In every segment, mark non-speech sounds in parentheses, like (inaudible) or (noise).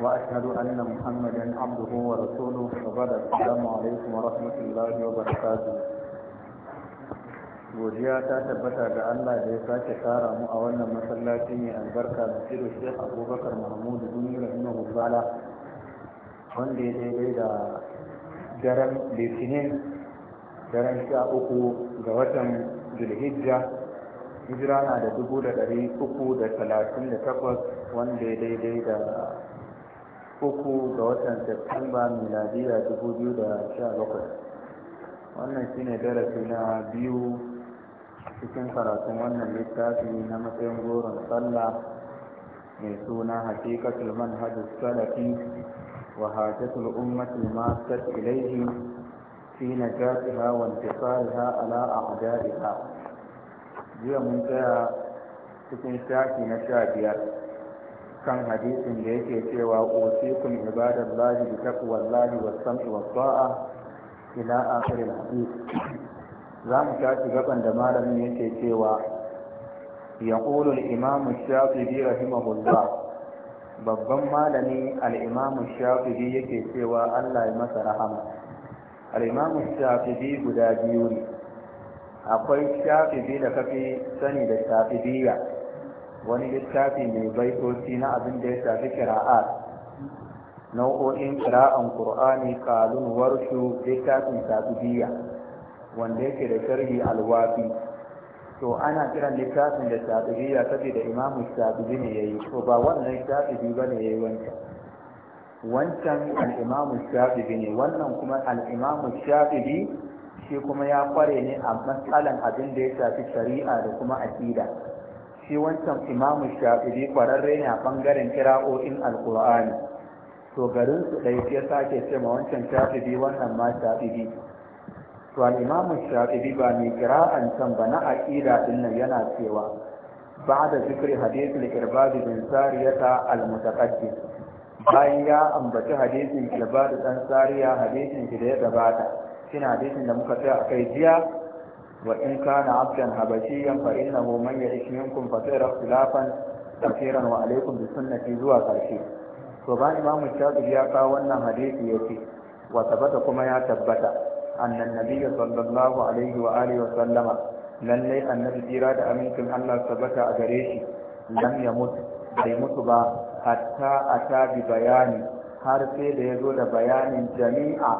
وأشهد أن محمدا عبده ورسوله وبعد السلام عليكم ورحمة الله وبركاته godiya ta tabbata ga Allah da ya sake tsara mu a wannan masallaci mai albarka da shirin Sheikh Abubakar Mahmud Duni rahimahu ta'ala wanda ya daidai da daren Litinin daren sha uku ga watan Zulhijja hijira na da dubu da ɗari uku da talatin da takwas wanda ya daidai da uku ga watan Septemba miladiya 2017 wannan shine darasi na biyu cikin karatun wannan littafi na matsayin goron sallah mai suna hakikatul manhajus salafi wa hajjatul ummati ma tat ilayhi fi najatiha wa intisariha ala a'da'iha jiya mun tsaya cikin shafi na sha biyar kan hadisin da yake cewa usikum ibadallahi bi taqwallahi was sam'i was ta'a ila akhir al hadith za mu tashi gaban da malamin yake cewa yaqulu al imam shafi'i rahimahullah babban malami al imam shafi'i yake cewa Allah ya masa rahama al imam shafi'i guda biyu ne akwai shafi'i da kafi sani da shafi'iyya wani littafi mai baitoci na abin da ya shafi kira'at nau'o'in kira'an ƙur'ani kalun warshu littafin shafi'iyya wanda yake da sharhi alwafi to ana kiran littafin da shafi'iyya da imamu shafi'i ne ya yi. to ba wannan ne ya yi wancan wancan al'imamu imamu ne wannan kuma al'imamu imamu shi kuma ya kware ne a matsalan abin da ya shafi shari'a da kuma aƙida shi wancan imamu shafiri kwararre ne a bangaren kira'o'in alkur'ani to garin su ɗaya ya sake ce ma wancan shafiri wannan ma shafiri to imamu shafiri ba mai kira'an can ba na aƙida din nan yana cewa ba da hadisi hadisul irbadi bin sariyata al-mutaqaddim bayan ya ambaci hadisin irbadi dan sariya hadisin shi da ya gabata shine hadisin da muka tsaya kai jiya وإن كان عبدا حبشيا فإنه من يعيش منكم فسير اختلافا كثيرا وعليكم بسنة زوا قرشي وبان إمام الشافعي يا كاونا حديث يتي وثبت كما يا ثبت أن النبي صلى الله عليه وآله وسلم للي النبي جيراد أمينكم الله ثبت أجريشي لم يمت بيمت با حتى أتى ببيان har sai da ya zo da bayanin jami'a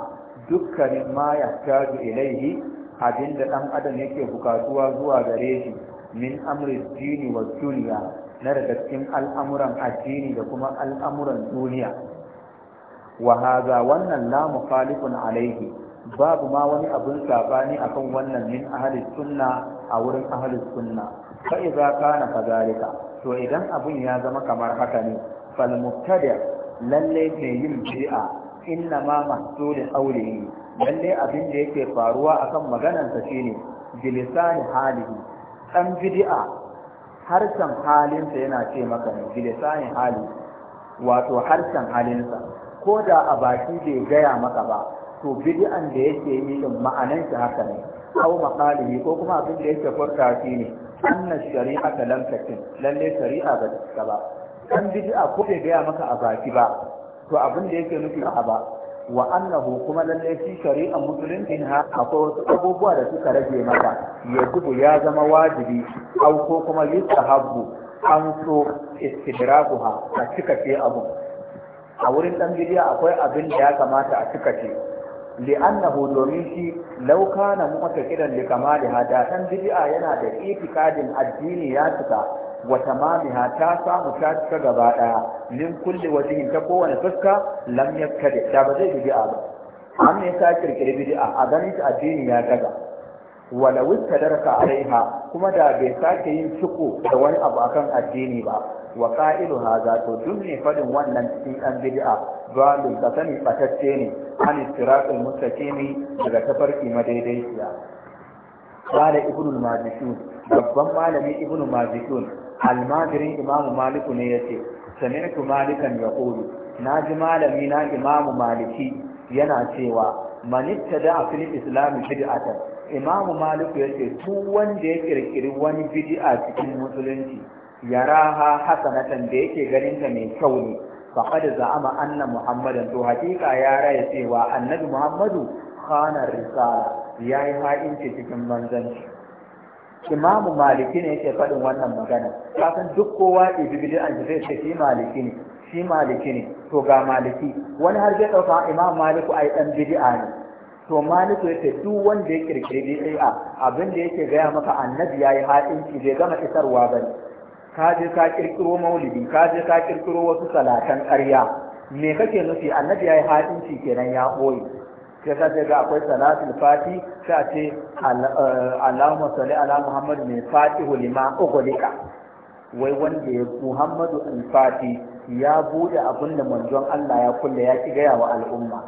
dukkanin ma ya ilaihi abinda ɗan adam yake bukatuwa zuwa gare shi min amrin jini wa duniya na daga cikin al'amuran addini da kuma al'amuran duniya wa haza wannan la mukhalifun alaihi babu ma wani abin sabani akan wannan min ahli sunna a wurin ahli sunna fa idza kana kadhalika to idan abin ya zama kamar haka ne fal lallai lalle ne yin bid'a inna ma mahsul ne. lalle abin da yake faruwa akan maganarsa shine bilisani halihi dan bid'a harshen halinsa yana ce maka ne bilisani hali wato harshen halinsa ko da a baki bai gaya maka ba to bid'an da yake yi din ma'anan shi haka ne aw maqalihi ko kuma abin da yake furta shi ne anna shari'ata lam takin lalle shari'a ba ta ba dan bid'a ko bai gaya maka a baki ba to abin da yake nufi a ba wa annahu kuma lalle shi shari'ar musulunci ha akwai wasu abubuwa da suka rage mata gubu ya zama wajibi auko ko kuma yustahabbu an so istidrakuha a cika ce abu a wurin dan gidiya akwai abin da ya kamata a cika ce li'annahu domin shi law na mutakidan li kamaliha da dan gidiya yana da itikadin addini ya cika Wata mamiha ta samu ta cika gaba ɗaya min kulli wajhin ta kowane fuska lam yakkadi da ba zai bid'a ba amma ya sa kirkiri bid'a a ganin ta addini ya daga wala darka a raiha kuma da bai sake yin ciko da wani abu akan addini ba wa qa'ilu to duk ne fadin wannan cikin dan bidi'a dalil ka sani batacce ne an istiratul mustaqimi daga tafarki madaidaiciya قال ابن الماجشون babban malami ibnu majidun almajirin imamu maliku ne ya ce sami'tu malikan ya na ji malami na imamu maliki yana cewa manitta da a filin islami bid'atan imamu maliku yace ce duk wanda ya kirkiri wani a cikin musulunci yaraha hasanatan da yake garinta mai kyau ne faqad za'ama anna muhammadan to hakika ya raya cewa annabi muhammadu khana risala yayi ha'inci cikin manzanci imamu maliki ne yake faɗin wannan magana kasan duk kowa ibi an zai ce shi maliki ne shi maliki ne to ga maliki wani har zai ɗauka imamu maliku yi ɗan bid'a ne to maliku ya ce duk wanda ya kirkiri a abin da yake gaya maka annabi ya yayi haɗinci zai gama isarwa ba ne ka je ka kirkiro maulidi ka je ka kirkiro wasu salatan ƙarya me kake nufi annabi ya yayi haɗinci kenan ya ɓoye sai ka ce ga akwai salatul fati sai a ce eh, Allahumma salli ala Muhammad mai fatihu lima ugulika wai wanda ya Muhammadu al-Fati ya bude abin da manzon Allah ya kulle ya ki gaya wa al'umma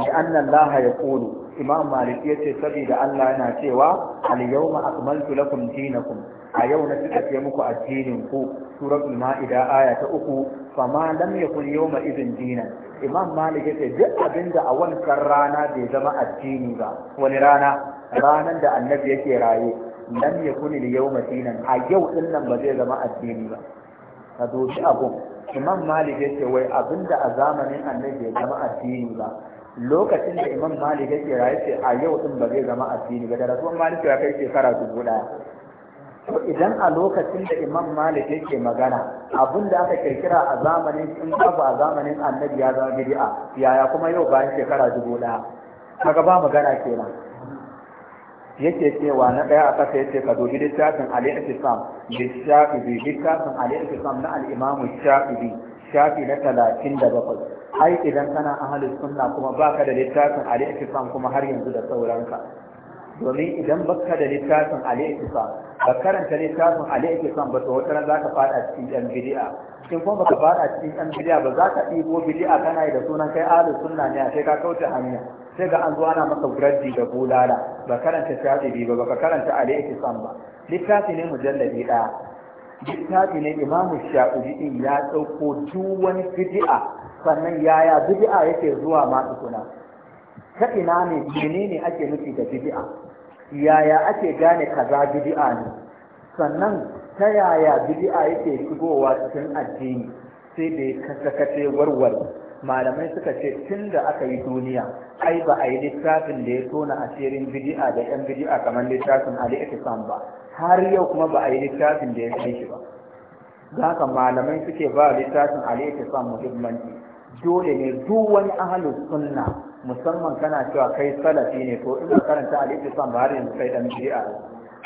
ni annan laha ya kulu imam malik ya ce saboda Allah yana cewa al-yawma akmaltu lakum dinakum a yau na cika ce muku addinin ku suratul ma'ida aya ta uku fama lam yakun yawma idin dinan imam malik yace duk abin da a wancan rana bai zama addini ba wani rana ranan da annabi yake raye lam kuni da yawma a yau din nan ba zai zama addini ba ka doshi abu imam malik yace wai abin da a zamanin annabi bai zama addini ba lokacin da imam malik yake raye ce a yau din ba zai zama addini ba da rasuwan ya kai shekara dubu daya to idan a lokacin da imam malik yake magana abin da aka kirkira a zamanin in babu a zamanin annabi ya zama bid'a yaya kuma yau bayan shekara dubu ɗaya kaga ba magana kenan yake cewa na ɗaya a kasa yace ka dubi littafin al Shafi bi littafin al-ihtisam na al-imam shafi'i shafi na talatin da bakwai ai idan kana ahalus sunna kuma baka da littafin al-ihtisam kuma har yanzu da sauranka domin idan baka da littafin alai'ikisa ba karanta littafin alai'ikisan ba to wata ran za ka fada cikin yan bidi'a in kuma baka fada cikin yan bidi'a ba za ka ɗibo bidi'a kana yi da sunan kai ahli sunna ne sai ka kauce hanya sai ga an zo ana maka guradi da bulala ba karanta shafi'i ba baka karanta alai'ikisan ba littafi ne mujalladi ɗaya littafi ne imamu shafi'i ya ɗauko duk wani bidi'a sannan yaya bidi'a yake zuwa ma tukuna ta ina ne menene ake nufi da bid'a yaya ake gane kaza bid'a ne sannan ta yaya bid'a yake shigowa cikin addini sai da kasakace warware malamai suka ce tun da aka yi duniya ai ba a yi littafin da ya tona asirin bid'a da yan bid'a kamar littafin ali ikisam ba har yau kuma ba a yi littafin da ya kai shi ba haka malamai suke ba littafin ali ikisam muhimmanci dole ne duk wani ahlus sunna musamman kana cewa kai salafi ne ko in ka karanta al-ittisam ba har yanzu kai dan bid'a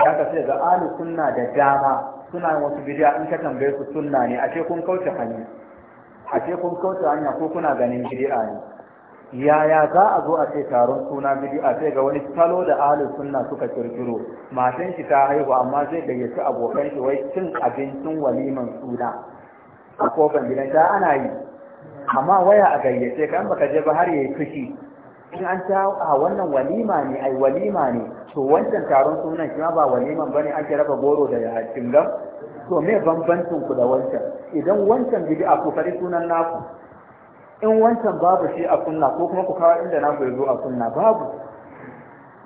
ya ka ga ahli sunna da dama suna yin wasu bid'a in ka tambaye su sunna ne ashe kun kauce hanya ashe kun kauce hanya ko kuna ganin bid'a ne yaya za a zo a ce taron suna bid'a sai ga wani salo da alu sunna suka kirkiro matan shi ta haihu amma zai gayyaci abokan shi wai cin abincin waliman suna a kofar gidan ta ana yi amma waya a gayyace kan baka je ba har yayi fushi in an ta a wannan walima ne ai walima ne to wancan taron sunan shi ma ba waliman bane ake raba goro da cingam to me bambancin ku da wancan idan wancan bid'a ku fari sunan naku in wancan babu shi a sunna ko kuma ku kawo inda naku ya zo a sunna babu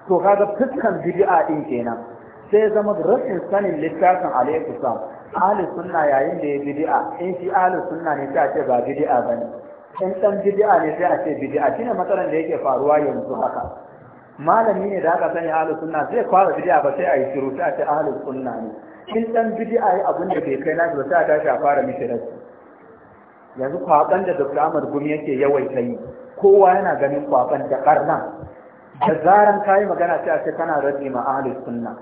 to kaga fuskan bid'a din kenan sai zama da rashin sanin littafin alaihi salam ahli sunna yayin da ya bid'a in shi ahli sunna ne ta ce ba bid'a bane in ɗan bid'a ne sai a ce bid'a kina matsalar da yake faruwa yanzu haka malami ne da aka sani ahlus sunna zai fara bidi'a ba sai a yi shiru sai a ce ahlus sunna ne in ɗan bid'a yi abin da bai kai nasu ba sai a tashi a fara mishi rashi yanzu kwaban da Dr. Ahmad Gumi yake yawaita yi kowa yana ganin kwaban da karna da zaran kayi magana sai a ce kana raddi ma ahlus sunna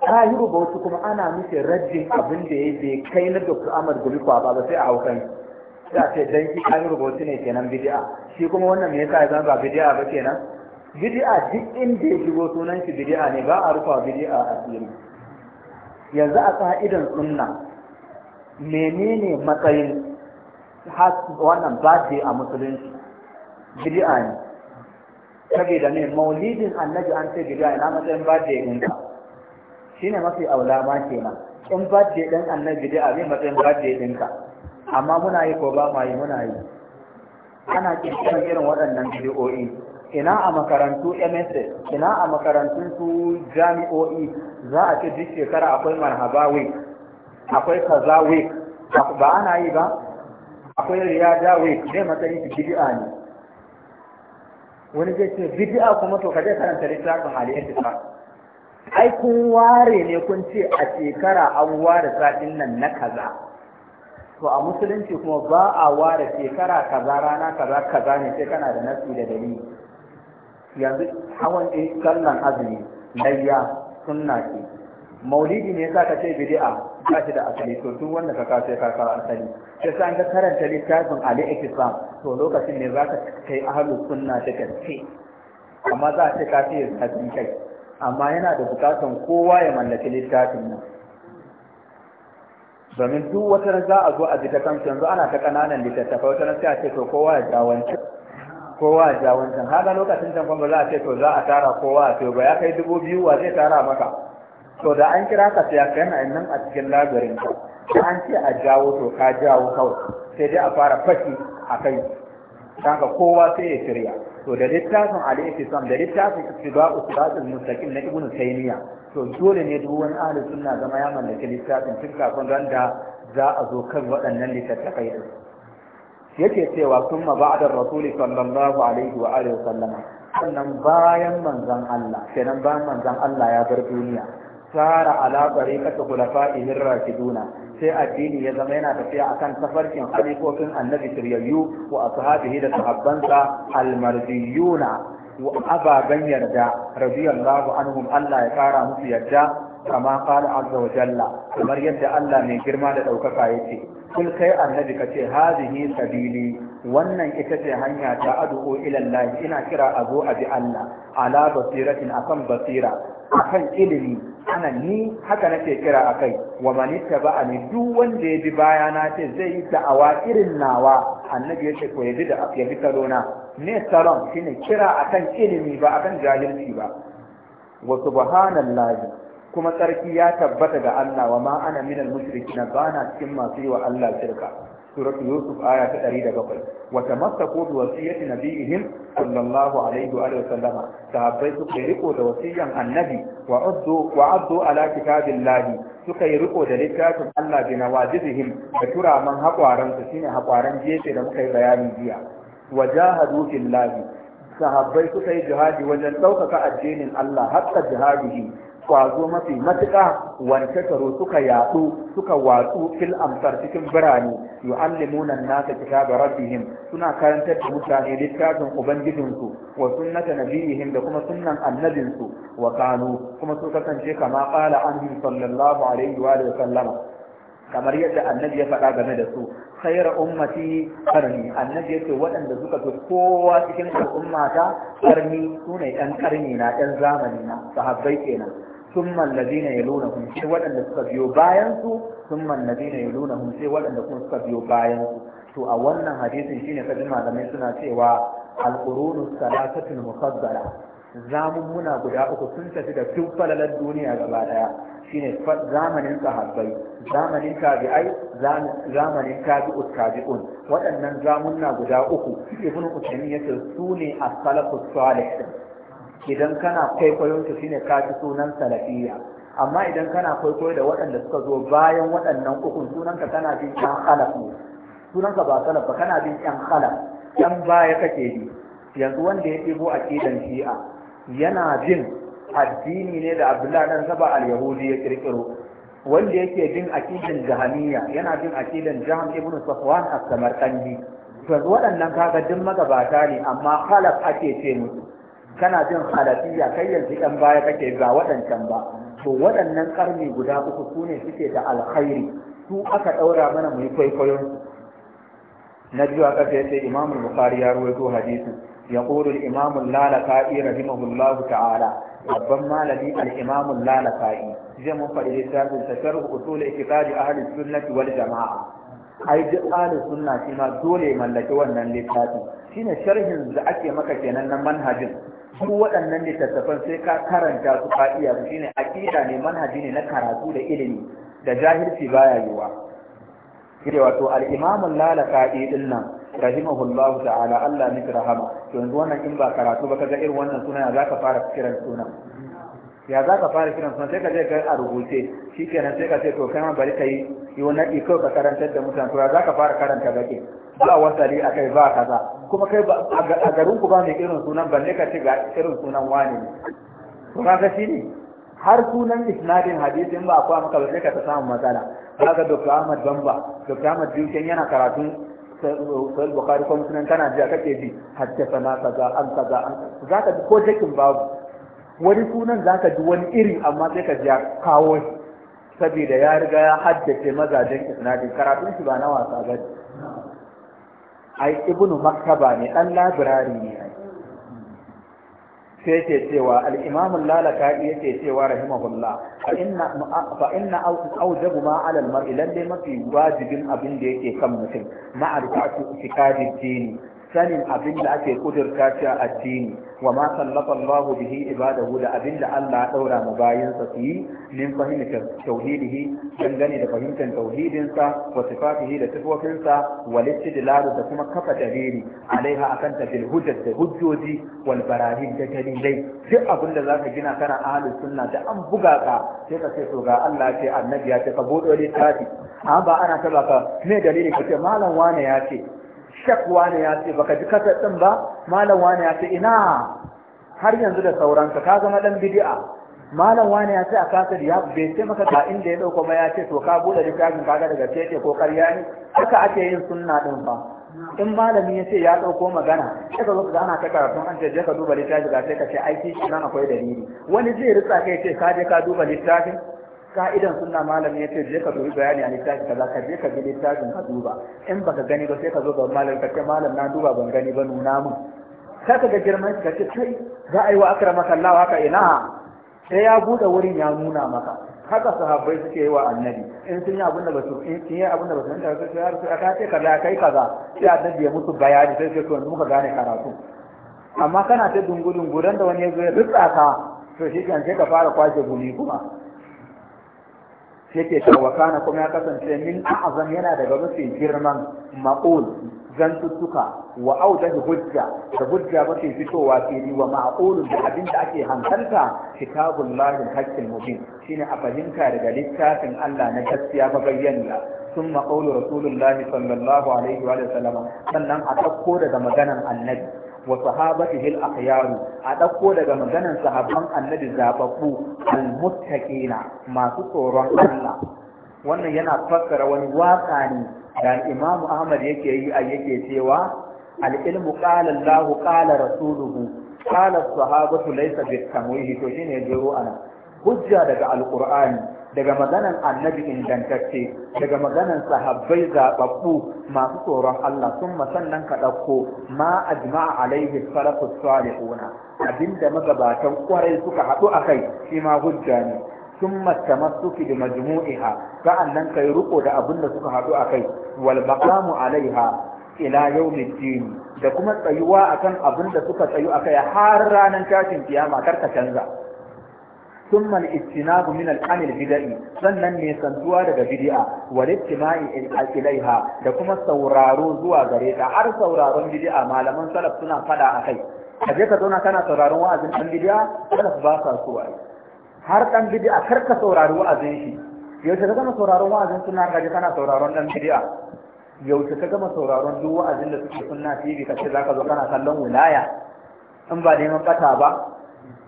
yi rubutu kuma ana mishi raddin abin da ya bai kai na Dr. Ahmad Gumi kwaba ba sai a haukan sai a ce dan ki an rubutu ne kenan bid'a shi kuma wannan me yasa zan ba bid'a ba kenan bid'a duk inda ya shigo sunan shi bid'a ne ba a rufa bid'a asiri yanzu a ka'idan sunna menene matsayin wannan birthday a musulunci bid'a ne saboda ne maulidin annabi an ce bid'a ina matsayin birthday ɗinka shine mafi aulama kenan in birthday ɗin annabi bid'a ne matsayin birthday ka? amma muna yi ko ba ma yi muna yi ana kirkiran irin waɗannan bidiyoyi ina a makarantu MSS ina a makarantun su jami'o'i za a ce duk shekara akwai marhaba week akwai kaza week ba ana yi ba akwai riyada week zai matsayin su bidi'a ne wani zai ce bidi'a kuma to kaje karanta littafin al ba? ai kun ware ne kun ce a shekara an ware satin nan na kaza to a musulunci kuma ba a ware shekara kaza rana kaza kaza ne sai kana da nasi da dalili yanzu hawan ɗin sallan azumi layya sunna ce maulidi ne yasa ka ce bid'a ba shi da asali to duk wanda ka kawo sai ka kawo asali sai sa an ga karanta littafin ali ikisa to lokacin ne zaka kai ahlu sunna ta gaske amma za a ce ka ce hadin kai amma yana da bukatan kowa ya mallaki littafin nan domin duk wata za a zo a ji ta yanzu ana ta ƙananan littattafai wata sai a ce to kowa ya ja wancan kowa ya ja wancan haka lokacin can kuma za a ce to za a tara kowa a ce ba ya kai dubu biyu wa zai tara maka to da an kira ka sai ya kai na nan a cikin labirin ka an ce a jawo to ka jawo kawai sai dai a fara fashi a kai kanka kowa sai ya shirya to da littafin al-iftisam da littafin istiba'u su mustaqim na ibnu taymiya to dole ne duk wani ahli sunna zama ya mallaki littafin tun kafin ran da za a zo kan waɗannan littattafai din yake cewa summa ba'da rasuli sallallahu alaihi wa alihi sallama sannan bayan manzon Allah kenan bayan manzon Allah ya bar duniya sara ala tariqati khulafa'ihir rashiduna sai addini ya zama yana tafiya akan tafarkin halifofin annabi shiryayyu wa ashabihi da sahabbansa Almarziyuna. ababen yarda radiyallahu anhum Allah ya kara musu yarda kama qala azza wa jalla kamar yadda Allah mai girma da ya ce kul kai annabi kace hadhihi sabili wannan ita ce hanya ta ad'u ila Allah ina kira a abi a bi Allah ala basiratin akan basira akan ilimi ana ni haka nake kira akai wa man ittaba'ani duk wanda ya bi baya na ce zai yi da'awa irin nawa annabi yace ko ya bi da ya bi ne salon shine kira akan ilimi ba akan jahilci ba wa subhanallahi kuma tsarki ya tabbata ga Allah wa ma ana minal na ba na cikin masu yi wa Allah shirka surat yusuf aya ta 107 wa tamassaku bi wasiyati nabiyihim sallallahu alaihi wa sallama sahabbai suka riko da wasiyan annabi wa addu wa addu ala kitabillahi suka yi riko da littafin Allah bi nawajizihim da turaman hakwaran su shine hakwaran jefe da muka yi bayani jiya wajahadu fillahi sahabbai suka yi jihadi wajen ɗaukaka addinin Allah hatta jihadihi kwazo mafi matuƙa wance taro suka yaɗu suka watsu fil amsar cikin birane yu'allimuna nasa kitaba rabbihim suna karantar da mutane littafin ubangijinsu wa sunnata nabiyihim da kuma sunnan annabinsu wa kanu kuma su kasance kama qala anhu sallallahu alaihi wa sallama kamar yadda annabi ya faɗa game da su khayra ummati karni annabi yake waɗanda suka fi kowa cikin al'ummata qarni sune ɗan ƙarni na ɗan zamani na sahabbai kenan ثم الذين يلونهم sai waɗanda suka biyo ثم الذين يلونهم sai waɗanda kuma suka biyo bayansu. to a wannan hadisin shine kaji malamai suna cewa al-qurunus salatatul mufaddala zamun muna guda uku sun tafi da duk falalar duniya gaba daya shine zamanin sahabbai zamanin tabi'ai zamanin tabi'ut tabi'un waɗannan zamunna guda uku ibnu usaymin yace su ne as-salafus salih idan kana kwaikwayon su shine ka ci sunan salafiya. amma idan kana kwaikwayo da waɗanda suka zo bayan waɗannan ukun sunanka kana bin yan khalaf ne sunanka ba salaf ba kana bin yan khalaf yan baya kake bi yanzu wanda ya a aqidan shi'a yana bin addini ne da Abdullahi dan Saba al-Yahudi ya kirkiro wanda yake bin aqidan jahamiyya yana bin aqidan Jaham ibn Safwan as-Samarqandi to waɗannan kaga duk magabata ne amma khalaf ake ce musu kana jin halafiya kai yanzu ɗan baya kake ga waɗancan ba to waɗannan ƙarni guda uku su ne suke da alkhairi su aka ɗaura mana mu yi kwaikwayon na biyu a ƙasa ya ce imamul bukhari ya ruwaito hadisi ya ƙoro imamul lalaka'i rahimahullahu ta'ala babban malami al-imamul lalaka'i zai mun faɗi littafin tasarruf usul itikadi ahli sunnati wal jama'a ai duk ahli sunna shi ma dole mallaki wannan littafin shine sharhin da ake maka kenan na manhajin su waɗannan littattafan sai ka karanta su ka iya su shine aqida ne manhaji ne na karatu da ilimi da jahilci baya yiwa kire wato al-imam al-lalaqai din nan rahimahullahu ta'ala Allah miki rahama to yanzu wannan in ba karatu ba kaga irin wannan suna ya zaka fara kiran sunan ya zaka fara kiran sunan sai ka je ka a rubuce shikenan sai ka ce to kai ma bari kai yi wannan iko ka karantar da mutane to ya zaka fara karanta ke? ba ne a kai ba kaza kuma kai a garin ku ba mai irin sunan ne ka ce ga irin sunan wani ne ga shi ne, har sunan isnadin hadisin ba kuwa maka ba sai ka ta samu matsala ga Dr. Ahmad Bamba Dr. Ahmad Duken yana karatun sai bukhari ko sunan kana ji kake ji hatta sana kaza an kaza an ka ji ko jakin babu wani sunan zaka ji wani iri amma sai ka ji kawo saboda ya riga ya haddace mazajen isnadin karatun shi ba na wasa gani ai ibnu maktaba ne dan labirari ne sai yake cewa alimamun imam lalaka'i yake cewa rahimahullah fa inna fa inna ma 'ala mari lalle mafi wajibin abin da yake kan mutum ma'arifatu itikadi dini sanin abin da ake kudurta shi a addini wa ma sallata Allahu bihi ibadahu da abin da Allah ya daura ma bayinsa su yi min fahimta tauhidihi dangane da fahimtar tauhidinsa wa sifatihi da sifofinsa wa littidlalu da kuma kafa dalili alaiha akan ta bil hujjat da hujjoji wal barahin da dalilai duk abin da zaka gina kana ahli sunna da an buga ka sai ka ce to ga Allah ce annabi ya ce ka bodo littafi amma ba ana taba ka me dalili ce malam wane ya ce shakwa ne ya ce baka ji kasar ɗin ba malam wani ya ce ina har yanzu da sauransa ka zama dan bidi'a malam wani ya ce a kasar ya bai ce maka ka inda ya ɗauko ba ya ce to ka buɗe littafin kaga daga ce ko karya ne haka ake yin sunna ɗin fa in malami ya ce ya ɗauko magana ya ka zo ka ana ta karatu an ce je ka duba littafin ga sai ka ce aiki nan akwai dalili wani zai ritsa kai ce ka je ka duba littafin ka'idan sunna malami ya ce je ka dubi bayani a littafi kaza ka je ka bi littafin ka duba in baka gani ba sai ka zo ga malami ka ce malam na duba ban gani ba nuna mun sai ka ga girman ka ce kai za a yi wa akramaka Allah haka ina sai ya bude wurin ya nuna maka haka sahabbai suke yi wa annabi in sun yi abin da ba su in sun yi abin da ba su nanta sai ya rasu aka ce kaza kai kaza sai annabi ya musu bayani sai sai to muka gane karatu amma kana ta dungudun gudan da wani ya zo ya rutsa ka to shi kan sai ka fara kwashe gumi kuma yake tawaka na kuma ya kasance min a'azam yana daga mafi girman maqul zantuttuka wa audahi hujja da hujja mafi fitowa fili wa ma'qulun da abin da ake hankalta kitabullahi hakkin mubin shine a fahimta daga littafin Allah na gaskiya mabayyana bayyana قول رسول الله صلى الله عليه وآله sannan a ɗauko daga maganan annabi wa sahabatihi al-akhyar a dauko daga maganan sahabban annabi zababbu al-muttaqina masu tsoron Allah wannan yana fassara wani waka ne da Imam Ahmad yake yi a yake cewa al-ilmu qala Allah qala rasuluhu qala as-sahabatu laysa bi-tamwihi to shine jiro ana hujja daga Alƙur'ani, daga maganan annabi ingantacce daga maganan sahabbai zaɓaɓɓu masu tsoron Allah sun sannan ka ɗauko ma a jima'a alaihi salatu salihuna abinda magabatan kwarai suka haɗu akai, kai shi ma hujja ne sun matamattu fi da majmu'iha sa'an nan kai riko da abin da suka haɗu akai, kai wal maqamu alaiha ila yawmi dini da kuma tsayuwa akan abin da suka tsayu a kai har ranar tashin kiyama kar ka canza ثم الاجتناب من العمل البدعي sannan ne santuwa daga bid'a wal ittima'i ilaiha da kuma sauraro zuwa gare ta har sauraron bid'a malaman salaf suna fada akai kaje ka zauna kana sauraron wa'azin dan bid'a salaf ba sa so ai har dan bid'a kar ka saurari wa'azin shi yaushe ka gama sauraron wa'azin suna kaje kana sauraron dan bid'a yaushe ka gama sauraron duk wa'azin da suke sunna tv kace zaka zo kana kallon wilaya in ba neman kata ba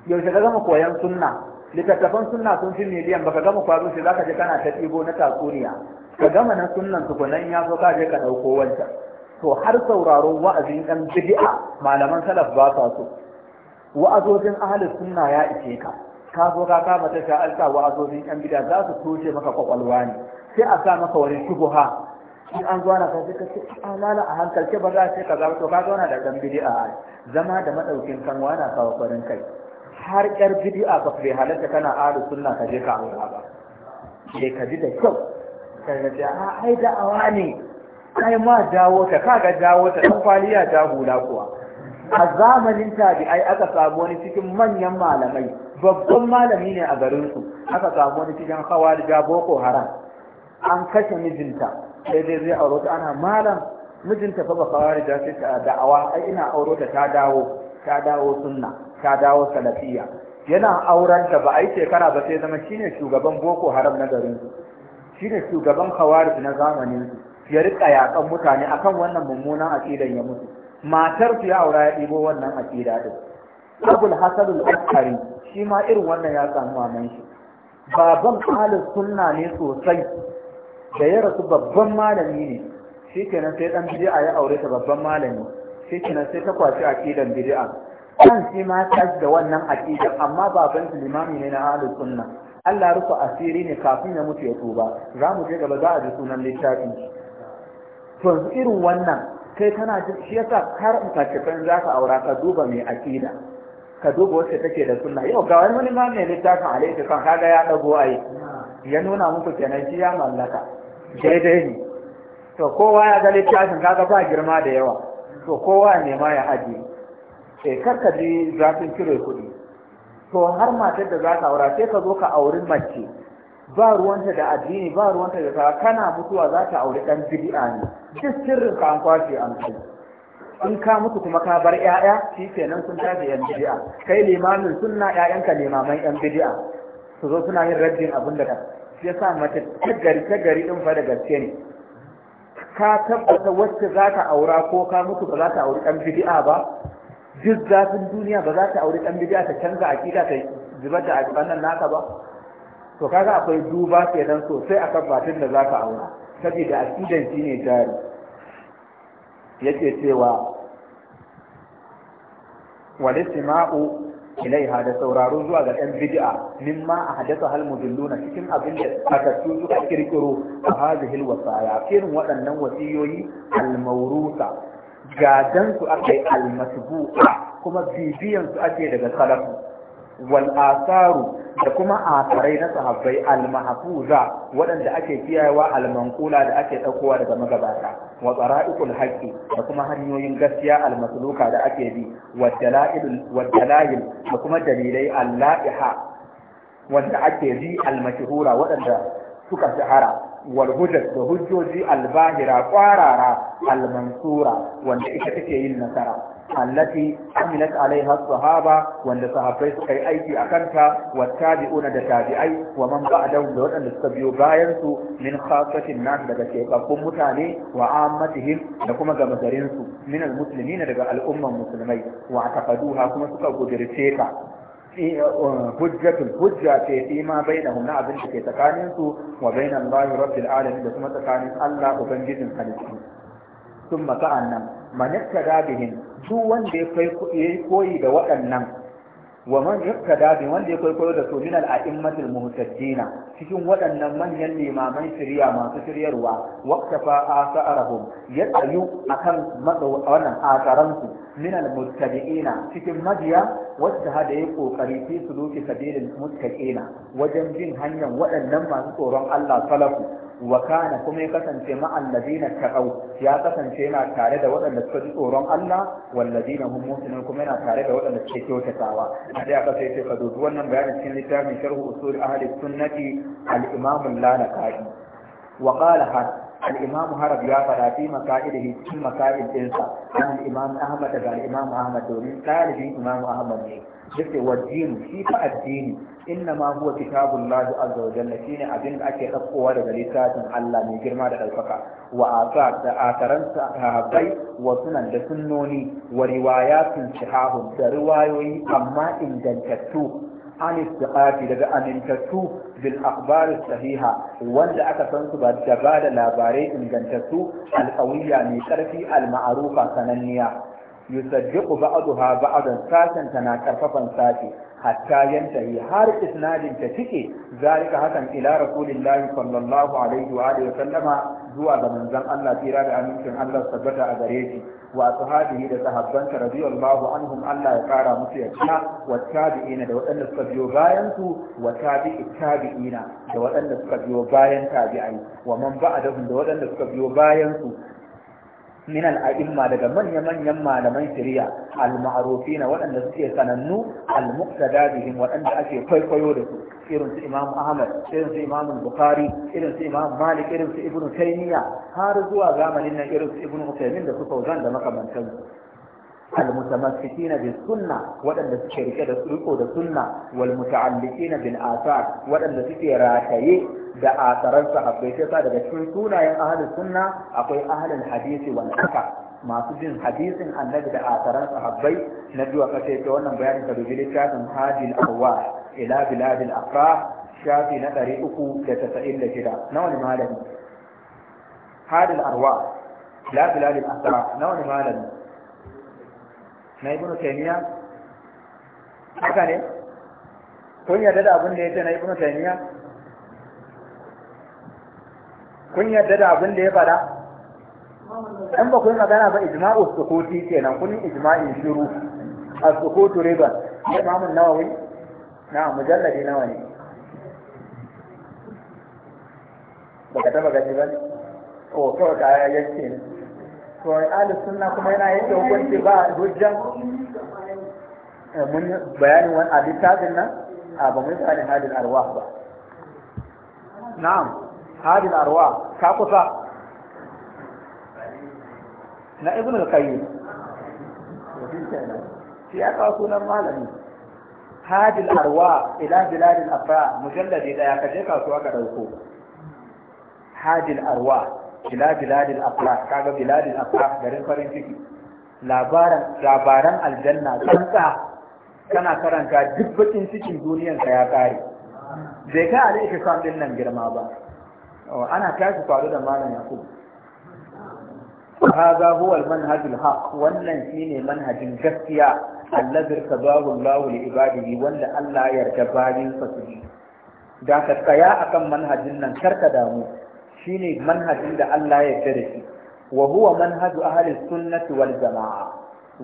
yaushe ka gama koyan sunna littattafan sunna sun fi miliyan ba ka gama kwaro shi zaka je kana ta ɗibo na tatsuniya ka gama na sunan su kunan ya so ka je ka ɗauko wancan to har sauraro wa'azin ɗan bid'a malaman salaf ba sa so wa'azojin ahalin sunna ya ishe ka ka zo ka kama ta sha'alta wa'azojin ɗan bid'a za su toshe maka kwakwalwa ne sai a sa maka wani shubuha in an zo na kaji kace alala ah, a hankalce ba za a ce kaza to ka zo na da ɗan bid'a zama da maɗaukin kanwa na kawo farin kai har yar bid'a ba bai halatta kana ari suna ka je ka aura ba sai ka ji da kyau sai ka ce a ah, ai da'awa ne kai ma dawo ta kaga dawo ta dan kwaliya ta hula kuwa a zamanin ai aka samu wani cikin manyan malamai babban malami ne a garin su aka samu wani cikin hawarija boko haram an kashe mijinta sai dai zai auro ta ana malam mijinta fa ba hawarija sai ta da'awa ai ina aure ta ta dawo ta dawo sunna ta dawo salafiya yana auren da ba a yi shekara ba sai zama shine shugaban boko haram na garin su shine shugaban khawarij na zamanin su ya rika yakan mutane akan wannan mummunan aqidan ya mutu matar su ya aura ya dibo wannan aqida din Abul Hasan al-Askari shi ma irin wannan ya samu maman shi baban ahlus sunna ne sosai da ya rasu babban malami ne shikenan sai dan bid'a ya aure ta babban malami shikenan sai ta kwashi aqidan bid'a kan shi ma tashi da wannan aqidar amma baban limami ne na ahlus sunna Allah rufe asiri ne kafin ya mutu ya tuba za mu je gaba za a ji sunan littafin to irin wannan kai kana shi yasa har mutaccifan za ka aura ka duba mai aqida ka duba wacce take da sunna yau ga wani ma ne littafin alaihi kan kaga ya dago ai ya nuna muku kenan shi ya mallaka daidai ne to kowa ya ga littafin kaga ba girma da yawa to kowa ne ma ya ajiye sai karka je zafin cire kuɗi to har matar da za ka aura sai ka zo ka auri mace ba ruwanta da addini ba ruwanta da kawa kana mutuwa za ta auri ɗan bid'a ne duk sirrin ka an kwashe an kai in ka mutu kuma ka bar 'ya'ya shi kenan sun tashi yan bid'a kai limamin sunna 'ya'yanka limaman yan bid'a su zo suna yin raddin abin da ka shi yasa mace ta gari ta gari din fa da gaske ne ka tabbata wacce za ka aura ko ka mutu ba za ta auri ɗan bid'a ba duk zafin duniya ba za ta auri ɗan bidiya ta canza aƙida ta zubar da aƙidan naka ba to kaga akwai duba kenan sosai a batun da zaka aura saboda aƙidan shi ne jari yake cewa wal istima'u ilaiha da sauraro zuwa ga ɗan bid'a ma a hadasa hal dilluna cikin abin da aka suka kirkiro a hazihil wasaya kirin waɗannan wasiyoyi al gadansu ake almasbu'a kuma bibiyan su ake daga salafu wal asaru da kuma asarai na sahabbai almahfuza waɗanda ake kiyayewa almankula da ake ɗaukowa daga magabata wa tsara'iqul haqqi da kuma hanyoyin gaskiya almasluka da ake bi wa dalail da kuma dalilai allaiha wanda ake bi almashhura waɗanda suka shahara wal da hujjoji albahira kwarara almansura wanda ita take yin nasara allati amilat alaiha sahaba wanda sahabbai suka yi aiki a kanta wa tabi'una da tabi'ai wa man ba'dahu da waɗanda suka biyo bayansu su min khasatin nas daga shekakkun mutane wa ammatihim da kuma gama garinsu, su min almuslimina daga al'umman musulmai wa taqaduha kuma suka gudirce ka hujjatul hujja ce fi ma bainahum na abin da ke tsakanin su wa bainan Allah rabbil alamin da kuma tsakanin Allah ubangijin halittu sun nan, annan manittada bihin duk wanda ya kai koyi da waɗannan wa man yaktada bi wanda ya kwaikwayo da su min al-a'immatil muhtajjina cikin waɗannan manyan limaman shirya masu shiryarwa waqtafa asarahum ya tsayu akan wannan asaran su Minal al-muttabi'ina cikin mabiya wacce hada ya kokari fi suluki sabilil muttaqina wajen jin hanyar waɗannan masu tsoron Allah salafu wakana kuma ya kasance ma alladina taqaw ya kasance yana tare da waɗanda suka ji tsoron Allah walladina hum muhsinun kuma yana tare da waɗanda suke kyautatawa a da aka sai ka dubi wannan bayanin ahli sunnati al-imam al-lalaka'i al-imam ya fada fi makaidihi cikin makaid ɗinsa an al-imam ahmad daga al-imam ahmad domin ɗalibin imam ahmad ne yake wajin shi fa addini inna ma huwa kitabullahi azza wa jalla shine abin da ake ɗaukowa daga littafin Allah mai girma da ɗaukaka wa asar da asaran sahabbai wa sunan da sunnoni wa riwayatun shahahun da riwayoyi amma ingantattu an istiqafi daga amintattu bil akhbar sahiha wanda aka san su ba da ba da labarai ingantattu alqawiyya mai karfi al ma'rufa sananniya yusaddiqu ba'daha ba'dan sashen tana karfafan sashi hatta yantahi har isnadin ta cike zalika hakan ila rasulillahi sallallahu alaihi wa alihi sallama zuwa ga manzon Allah tira da amincin Allah sabbata a gare shi wa sahabihi da sahabbansa radiyallahu anhum Allah ya kara musu yarda wa tabi'ina da waɗanda suka biyo bayan su wa tabi'i tabi'ina da waɗanda suka biyo bayan tabi'ai wa man ba'dahum da waɗanda suka biyo bayan su a al'a'imma daga manya-manyan malaman shari'a al-ma'rufi na waɗanda suke sanannu al-muqtada bihim waɗanda ake kwaikwayo da su irin Imam Ahmad irin su Imam Bukhari irin Imam Malik irin Ibn Taymiyyah har zuwa zamanin nan irin su Ibn Uthaymeen da su Fawzan da makamantan المتمسكين بالسنة ودن سكرك دسلقو دسنة والمتعلقين بالآثار ودن سكي راتي دا آثارا صحبه شفا دا سنة أهل السنة أقوي أهل الحديث والأثر masu jin hadisin annabi da asaran sahabbai na biyu ka ce ta wannan bayanin ka dubi littafin hadil arwa ila biladil afra shafi na ɗari uku da tasa'in da shida na wani malami hadil arwa ila na ibnu taymiya haka ne kun yarda da abin da ya ce na ibnu taymiya kun yarda da abin da ya faɗa in ba ku yi magana ba ijma'u sukuti kenan kun yi ijma'in shiru a sukutu riba ya mamun nawawi na mujalladi nawa ne baka taba gani ba ne oh, o kawai ka yayyace ne to ahlus sunna kuma yana yanke hukunci ba hujjan eh, mun bayanin wani a littafin nan a ba mun bayanin hadin Arwa ba na'am hadin Arwa ka kusa na Ibn ibnu qayyim shi ya kawo sunan malami Hadin arwa ila biladil afra mujalladi daya ka je kasuwa ka dauko Hadin arwa ila biladil aflah kaga biladil aflah garin farin ciki labaran labaran aljanna tsantsa kana karanta duk bakin cikin duniyan ka ya kare bai ka ala ikisam din nan girma ba ana tashi faru da malam yakub هذا هو المنهج الحق wannan shine manhajin gaskiya allazi kabahu Allah li ibadihi wanda Allah ya yarda bayin sa su da ka tsaya akan manhajin nan karka damu ne manhajin da Allah ya yarda da shi wa huwa manhaju ahli sunnati wal jamaa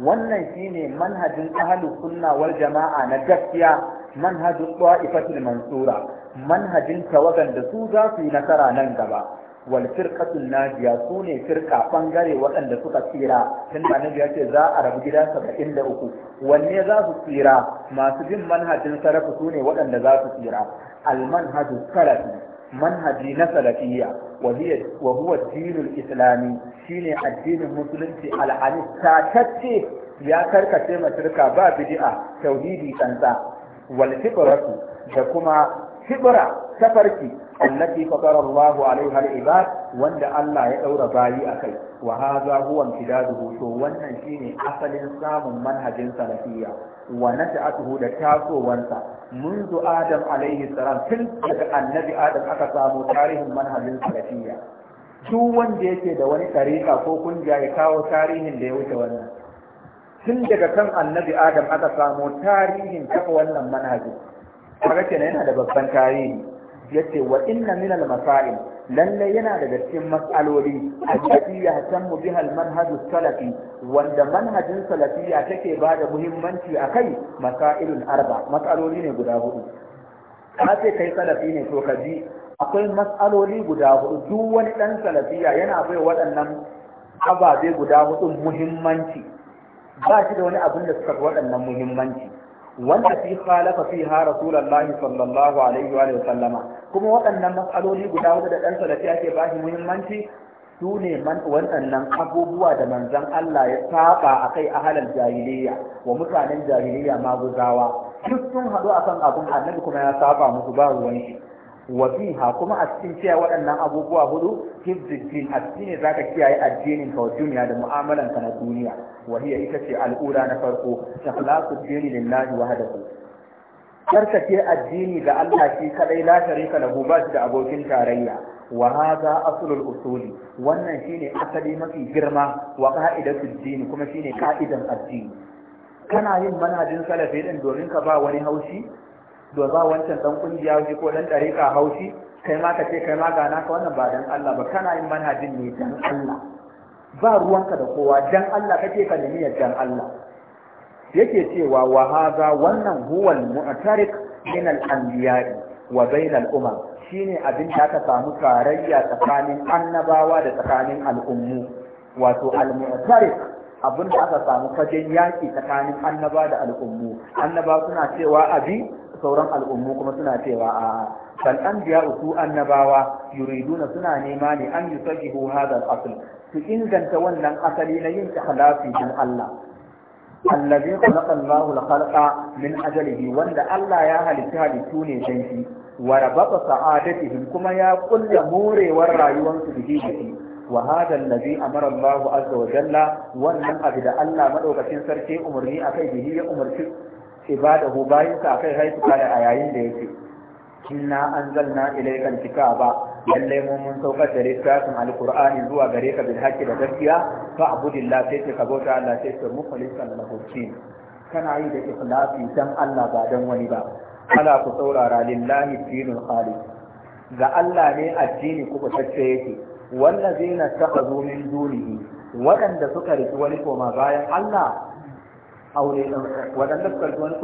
wannan shine manhajin ahalin sunna wal jamaa na gaskiya manhaju ta'ifatul mansura manhajin tawagan da su za su yi nasara nan gaba wal firqatul najiya su ne firqa bangare waɗanda suka tsira tun da ya ce za a rabu gida uku. wanne za su tsira masu bin manhajin sarafu su ne waɗanda za su tsira al manhaju salafi manhaji na salafiyya wa huwa dinul islami shine addinin musulunci al'anis tatacce ya karkace mashirka ba bid'a tauhidi tsantsa wal fibratu da kuma fibra tafarki allati fatara Allahu alaiha al-ibad wanda Allah ya daura bayi akai wa hadha huwa to wannan shine asalin samun manhajin salafiyya wa nata'atuhu da tasowansa منذ آدم عليه السلام tun daga annabi Adam aka samu tarihin manhajin salafiyya duk wanda yake da wani tariƙa ko kungiya ya kawo tarihin da ya wuce wannan tun daga kan annabi Adam aka samu tarihin kafa wannan manhajin kaga kenan yana da babban tarihi yace wa inna minal masail lallai yana daga cikin matsaloli ya san mu bihal manhaju salafi wanda manhajin salafiya take ba da muhimmanci a kai masailun arba matsaloli ne guda hudu ka ce kai salafi ne to ka ji akwai matsaloli guda hudu duk wani dan salafiya yana bai waɗannan ababe guda hudu muhimmanci ba shi da wani abin da suka waɗannan muhimmanci wanda fi khalafa ha rasulullahi sallallahu alaihi wa sallama kuma waɗannan matsaloli guda wadda da ɗan ya ake ba shi muhimmanci su ne waɗannan abubuwa da manzon Allah ya saba a kai ahalar jahiliya wa mutanen jahiliya maguzawa duk sun haɗu a kan abin annabi kuma ya saba musu ba ruwan shi wa fiha kuma a cikin cewa waɗannan abubuwa hudu hibzuddin a cikin ne zaka kiyaye addinin ka duniya da mu'amalan ka na duniya wa hiya ita ce al'ura na farko ikhlasu dini lillahi wahdahu karkace addini da Allah shi kadai la sharika lahu ba shi da abokin tarayya wa hadha aslul usuli wannan shine asali mafi girma wa qa'idatud din kuma shine ka'idan addini kana yin manhajin salafi din domin ka ba wani haushi do ba wancan dan kungiya shi ko dan ɗarika haushi kai ma ka ce kai ma ga naka wannan ba dan Allah ba kana yin manhajin ne dan Allah ba ruwanka da kowa dan Allah kake ka nemi dan Allah yake cewa wa haza wannan huwal mu'tarik min al-anbiya'i wa bain al-umam shine abin da aka samu tarayya tsakanin annabawa da tsakanin al'ummu wato al-mu'tarik abin da aka samu fagen yaki tsakanin annaba da al'ummu annaba suna cewa abi sauran al'ummu kuma suna cewa a bal anbiya su annabawa yuriduna suna nema ne an yusajihu hadha al-asl su inganta wannan asali na yin ikhlasi dan Allah allazi khalaqa Allahu al-khalqa min ajalihi wanda Allah ya halitta halittu ne dan shi wa rabata sa'adatihim kuma ya kulla morewar rayuwarsu da shi wa hada allazi amara wannan abu da Allah madaukakin sarki umarni akai bihi ya umarci ibadahu bayin sa akai haifu a yayin da yake inna anzalna ilayka al ba. lallai mu mun saukar da littafin alqur'ani zuwa gare ka bil haqqi da gaskiya fa abudillah sai ka bauta Allah sai ka mukhlisan lahu din kana yi da ikhlasi dan Allah ba dan wani ba ala ku saurara lillahi dinul khalis ga Allah ne addini kuma tacce yake wallazina takazu min dunihi waɗanda suka riki wani koma bayan Allah aure waɗanda suka rufe wani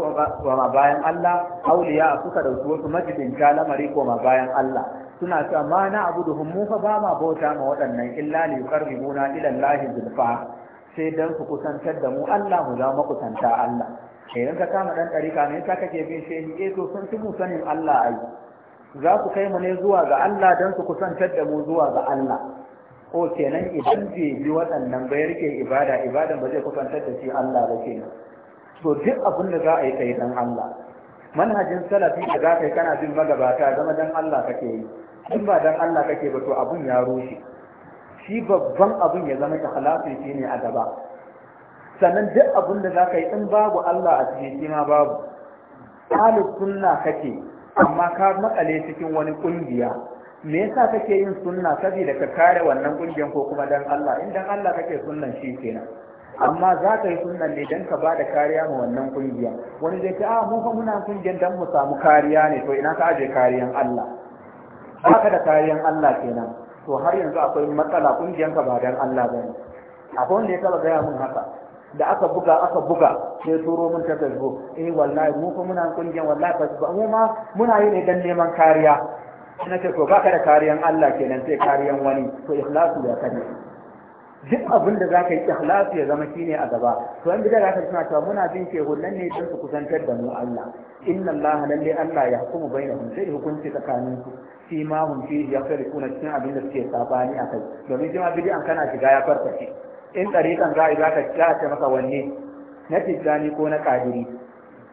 koma bayan Allah auliya suka dauki wasu majibinta lamari koma bayan Allah suna cewa ma na da mu fa ba ma bauta ma waɗannan illa li yuqarribuna ila Allah zulfa sai dan ku kusantar da mu Allah mu zama kusanta Allah eh, idan ka kama dan ɗari, ne ka kake bin shehi eh to sun fi mu sanin Allah ai za ku kai mu ne zuwa ga Allah dan ku kusantar da mu zuwa ga Allah ko kenan idan bai bi waɗannan bai rike ibada ibadan ba zai kusantar da shi Allah ba kenan to duk abin da za a yi kai dan Allah manhajin salafi da za ka yi kana bin magabata zama dan Allah kake yi in ba dan Allah kake ba to abun ya rushe shi babban abun ya zama ka halafi shi ne a gaba sannan duk abun da zaka yi in babu Allah a cikin shi ma babu ahli sunna kake amma ka makale cikin wani kungiya me yasa kake yin sunna saboda ka kare wannan kungiyan ko kuma dan Allah in dan Allah kake sunnan shi kenan amma za ka yi sunan ne don ka ba da kariya ma wannan kungiya wani zai ce a ah, mu fa muna kungiyan don mu samu kariya ne to ina ka aje kariyan Allah haka da kayan Allah kenan to har yanzu akwai matsala kungiyanka ba dan Allah ba ne akwai wanda ya taba gaya mun haka da aka buga aka buga sai turo mun ta Facebook eh wallahi mu ko muna kungiyan wallahi ba mu ma muna yi ne dan neman kariya na ce to baka da kariyan Allah kenan sai kariyan wani to ikhlasu ya kare duk abin da za ka yi ikhlasu ya zama shine a gaba to an za ka suna cewa muna bin shehunan ne don su kusantar da mu Allah inna Allah lalle Allah ya hukumu bainahum sai hukunci tsakanin fi ma hum kuna cikin abin da suke sabani kai. domin jima an kana shiga ya shi. in kan za za ka ta ce maka wanne na tijani ko na kadiri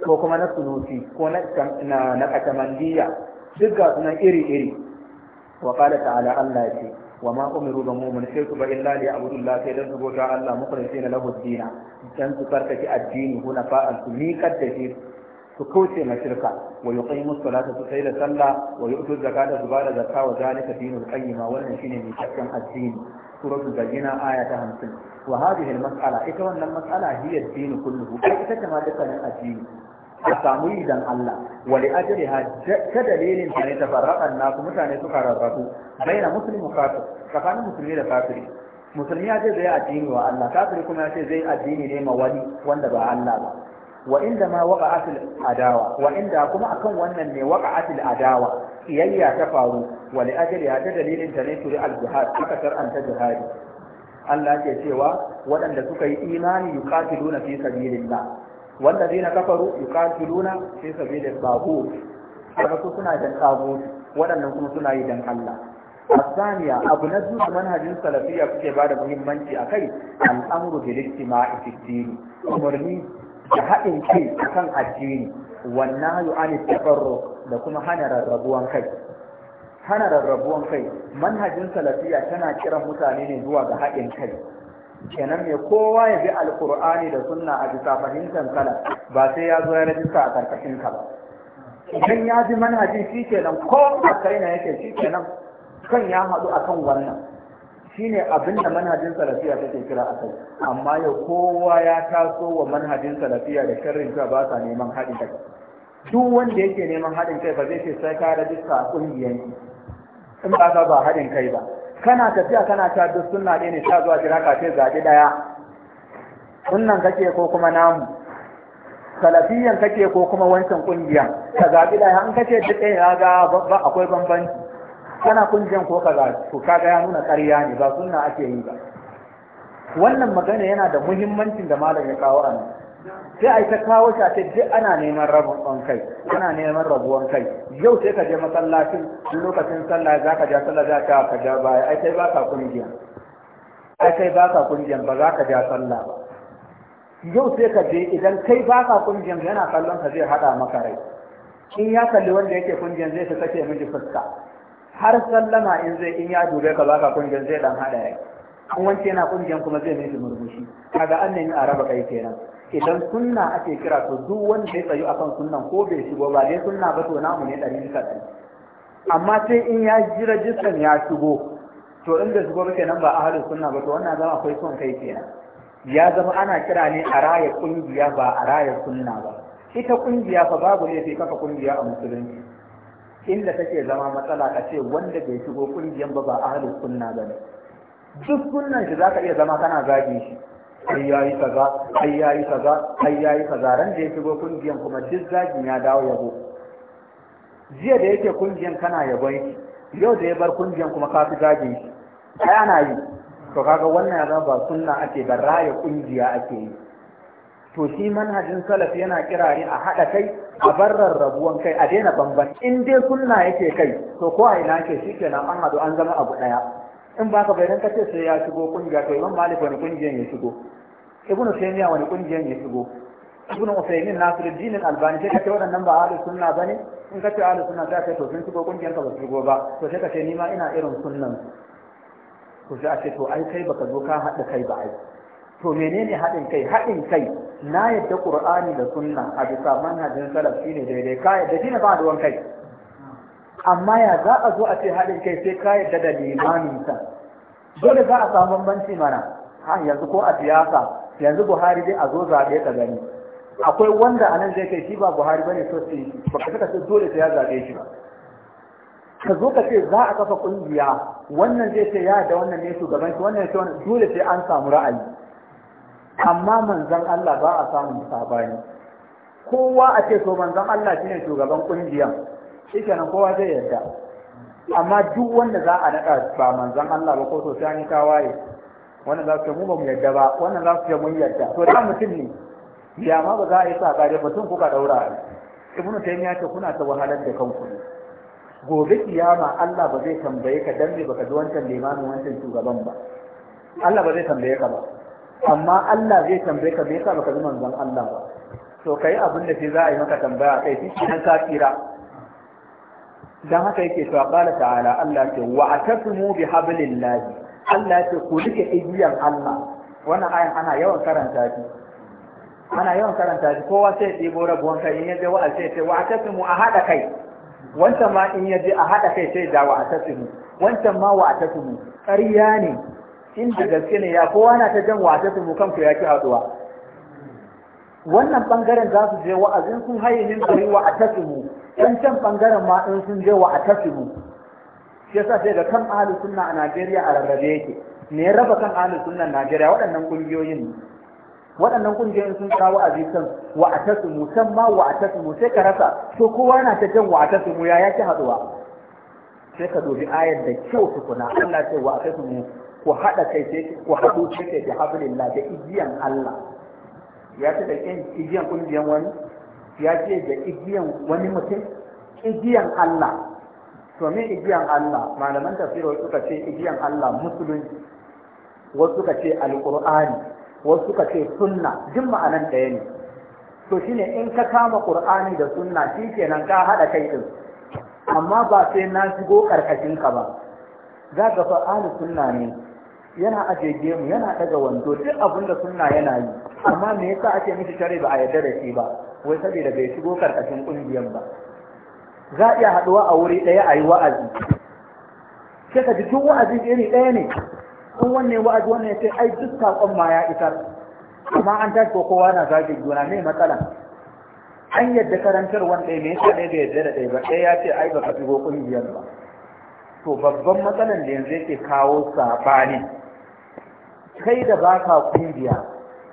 ko kuma na sunusi ko na na duk ga sunan iri iri wa qala ta'ala Allah ya ce وما أمروا بمؤمن شيء إلا ليعبدوا الله سيدا سبوتا الله مخلصين له الدين dan su farkace addini huna ku su miƙar da shi su kauce ma shirka wa yuqimu salata su sai da sallah wa yu'tu zakata su bada zakka wa zalika dinul qayyim wannan shine mai cikakken addini suratul bayyina aya ta 50 wa hadhihi al mas'ala ita wannan mas'ala hiya ad-din kulluhu ita ta ma dukkanin addini a samu yi dan Allah wali ajri ha ta dalilin ta ne tafarraqan nasu mutane suka rarrabu baina muslimu kafir tsakanin musulmi da kafiri musulmi ya ce zai addini wa Allah kafiri kuma ya ce zai addini ne ma wani wanda ba Allah ba Wa'inda inda ma waqa'atil adawa wa inda kuma akan wannan ne a dawa? kiyayya ta faru wa li ta dalilin ta ne turi al jihad aka shar'anta jihadi Allah ke cewa waɗanda suka yi imani yuqatiluna fi sabilillah والذين كفروا يقاتلون في سبيل الطاغوت kaga su suna dan kago waɗannan kuma suna yi dan Allah asaniya abu na zuwa manhajin salafiya kuke ba da muhimmanci a kai al'amuru bil istima'i fi umarni da haɗin kai a kan addini wannan yu'ani tafarro da kuma hana rarrabuwan kai hana rarrabuwan kai manhajin salafiya tana kiran mutane ne zuwa ga haɗin kai kenan me kowa ya bi alkur'ani da sunna a bisa fahimtar kala. ba sai ya zo ya rajista a ƙarƙashin ka ba idan ya bi manhajin shi kenan ko a kai yake shi kenan kan ya haɗu akan wannan shine abin da manhajin salafiya suke kira akai amma yau kowa ya taso wa manhajin salafiya da shirin ta ba sa neman haɗin kai duk wanda yake neman haɗin kai ba zai ce sai ka rajista a ƙungiyar. in ba ka ba haɗin kai ba kana tafiya kana ta duk suna ɗaya ne ta zuwa jira kafin zaɓi ɗaya sunan kake ko kuma namu salafiyan kake ko kuma wancan ƙungiya? ka zaɓi ɗaya in kace duk ɗaya ya ga akwai bambanci kana kungiyan ko kaza to kaga ya nuna ƙarya ne ba sunna ake yi ba wannan magana yana da muhimmancin da malam ya kawo a nan sai a yi ta kawo shi a ce duk ana neman rabuwan kai ana neman rabuwan kai yau sai ka je masallacin lokacin sallah za ka ja sallah za ka ka ja baya ai kai baka kungiya ai kai baka kungiyan ba za ka ja sallah ba yau sai ka je idan kai baka kungiyan yana kallon ka zai hada maka rai in ya kalli wanda yake kungiyan zai ta kace miji fuska har sallama in zai in ya dube ka baka kungiyar zai dan hada ya an wance yana kungiyar kuma zai miki murmushi kaga an nemi a raba kai kenan idan sunna ake kira to duk wanda ya tsayu akan sunnan ko bai shigo ba dai sunna ba to namu ne ɗari bisa ɗari amma sai in ya ji rajistan ya shigo to inda shigo ba kenan ba ahalin sunna ba to wannan zama akwai son kai kenan ya zama ana kira ne a raya kungiya ba a raya sunna ba ita kungiya fa babu ne sai kafa kungiya a musulunci inda take zama matsala ka ce wanda bai shigo kungiyan ba ba halin sunna ba ne duk sunnan shi zaka iya zama kana zagi shi ai yayi kaza ai yayi kaza ai yayi kaza ran da ya shigo kungiyan kuma duk zagin ya dawo yabo jiya da yake kungiyan kana yabon shi yau da ya bar kungiyan kuma ka fi zagin shi ai ana yi to kaga wannan ya zama ba sunna ake ba raya kungiya ake yi to shi manhajin salaf yana kirari a haɗa kai a barrar rabuwan kai a daina bamban in dai sunna yake kai to ko a ina ke shikenan na Muhammadu an zama abu daya in baka bai dan kace sai ya shigo kungiya to imam malik wani kungiyan ya shigo ibnu Taymiyyah wani kungiyan ya shigo ibnu usaymin nasiruddin albani sai kace waɗannan ba ahlus sunna bane in kace ahlus sunna sai kace to sun shigo kungiyan ka ba su shigo ba to sai kace ni ma ina irin sunnan ku sai a ce to ai kai baka zo ka haɗa kai ba ai to menene haɗin kai haɗin kai na yadda ƙur'ani da sunna a bisa manhajin salaf shine daidai ka yadda shine ba da kai amma ya za a zo a ce haɗin kai sai ka yadda da limaninsa. sa dole za a samu banci mana ha yanzu ko a siyasa yanzu Buhari dai a zo zaɓe ka gani akwai wanda anan zai kai shi ba Buhari bane so sai ba ka saka dole sai ya zaɓe shi ba ka zo ka ce za a kafa ƙungiya. wannan zai ce ya da wannan ne shugaban shi wannan ce dole sai an samu ra'ayi amma manzan Allah ba a samun sabani kowa a ce to manzan Allah shine shugaban kungiyan nan kowa zai yarda amma duk wanda za a naɗa ba manzan Allah ba ko so sai an tawaye wannan za su ce mu ba mu yarda ba wannan za su ce mun yarda to da mutum ne ya ma ba za a yi sabani mutum kuka daura ibnu taymiya ce kuna ta wahalar da kanku ne gobe kiyama Allah ba zai tambaye ka dan me baka ji wancan limamin wancan shugaban ba Allah ba zai tambaye ka ba amma Allah zai tambaye ka bai sa baka ji manzon Allah ba to kai abin da sai za a yi maka tambaya kai shi kan ka tsira dan haka yake to qala ta'ala Allah ce wa atasimu bi hablillahi Allah ce ku rike igiyan Allah wannan ayan ana yawan karanta shi ana yawan karanta shi kowa sai ya ɗebo rabuwan kai in ya je wa'al sai ya ce wa a haɗa kai wancan ma in ya je a haɗa kai sai da wa atasimu wancan ma wa atasimu ƙarya ne da gaske ne ya kowa na ta jan wata su kanku ya ki haɗuwa wannan bangaren za su je wa'azin sun haye min kuri wa atasimu dan can bangaren ma in sun je wa atasimu shi yasa sai ga kan ahli sunna a Najeriya a rarrabe yake me ya raba kan ahli sunna Najeriya waɗannan kungiyoyin waɗannan kungiyoyin sun kawo wa'azi kan wa atasimu can ma wa atasimu sai ka rasa to kowa na ta jan wa atasimu ya ki haɗuwa sai ka dubi ayar da kyau tukuna Allah ce wa atasimu ku haɗa kai sai ku haɗu kai da hablillah da igiyan Allah ya ce da igiyan kungiyan wani ya ce da igiyan wani mutum igiyan Allah to me igiyan Allah malaman wasu suka ce igiyan Allah musulunci wasu suka ce alqur'ani wasu suka ce sunna duk ma'anan ɗaya ne to shine in ka kama qur'ani da sunna shikenan ka haɗa kai din amma ba sai na shigo karkashin ka ba za ka fa ahlus sunna ne yana aje gemu yana daga wando duk abin da sunna yana yi amma me yasa ake mishi tare ba a yarda da shi ba wai saboda bai shigo karkashin kungiyar ba za iya haduwa a wuri daya a yi wa'azi sai ka ji duk wa'azi iri daya ne kun wanne wa'azi wannan sai ai duk sakon ma ya isar amma an tashi ko kowa na zage juna me matsala an yadda karantar wanda me yasa ne da yadda da ɗaya ba ɗaya ya ce ai ba ka shigo kungiyar ba to babban matsalan da yanzu yake kawo sabani kai da ba ka kungiya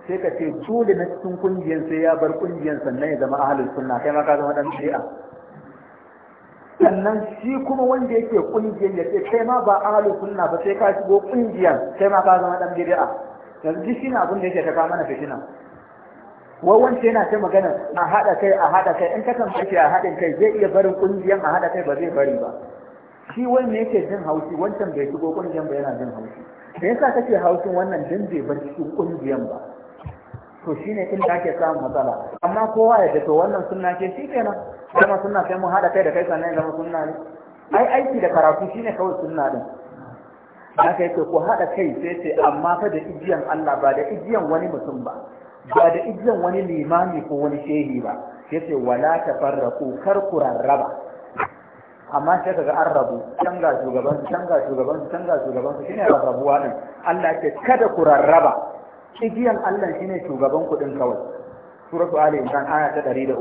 sai ka ce dole na cikin kungiyar sai ya bar kungiyar sannan ya zama ahalin sunna kai ma ka zama dan shi'a sannan shi kuma wanda yake kungiyar ya ce kai ma ba ahalin sunna ba sai ka shigo kungiyar kai ma ka zama dan bid'a yanzu shi na abin da yake ta kama na fitina wawance yana ta magana a haɗa kai a haɗa kai in ka tambaye a haɗin kai zai iya barin kungiyar a haɗa kai ba zai bari ba shi wanda yake jin haushi wancan bai shigo kungiyar ba yana jin haushi me yasa kake haushin wannan dan bai bar cikin kungiyan ba to shine inda ake samun matsala amma kowa ya to wannan sunna ce shikenan kuma sunna sai mu hada kai da kai sannan zama sunna ne ai aiki da karatu shine kawai sunna din aka yake ku hada kai sai ce amma fa da igiyan Allah ba da igiyan wani mutum ba ba da igiyan wani limami ko wani shehi ba yace wala tafarraqu kar ku rarraba amma sai kaga an rabu can ga shugaban su can ga shugaban can ga shugaban su shine din Allah ce kada ku rarraba igiyan Allah shine shugaban ku din kawai suratu ali imran aya ta 103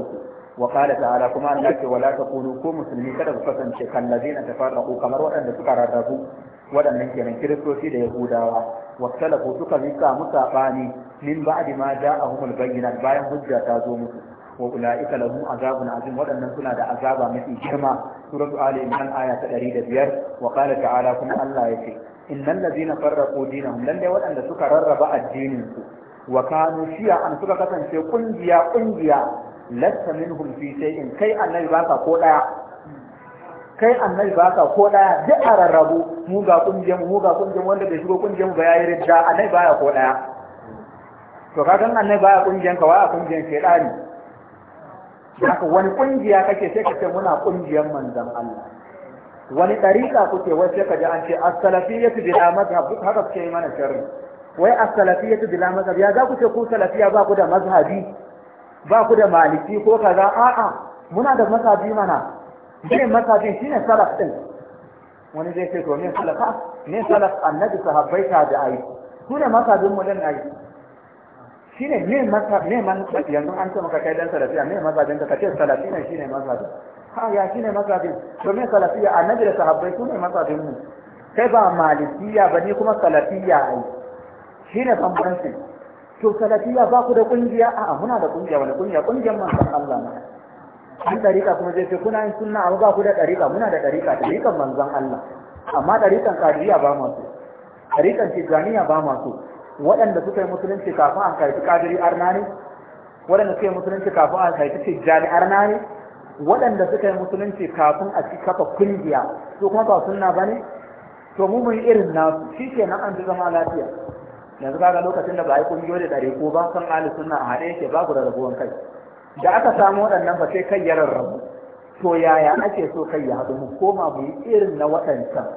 wa qala ta'ala kuma Allah ce wala takunu ko musulmi kada ku kasance kallazina tafarraqu kamar waɗanda suka rarrabu waɗannan kenan kiristoci da yahudawa wattalafu suka mika musabani min ba'di ma ja'ahumul bayyinat bayan hujja ta zo musu wa ulaika lahum azabun azim wadannan suna da azaba mafi girma suratu ali imran aya ta 105 wa qala ta'ala kuma Allah yace innal ladina farraqu dinahum dai wadanda suka rarraba addinin su wa kanu an suka kasance kungiya kungiya lasta minhum fi shay'in kai annabi baka ko daya kai annabi baka ko daya duk a rarrabu mu ga kungiyar mu ga kungiyar wanda bai shigo kungiyar mu ba yayi ridda annabi baya ko daya to kaga annabi baya kungiyar ka waya kungiyar shedani haka wani kungiya kake sai ka ce muna kungiyar manzon Allah wani dariƙa kuke wai sai ka ji an ce as-salafiyyatu bila mazhab duk haka kuke mana sharri wai as-salafiyyatu bila mazhab ya za ku ce ku salafiya ba ku da mazhabi ba ku da maliki ko kaza a'a muna da mazhabi mana ne mazhabin shine salaf din wani zai ce to ne salafa ne salaf annabi sahabbai ta da ai su ne mazhabin mu din ai shine ne mazhab me mazhab yanzu an ce maka kai dan salafiya me mazhabin ka kace salafiya shine mazhabin ha ya shine mazhabin to me salafiya annabi da sahabbai su ne mazhabin mu kai ba malikiya ba ni kuma salafiya ai shine bambanci to salafiya ba ku da kungiya a'a muna da kungiya wani kungiya kungiyar manzon Allah ne an dariƙa kuma zai ce kuna yin sunna a ba ku da dariƙa muna da dariƙa dariƙan manzon Allah amma dariƙan kadiriya ba mu so dariƙan tijaniya ba mu so waɗanda suka yi musulunci kafin a karfi kadiri arna ne waɗanda suka yi musulunci kafin a karfi tijjani arna ne waɗanda suka yi musulunci kafin a ci kafa kungiya su kuma ba suna ba ne to mu mun irin nasu shi ke nan an fi zama lafiya yanzu kaga lokacin da ba a yi da ɗari ko ba san ali suna a haɗe yake babu da rabuwan kai da aka samu waɗannan ba sai kai ya rarrabu to yaya ake so kai ya haɗu mu koma mu irin na waɗancan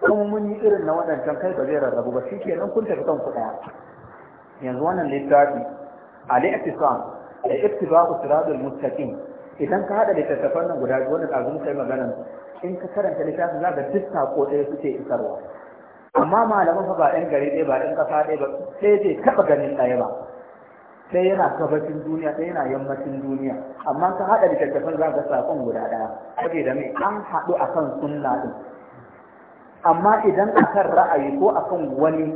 kuma mun yi irin na waɗancan kai ba zai rarrabu ba shi nan kun tafi kan kuɗa yanzu wannan littafi ali itisam da ittiba'u siratal mustaqim idan ka hada littattafan nan guda biyu wannan azumi kai magana in ka karanta littafin za ka duk sako ɗaya suke isarwa amma malaman fa ba ɗan gari ɗaya ba ɗan ƙasa ɗaya ba ɗaya zai taɓa ganin ɗaya ba Sai yana gabacin duniya sai yana yammacin duniya amma ka hada littattafan za ka sakon guda ɗaya saboda me an haɗu akan sunna din amma idan akan ra'ayi ko akan wani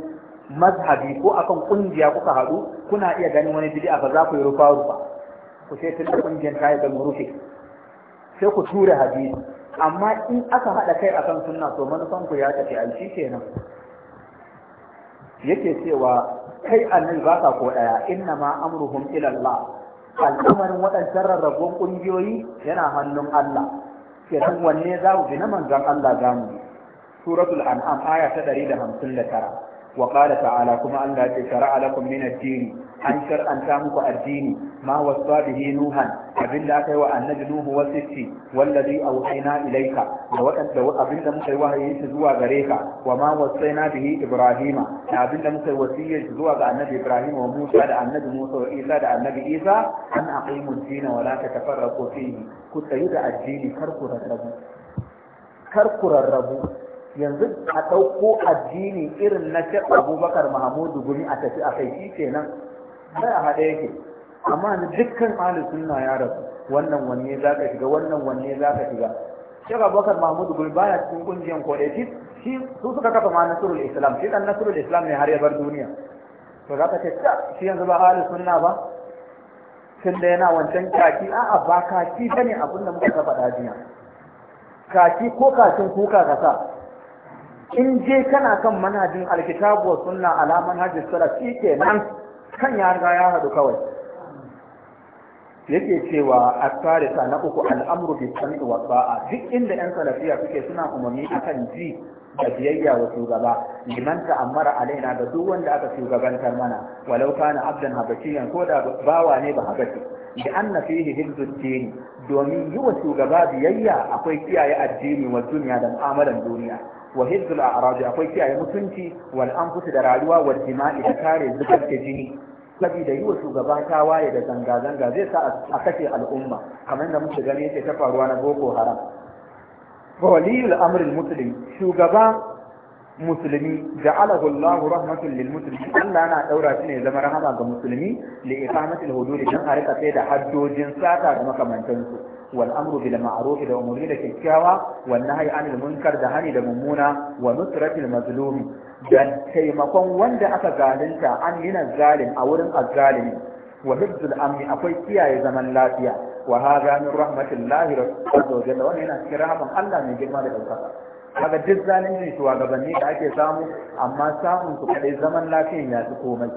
mazhabi ko akan kungiya kuka haɗu kuna iya ganin wani bid'a ba za ku yi rufa rufa ku sai tun da kungiyar ta yi da murufi sai ku tura hadisi amma in aka haɗa kai akan sunna to manufan ku ya tafi an shi kenan yake cewa kai annabi ba ka ko daya inna ma amruhum ila Allah al'amarin waɗancan rarrabuwan ƙungiyoyi yana hannun Allah kenan wanne za ku bi na manzon Allah zamu? suratul an'am aya ta ɗari da hamsin 159 wa qala ta'ala kuma Allah ya tsara alakum min ad an shar'anta muku addini. din ma wasa bihi nuhan abin aka yi wa annabi nuhu wa sitti wallazi awhayna ilayka wa wadda abin da muka yi wa yi zuwa gare ka wa ma wasaina bihi ibrahima da abin da muka yi wasiyya zuwa ga annabi ibrahima wa musa da annabi musa wa isa da annabi isa an aqimu ad-din wa la tatafarraqu fihi ku tsayi da ad kar ku rarrabu yanzu a ɗauko addini irin na shek abubakar mahamudu gumi a tafi a kai shi kenan sai a haɗe yake amma dukkan ahli sunna ya rasu wannan wanne za ka shiga wannan wanne za ka shiga shek abubakar mahamudu gumi baya cikin kungiyar kodai shi shi su suka kafa ma nasrul islam shi dan nasrul islam ne har ya bar duniya to za ka ce shi yanzu ba ahli sunna ba tun da yana wancan kaki a'a ba kaki bane abin da muka faɗa jiya kaki ko kakin kuka ka sa in je kana kan manhajin alkitabu wa sunna ala manhajis salaf nan kan ya riga ya hadu kawai yake cewa a tarika na uku al'amuru bi sami wa ba'a duk inda yan salafiya suke suna umarni akan ji da biyayya wa shugaba liman mara alaina da duk wanda aka shugabantar mana walau kana abdan habashiyan ko da bawa ne ba habashi an na fi hibdud jini, domin yi wa shugaba biyayya akwai kiyaye addini wa duniya da mu'amalan duniya wa hizzul a'raj akwai kiyaye mutunci wal anfus da rayuwa wal jima'i da kare zubar da jini saboda yi wa shugaba ta waye da zanga zanga zai sa a kashe al'umma kamar da muke gani yake ta faruwa na boko haram waliyul amril muslim shugaban musulmi ja'alahu Allah rahmatan lil muslimin Allah na daura shi ne zama rahama ga musulmi li iqamatil hudud dan a sai da haddojin sata da makamantansu wal amru bil ma'ruf da umuri da kyakkyawa wan nahyi anil munkar da hani da mummuna wa nusratil mazlumi da taimakon wanda aka zalunta an yana zalim a wurin azzalimi wa hibzul amni akwai kiyaye zaman lafiya wa hadha min rahmatillahi azza wa jalla wannan yana cikin rahman Allah mai girma da daukaka kaga duk zalimin shugabanni da ake samu amma samun su kadai zaman lafiyan ya fi komai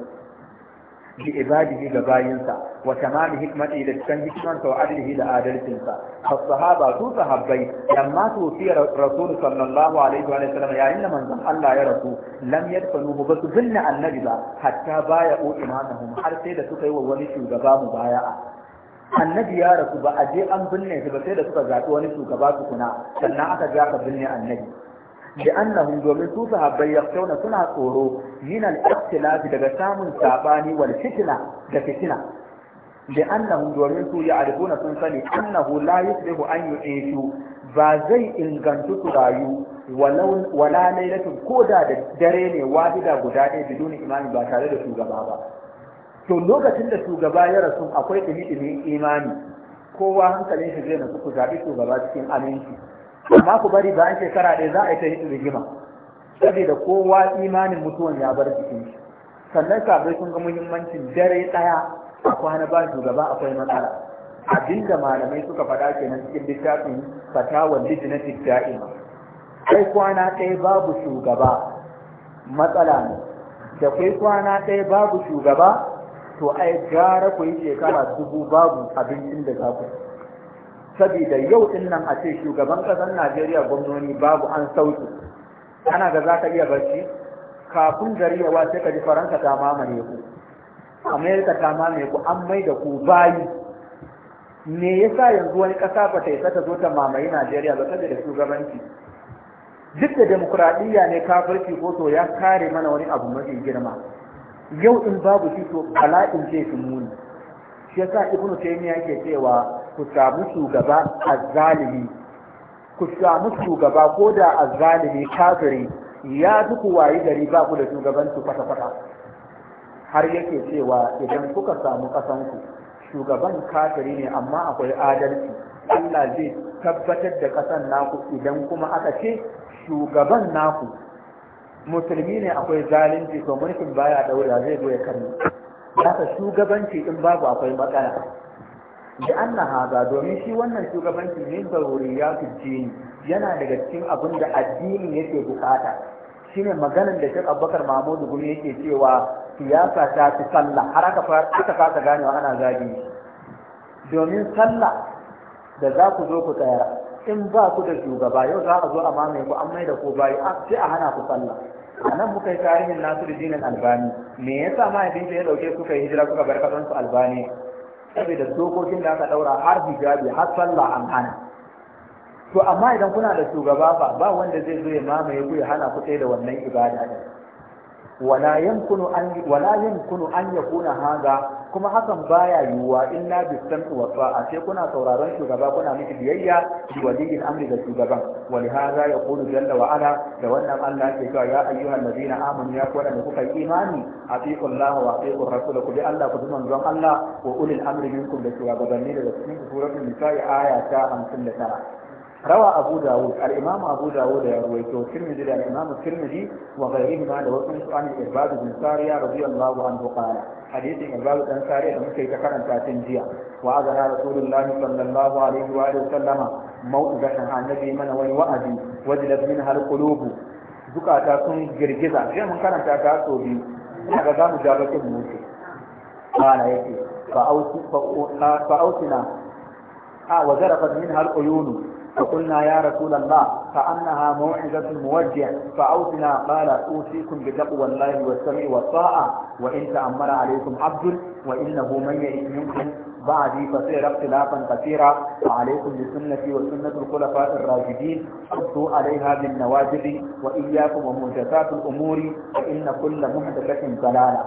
bi ibadihi ga bayinsa wa tamami hikmati da cikin hikmansa wa da adalcinsa fa sahaba su sahabbai lamma tufiya rasul sallallahu alaihi wa sallam yayin da manzon Allah ya rasu lam yadfanuhu ba su binne annabi ba hatta baya u imamahum har sai da suka yi wa wani shugaba mubaya'a annabi ya rasu ba a je an binne shi ba sai da suka zaɓi wani shugaba tukuna sannan aka ja ka binne annabi bi annahum domin su sahabbai yaktauna suna tsoro min al-ikhtilaf daga samun sabani wal fitna da fitna bi annahum domin su albuna sun sani annahu la yuslihu an yu'ishu ba zai ingantu su rayu wala lailatin ko da da dare ne wahida guda ɗaya biduni imami ba tare da shugaba ba to lokacin da shugaba ya rasu akwai ɗumi imani kowa hankalin shi zai nasu ku zaɓi shugaba cikin aminci amma ku bari bayan shekara ɗaya za a yi ta rigima saboda kowa imanin mutuwan ya bar jikin shi sannan sabai sun ga muhimmancin dare ɗaya a kwana ba shugaba akwai matsala abinda malamai suka faɗa kenan cikin littafin fatawan lijinatik da'ima kai kwana ɗaya babu shugaba matsala ne da kai kwana ɗaya babu shugaba to ai gara ku yi shekara dubu babu abincin da za ku yi. saboda yau din nan a ce shugaban ƙasar Najeriya gwamnoni babu an sauki ana ga za ka iya barci kafin gari ya wace ka ji Faransa ta mamaye ku Amerika ta mamaye ku an mai da ku bayi me yasa yanzu wani ƙasa ba ta isa ta zo ta mamaye Najeriya ba saboda shugabanci duk da demokuraɗiyya ne kafirci ko to ya kare mana wani abu mafi girma yau in babu shi to bala'in ce sun muni shi yasa ibnu taymiya yake cewa ku samu shugaba azzalimi ku samu shugaba ko da azzalimi kafiri ya duku ku wayi gari ba ku da shugabanci kwata-kwata har yake cewa idan kuka samu ku shugaban kafiri ne amma akwai adalci Allah zai tabbatar da ƙasan naku idan kuma aka ce shugaban naku musulmi ne akwai zalunci to mulkin baya daura zai zo ya karni haka shugabanci in babu akwai matsala da anna haza domin shi wannan shugabanci ne zaruri ya jini, yana daga cikin abin da addini yake bukata shine maganar da Sheikh Abubakar Mahmud Gumi yake cewa siyasa ta fi sallah har aka aka gane wa ana zagi domin sallah da za ku zo ku tsaya in ba ku da shugaba yau za a zo a mamaye ku an mai da ku bayi sai a hana ku sallah a nan muka yi tarihin nasiru dinin albani me yasa mahaifinsa ya dauke suka yi hijira kuka bar kasansu albani saboda dokokin da aka daura har hijabi har sallah an hana to amma idan kuna da shugaba ba ba wanda zai zo ya mamaye ku ya hana ku tsaye da wannan ibada din wala yankunu an wala yankunu an yakuna haga kuma hakan baya yuwa illa bi sam'i wa ta'a sai kuna sauraron shugaba kuna miki biyayya bi wajibin amri da shugaban wa li hadha yaqulu jalla wa ala da wannan Allah yake cewa ya ayyuhal ladina amanu ya kuwa da kuka imani atiqu Allah wa atiqu rasul ku Allah ku zuman zuwan Allah wa ulil amri minkum da shugabanni da cikin suratul nisa'i aya ta 59 روى أبو داود الإمام أبو داود يرويته الترمذي للإمام الترمذي وغيرهما لوسن عن الإرباد بن سارية رضي الله عنه قال hadisin Abu dan Sari da muka yi ta karanta tun jiya wa azana Rasulullahi sallallahu alaihi wa alihi sallama mau'izatan annabi mana wani wa'azi wajilat min hal qulubu zukata sun girgiza sai mun karanta ta so biyu daga za mu jaba kin mutu kana yake fa ausi fa ausina a wa zarafat min hal uyunu فقلنا يا رسول الله فأنها موعظة موجع فأوصنا قال أوصيكم بتقوى الله والسمع والطاعة وإن تأمر عليكم عبد وإنه من يئس منكم بعدي فصير اختلافا كثيرا وعليكم بسنتي وسنة الخلفاء الراشدين حطوا عليها بالنواجذ وإياكم ومهدفات الأمور فإن كل محدثة ضلالة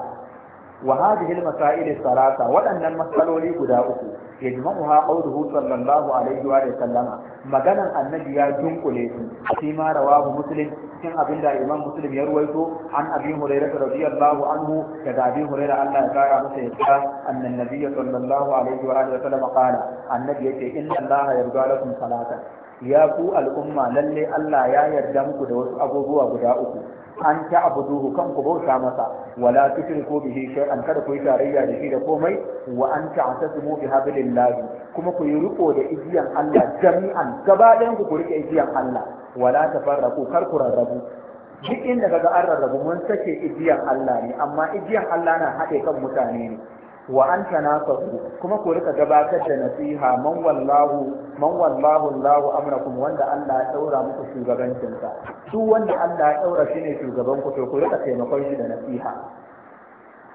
وهذه المسائل الثلاثة ولأن المسألة لي قداؤه يجمعها قوله صلى الله عليه وآله وسلم maganan annabi ya dunkule su shi ma rawahu muslim cikin abin da imam muslim ya ruwaito an abi hurairah radiyallahu anhu daga abin hurera Allah ya kara masa ya yadda annan nabiyyu sallallahu alaihi wa alihi wa sallam qala annabi yace inna allaha yarda lakum salatan ya ku al'umma lalle Allah ya yarda muku da wasu abubuwa guda uku an ta abuduhu kan ku bauta masa wala tushriku bihi shay'an kada ku yi tarayya da shi da komai wa an ta'tasimu bi hablillahi kuma ku yi riko da igiyan Allah jami'an gabaɗayan ku ku rike igiyan Allah wala tafarraqu kar ku rarrabu duk inda kaga an rarrabu mun sake igiyan Allah ne amma igiyan Allah na haɗe kan mutane ne wa an tanasahu kuma ku rika gabatar da nasiha man wallahu man wallahu Allahu amrakum wanda Allah ya daura muku shugabancinsa, su duk wanda Allah ya daura shi ne shugaban ku to ku rika taimakon shi da nasiha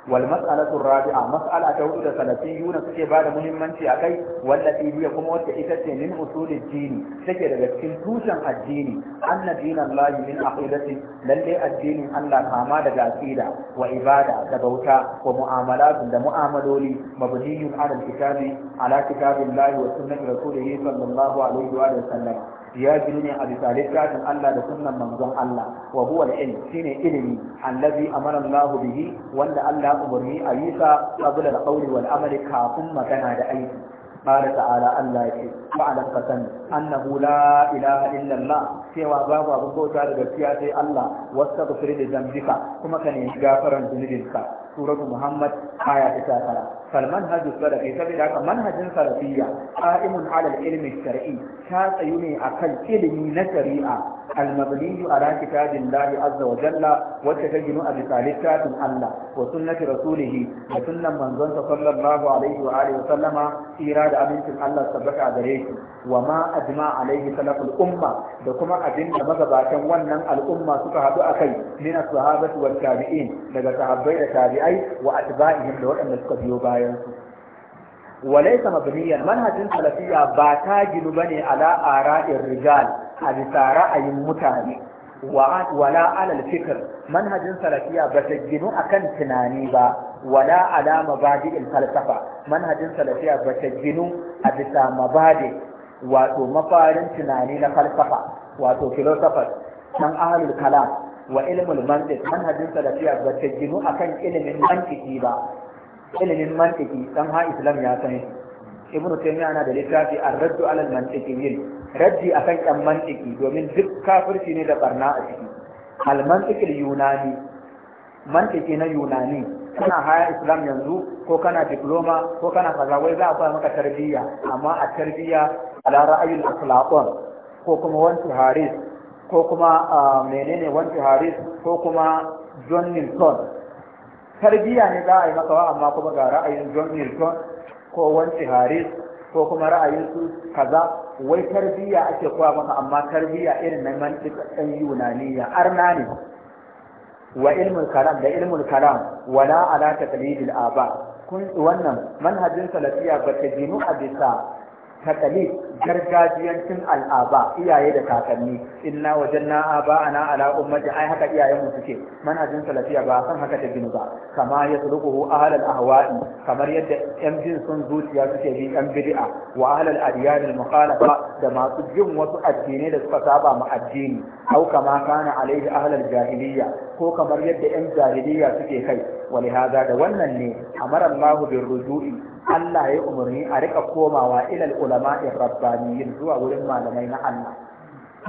wal mas'alatu rabi'a mas'ala ta hudu da salafiyuna suke ba da muhimmanci akai wallati biya kuma wacce ita ce min usulid dini take daga cikin tushen addini anna dinallahi min aqidati lalle addinin Allah kama daga aqida wa ibada da bauta wa mu'amalatun da mu'amaloli mabniyun ala kitabi ala kitabillahi wa sunnati rasulihi sallallahu alaihi wa sallam ya gini ne a bisa littafin Allah da sunan manzon Allah wa huwa al-ilm shine ilimi allazi amara Allah bihi wanda Allah umarni a yi sa qabla al-qawli wal amali kafin magana da aiki قال تعالى الله يكي فعلم فسن أنه لا إله إلا الله سوى بابا أبو بوتا لبسياتي الله واستغفر لذنبك كما كان يغافرا ذنبك سورة محمد آية تساكرة فالمنهج السلفي سبيل منهج سلفية قائم على العلم الشرعي شاء يمي أكل علمي نشريعة المبني على كتاب الله عز وجل وتتجن بثالثات الله وسنة رسوله وسنة من زنت صلى الله عليه وآله وسلم إيراد أمنة الله سبك عليه وما أجمع عليه سلف الأمة دكما أجن مغباتا ونن الأمة سكهد أكي من الصحابة والتابعين لذا صحابي التابعي وأتباعهم لو أن الكبير بايرسو وليس مبنيا منهج السلفية باتاجن بني على آراء الرجال a bisa ra'ayin mutane wala alal fikr manhajin salafiya ba ta ginu akan tunani ba wala ala mabadi'il falsafa manhajin salafiya ba ta ginu a bisa mabadi wato mafarin tunani na falsafa wato philosophers dan ahlul kalam wa ilmul mantiq manhajin salafiya ba ta ginu akan ilimin mantiki ba ilimin mantiki dan ha islam ya sani ibnu taymiya na da littafi ar-radd ala al-mantiqiyyin raddi akan yan mantiki domin duk kafirci ne da barna a ciki al yunani mantiki na yunani kana haya islam yanzu ko kana diploma ko kana kaza wai za a fara maka tarbiyya amma a tarbiyya ala ra'ayin akhlaqon ko kuma wanti haris ko kuma menene wanti haris ko kuma john nilton tarbiyya ne za a yi maka wa amma kuma ga ra'ayin john nilton ko wanti haris ko kuma ra'ayinsu kaza wai tarbiyya ake koya maka amma tarbiyya irin na mantiq ɗan yunaniya arna ne wa ilmul kalam da ilmul kalam wala ala taqlidil aba kun wannan manhajin salafiya ba ta ginu a bisa taqlid gargajiyancin al'aba iyaye da kakanni inna wajanna aba ana ala ummati ai haka iyayen mu suke manhajin salafiya ba san haka ta ginu ba kama ya tsuluhu ahlal ahwa'i kamar yadda yan jin sun zuciya suke bi yan bid'a wa ahlal adiyan al mukhalafa da masu jin wasu addinai da suka saba ma addini au kama kana alaihi ahlal jahiliya ko kamar yadda yan jahiliya suke kai ولهذا da wannan ne amara Allah bil ruju'i Allah ya umarni a rika komawa ila ulama rabbaniyyin zuwa wurin malamai na Allah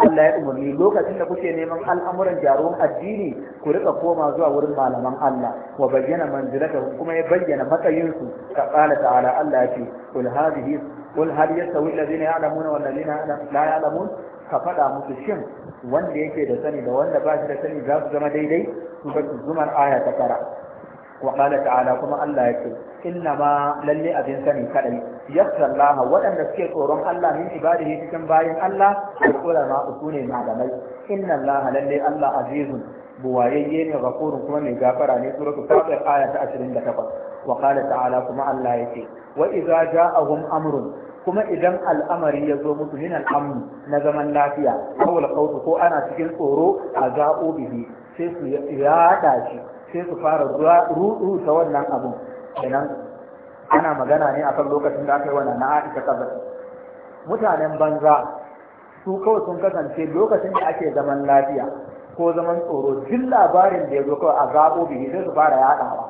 Allah ya umarni lokacin da kuke neman al'amuran jarumin addini ku rika koma zuwa wurin malaman Allah wa bayyana manzilatahu kuma ya bayyana matsayinsu ka qala ta'ala Allah ya ce kul hadhihi kul hal yastawi alladhina ya'lamuna wal ladina la ya'lamun ka faɗa musu shin wanda yake da sani da wanda ba shi da sani za su zama daidai su zumar aya ta tara wa ta'ala kuma Allah yake inna ma lalle abin sani kadai yasallaha waɗanda suke tsoron Allah min ibadihi cikin bayan Allah al-ulama usune malamai inna Allah lalle Allah azizun buwayayye ne gafurun kuma mai gafara ne suratu fatir aya ta 28 wa qala ta'ala kuma Allah yake wa idza ja'ahum amrun kuma idan al'amari ya zo musu min na zaman lafiya awul qawtu ko ana cikin tsoro a za'u bihi sai su yada shi sai su fara rudu ta wannan abu kenan ana magana ne akan lokacin da aka yi wannan na Aisha kabar mutanen banza su kawai sun kasance lokacin da ake zaman lafiya ko zaman tsoro duk labarin da ya zo kawai a zaɓo bihi sai su fara yaɗawa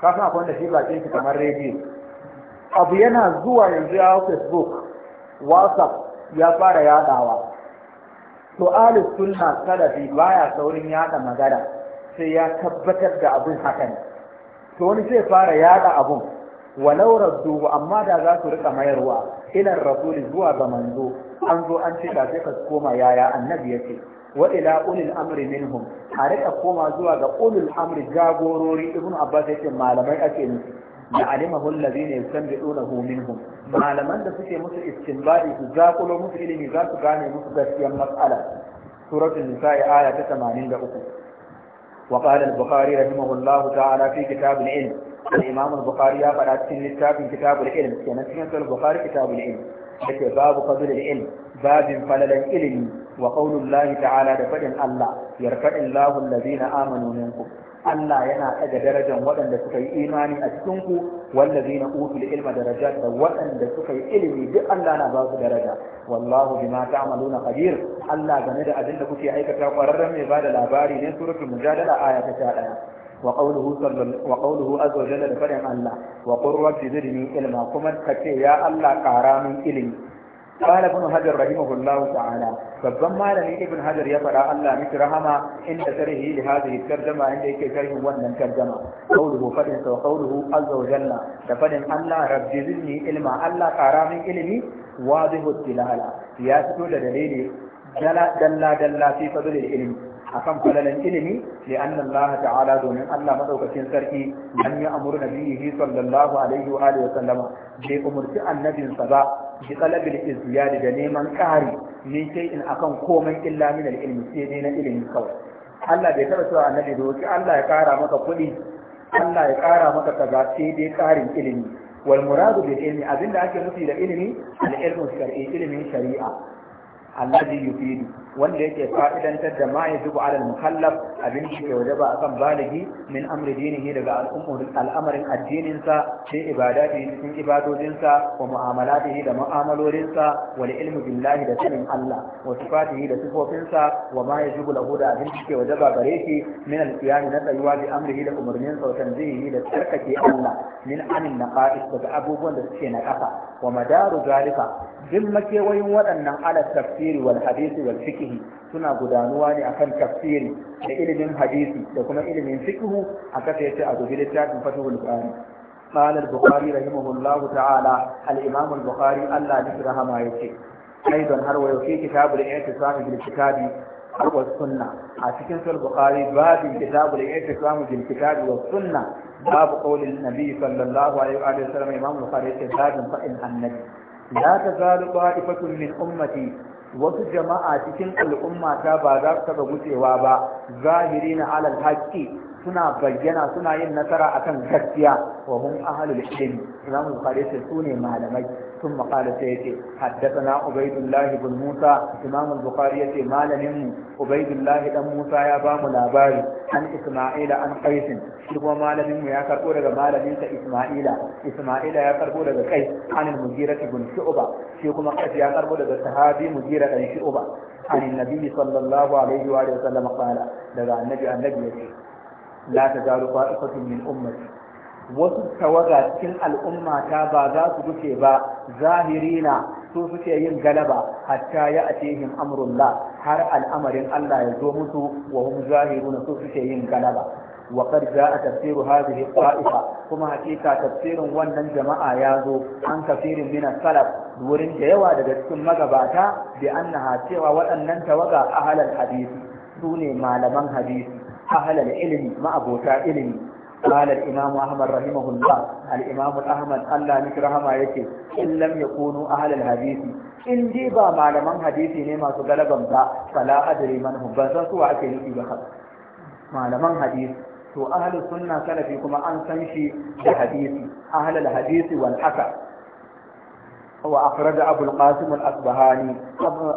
ka san akwai da shi bakin shi kamar rediyo abu yana zuwa yanzu ya facebook whatsapp ya fara yaɗawa to alif sunna salafi baya saurin yaɗa magana sai ya tabbatar da abin hakan to wani zai fara yada abun walau radduhu amma da za su rika mayarwa ila rasuli zuwa ga manzo an zo an ce da sai ka koma yaya annabi yake wa ila ulil amri minhum a rika koma zuwa ga ulil amri jagorori ibnu abbas yake malamai ake nufi da alimahu allazina yastanbidunahu minhum malaman da suke musu istinbadi su zakulo musu ilimi za su gane musu gaskiyar mas'ala suratul nisa aya ta 83 وقال البخاري رحمه الله تعالى في كتاب العلم الإمام البخاري قال أتسن الكتاب كتاب العلم كان سنة البخاري كتاب العلم لكي باب قدر العلم باب فلل العلم وقول الله تعالى دفع الله يرفع الله الذين آمنوا منكم Allah yana ɗaga darajar waɗanda suka yi imani a cikin ku wallazina utul ilma daraja da waɗanda suka yi ilimi duk Allah na ba su daraja wallahu bima ta'maluna qadir Allah game da abin da kuke aikata kwararren mai bada labari ne suratul mujadala aya ta 11 وقوله صلى وقوله عز وجل لفرع الله وقل رب زدني علما كما كتي يا الله كارام علمي قال ابن حجر رحمه الله تعالى فبما لم ابن حجر يفرع الله مثل رحمه ان شره لهذه الترجمه عند شره وأن ترجمه قوله فدن وقوله عز وجل فدن الله رب جزني علما الله قرام علمي واضح التلالة يا سيدي دليلي دلا دلا دلا في فضل العلم akan falalan ilimi li annan laha ta'ala domin Allah maɗaukacin sarki an ya amuru nabiyihi sallallahu alaihi wa alihi wa bai umarci annabin sa ba bi talabil izdiyad da neman ƙari ni sai in akan komai illa min ilmi sai dai na ilimi kawai Allah bai taɓa cewa annabi roki Allah ya ƙara maka kuɗi Allah ya ƙara maka kaza sai dai ƙarin ilimi wal muradu bil ilmi abinda ake nufi da ilimi al ilmu shar'i ilimin shari'a alladhi yufidu wanda yake fa'idantar da ma yajibu ala al-mukallaf abin da ke wajaba akan baligi min amri dinihi daga al'amarin addinin sa sai ibadati cikin ibadodin sa wa mu'amalatihi da mu'amalolin sa wa ilmi billahi da sanin Allah wa sifatihi da sifofin sa wa ma yajibu lahu da abin da ke wajaba gare shi min al-qiyam na tsayuwa bi amrihi da umarnin sa tanzihi da tsarkake Allah min anin naqais daga abubuwan da suke na kasa wa madaru zalika duk makewayin waɗannan ala tafsiri wal hadisi wal fiqhi suna gudanuwa ne akan tafsiri da ilimin hadisi da kuma ilimin fiqhu aka sai ce a dubi littafin fatihul qur'ani قال البخاري رحمه الله تعالى الإمام البخاري الله ذكرها ما يكفي أيضا هل ويكفي كتاب الاعتصام بالكتاب والسنة أتكن في البخاري باب كتاب الاعتصام بالكتاب والسنة باب قول النبي صلى الله عليه وآله وسلم إمام البخاري كتاب فإن النبي la tazalu qa'ifatun min ummati wasu jama'a cikin al'ummata ba za su taɓa gucewa ba na alal haƙƙi suna bayyana suna yin nasara akan gaskiya wa mun ahlul ilimi Imam Bukhari sai su ne malamai ثم قال سيتي حدثنا عبيد الله بن موسى إمام البخاري يتي ما لنم عبيد الله بن موسى يا بام الأباري عن إسماعيل عن قيس شكو ما لنم يا كربورة ما لنمت إسماعيل إسماعيل يا كربورة قيس عن المجيرة بن شعبة شكو مقاس يا كربورة صحابي مجيرة بن شعبة عن النبي صلى الله عليه وآله وسلم قال لذا النبي النبي يتي لا تزال طائفة من أمتي wasu tawaga cikin al'umma ta ba za su guce ba zahirina su suke yin galaba hatta ya atihim amrulla har al'amarin Allah ya zo mutu wa hum zahiruna su suke yin galaba wa qad jaa tafsiru hadhihi qa'ifa kuma hakika tafsirin wannan jama'a ya zo an tafsirin mina salaf wurin da yawa daga cikin magabata bi annaha cewa waɗannan tawaga ahlal hadisi su ne malaman hadisi ahlal ilimi ma'abota ilimi. قال الإمام أحمد رحمه الله الإمام أحمد ألا نكره ما يكي إن لم يكونوا أهل الحديث إن جيبا ما لمن حديثي نما سقلبا فلا أدري من هم بس سوى كيفي بخط ما لمن حديث to ahlus sunna salafi kuma an san shi da hadisi ahlul hadisi wal haka وأخرج أبو القاسم الأصبهاني أبو,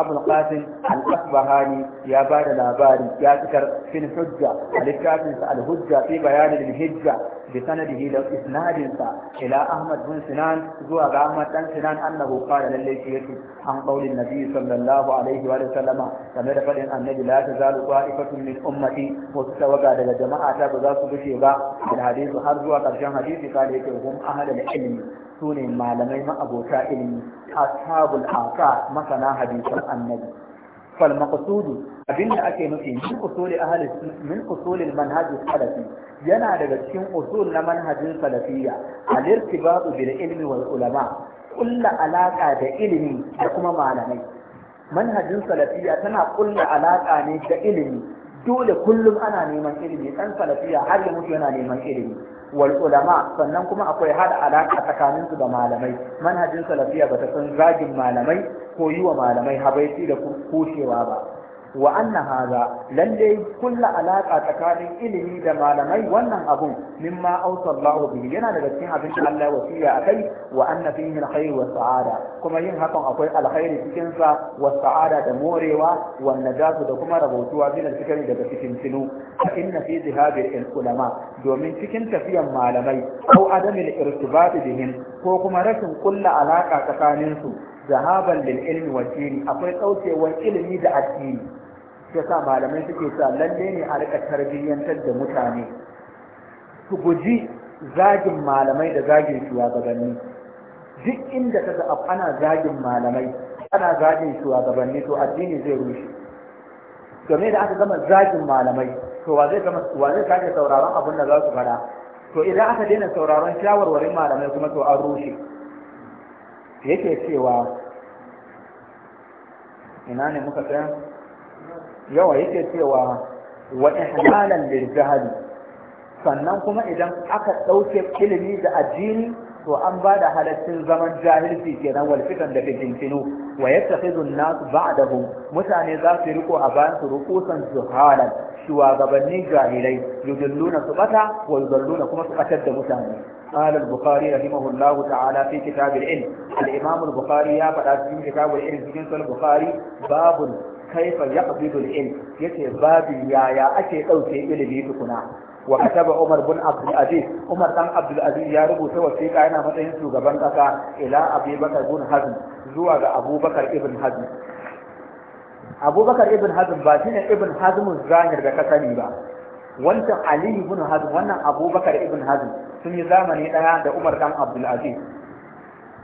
أبو القاسم الأصبهاني يا بار الأباري يا ذكر في الحجة الكاتب الهجة في بيان الهجة بسنده لإسناد إلى أحمد بن سنان زوى أحمد بن سنان أنه قال لليشيك عن قول النبي صلى الله عليه وآله وسلم كما رفض النبي لا تزال طائفة من أمتي وتتوقع لدى جماعة بذات بشيبا الحديث حرزوا قرشان حديث قال هم أهل العلم su ne malamai ma'abota ilimi ashabul asa masana hadisan annabi fal maqsudu abinda ake nufi min usuli ahli min usuli manhaj salafi yana daga cikin usul na manhajin salafiyya al-irtibatu bil ilmi wal ulama ƙulla alaka da ilimi da kuma malamai manhajin salafiyya tana ƙulla alaka ne da ilimi dole kullum ana neman ilimi dan salafiya har ya mutu yana neman ilimi Wal'ulama, sannan kuma akwai hada alaƙa tsakanin su da malamai manhajin salafiya ba ta san zagin malamai ko yi wa malamai habaiti da kushewa ba wa anna hadha lalle kulla alaka tsakanin ilimi da malamai wannan abun mimma awsa Allahu bihi yana daga cikin abin da Allah ya wasiya akai wa anna fihi alkhair wa sa'ada kuma yin hakan akwai alkhairi cikin sa wa sa'ada da morewa wa najatu da kuma rabotuwa bin alfikari daga cikin tinu inna fi zihabi ulama domin cikin tafiyan malamai au adamil irtibat bihim ko kuma rashin kulla alaka tsakanin su zahaban lil ilmi wa akwai daukewar ilimi da addini ya sa malamai suke sa lalle ne a rika tarbiyyantar da mutane su guji zagin malamai da zagin shugabanni duk inda ka ga ana zagin malamai ana zagin shugabanni to addini zai rushe game da aka gama zagin malamai to wa zai gama wa zai kake sauraron abin da za su faɗa to idan aka daina sauraron shawarwarin malamai kuma to an rushe yake cewa ina ne muka tsaya yawa yake cewa wa ihmalan lil jahali sannan kuma idan aka dauke ilimi da addini to an ba da halaccin zaman jahilci kenan wal fitan da fitintinu wa yattakhidhu an-nas ba'dahum mutane za su riko a bayan su rukusan juhalan shugabanni jahilai yudalluna su bata wa yudalluna kuma su batar da mutane قال البخاري رحمه الله تعالى في كتاب العلم الإمام البخاري يا فلاسفين كتاب العلم في كتاب البخاري باب kaifa yaqbidu al-ilm yace babu yaya ake dauke ilimi tukuna wa kataba Umar bin Abdul Umar dan Abdul ya rubuta wasiƙa yana matsayin shugaban ƙasa ila Abi Bakar bin Hazm zuwa ga Abubakar ibn Hazm Abubakar ibn Hazm ba shine ibn Hazm zahir da ka sani ba wancan Aliyu ibn Hazm wannan Abubakar ibn Hazm sun yi zamani ɗaya da Umar dan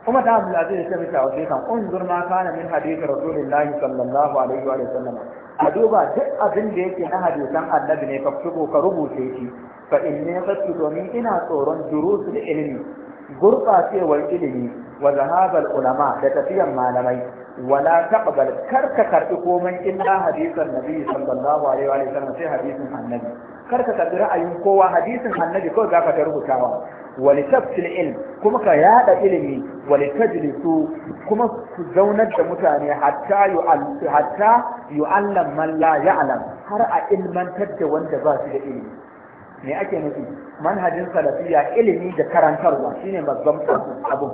kuma da abu Aziz ya mika wa sai kan unzur ma kana min hadith Rasulullahi sallallahu alaihi wa sallam a duba duk abin da yake na hadisan annabi ne ka fito ka rubuce shi fa inni qattu domin ina tsoron durusul ilmi gurbacewar ilimi wa zahabal ulama da tafiyan malamai wala taqbal karka karbi komai illa hadisan nabi sallallahu alaihi wa sallam sai hadisin annabi karka karbi ra'ayin kowa hadisin annabi kawai zaka ta rubutawa ولتبت العلم كما كياد علمي ولتجلسوا كما زونت متاني حتى يعلم حتى يعلم har a يعلم هر wanda ba وند da ilimi. me ake nufi manhajin salafiyya ilimi da karantarwa shine babban abu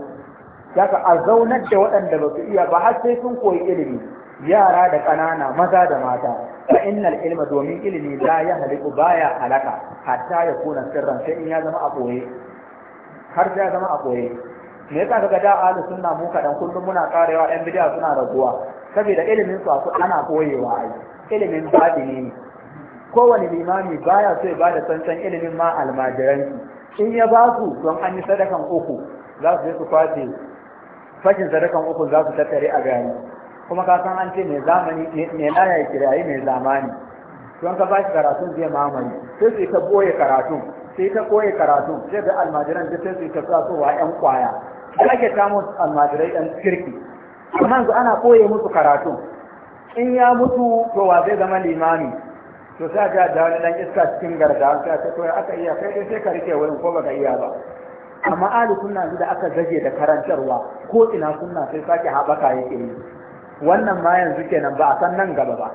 daga a zaunar da waɗanda ba su iya ba har sai sun koyi ilimi yara da ƙanana maza da mata fa innal ilma domin ilimi la ya haliku baya halaka hatta ya kuna sirran sai in ya zama a koye har da zama a koye me yasa kaga da ahlus sunna mu kadan kullum muna karewa ɗan bid'a suna raguwa saboda ilimin su ana koyewa ai ilimin badini ne kowane limami baya so ya bada sansan ilimin ma almajiran in ya ba su don an yi sadakan uku za su je su kwace fashin sadakan uku za su tattare a gani kuma ka san an ce mai zamani mai laya kirayi mai zamani don ka ba shi karatun zai mamaye sai su ta boye karatun sai ta koye karatu sai da almajiran da sai ta wa yan kwaya da ake samu almajirai yan kirki amma yanzu ana koye musu karatu in ya mutu to wa zai zama limami to sai ga da wani dan iska cikin garda sai ta koya aka iya kai dai sai ka rike wurin ko baka iya ba amma ahli sunna da aka zage da karantarwa ko ina sunna sai sake haɓaka yake yi wannan ma yanzu kenan ba a san nan gaba ba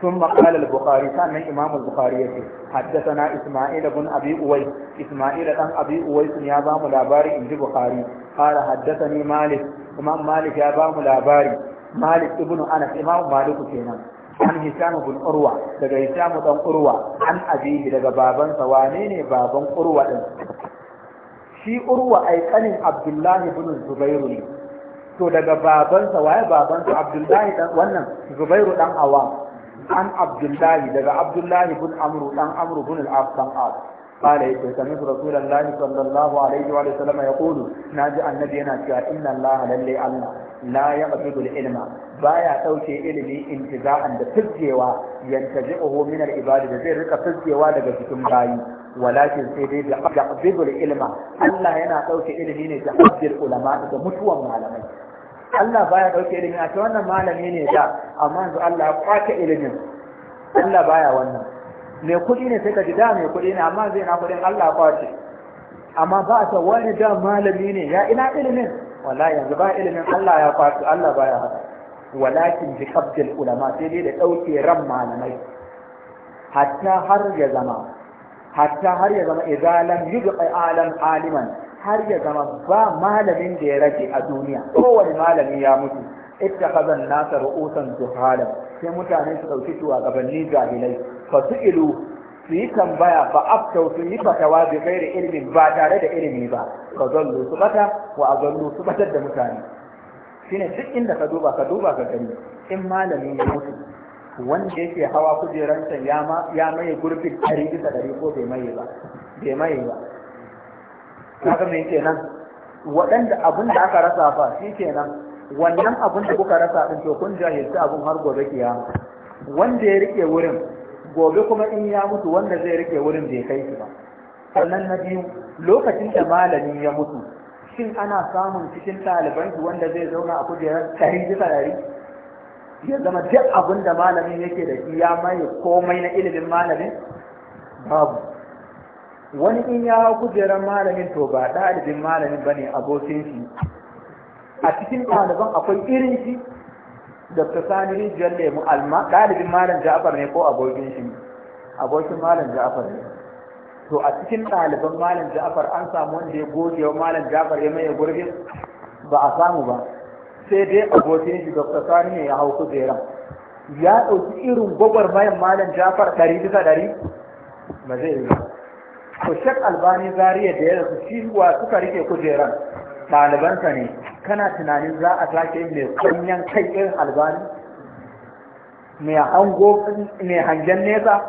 ثم قال البخاري كان إمام البخاري حدثنا إسماعيل بن أبي أويس إسماعيل بن أبي أويس يا بام الأباري إن البخاري قال حدثني مالك إمام مالك يا بام الأباري مالك ابن أنس إمام مالك كينا عن هشام بن أروى لدى هشام بن أروى عن أبيه لدى بابا ثوانين بابا أروى شي أروى أي قنن عبد الله بن الزبير to daga babansa waye babansa abdullahi dan wannan zubairu dan awa an abdullahi daga abdullahi bin amru dan amru bin al-as dan as قال سمعت رسول الله صلى الله عليه وآله وسلم يقول ناجي النبي أنا إن الله للي الله لا يقبض العلم baya ɗauke ilimi intiza'an da fizgewa yantazi'uhu min al-ibadi da zai rika fizgewa daga cikin bayi walakin sai dai da qabdul ilma Allah yana ɗauke ilimi ne da qabdul ulama da mutuwan malamai Allah baya dauke ilimi a ta wannan malami ne da amma yanzu Allah ya kwace ilimin Allah baya wannan mai kuɗi ne sai ka ji da mai kuɗi ne amma zai na kuɗin Allah ya kwace amma ba a san wani da malami ne ya ina ilimin wala yanzu ba ilimin Allah ya kwace Allah baya haka walakin bi qabdil ulama sai dai da dauke ran malamai hatta har ya zama hatta har ya zama idalan yubqa alam aliman har ya zama ba malamin da ya rage a duniya kowane malami ya mutu kazan nasa ru'usan zuhara sai mutane su dauki shugabanni jahilai fa Ilu su yi tambaya fa afta su yi fata wa bi ghairi ilmin ba tare da ilimi ba Ka zallu su bata wa azallu su batar da mutane shine duk inda ka duba ka duba ka gani in malami ya mutu wanda yake hawa kujerarsa ya maye gurbin ɗari bisa ɗari ko bai maye ba bai maye ba kaga me nan, waɗanda abin da aka rasa fa shi kenan wannan abin da kuka rasa din to kun jahilci abin har gobe kiyama wanda ya rike wurin gobe kuma in ya mutu wanda zai rike wurin bai kai shi ba sannan na biyu lokacin da malami ya mutu shin ana samun cikin ɗaliban shi wanda zai zauna a kujerar ɗari bisa ɗari ya zama duk abin da malamin yake da shi ya maye komai na ilimin malamin babu wani in ya hau kujerar malamin to ba ɗalibin malamin ba ne abokin shi a cikin ɗaliban akwai irin shi dr sani rijiyar lemu ɗalibin malam ja'afar ne ko abokin shi abokin malam ja'afar ne to a cikin ɗaliban malam ja'afar an samu wanda ya goge wa malam ja'afar ya maye gurbin ba a samu ba sai dai abokin shi dr sani ne ya hau kujerar ya ɗauki irin gwagwarmayan malam ja'afar ɗari bisa ɗari ba zai yi ba ko shek albani zariya da ya shi wa suka rike kujeran ɗalibansa ne kana tunanin za a sake mai kunyan kai irin albani mai hango mai hangen nesa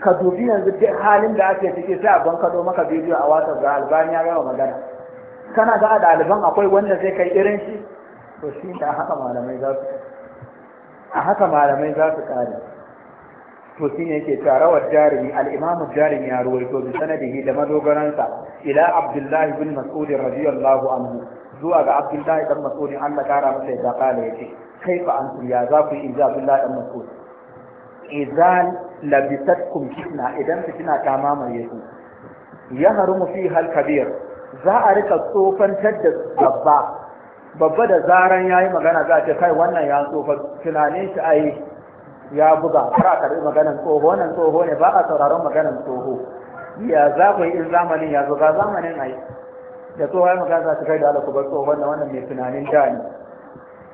ka dubi yanzu duk halin da ake ciki sai a bankaɗo maka bidiyo a watsa ga albani ya gama magana kana ga ɗaliban akwai wanda zai kai irin shi to shi da haka malamai za su a haka malamai za su ƙare to shine yake cewa rawar jarumi al-imamu jarumi ya ruwaito bi sanadihi da madogaransa ila abdullahi bin mas'ud radiyallahu anhu zuwa ga abdullahi dan mas'ud Allah kara masa da kala kai kaifa antum ya za ku yi abdullahi dan Mas'udin? idan labisat labisatkum fitna idan fitina ta mamaye ku ya harumu fi hal kabir za a rika tsofantar da babba babba da zaran yayi magana za a ce kai wannan ya tsofa tunanin shi ai ya buga kar a karbi maganan tsoho nan tsoho ne ba a sauraron maganan tsoho ya za ku yi in zamanin ya zo ga zamanin ai da tsohon magana za su kai da ala ba bar tsohon wannan mai tunanin da ne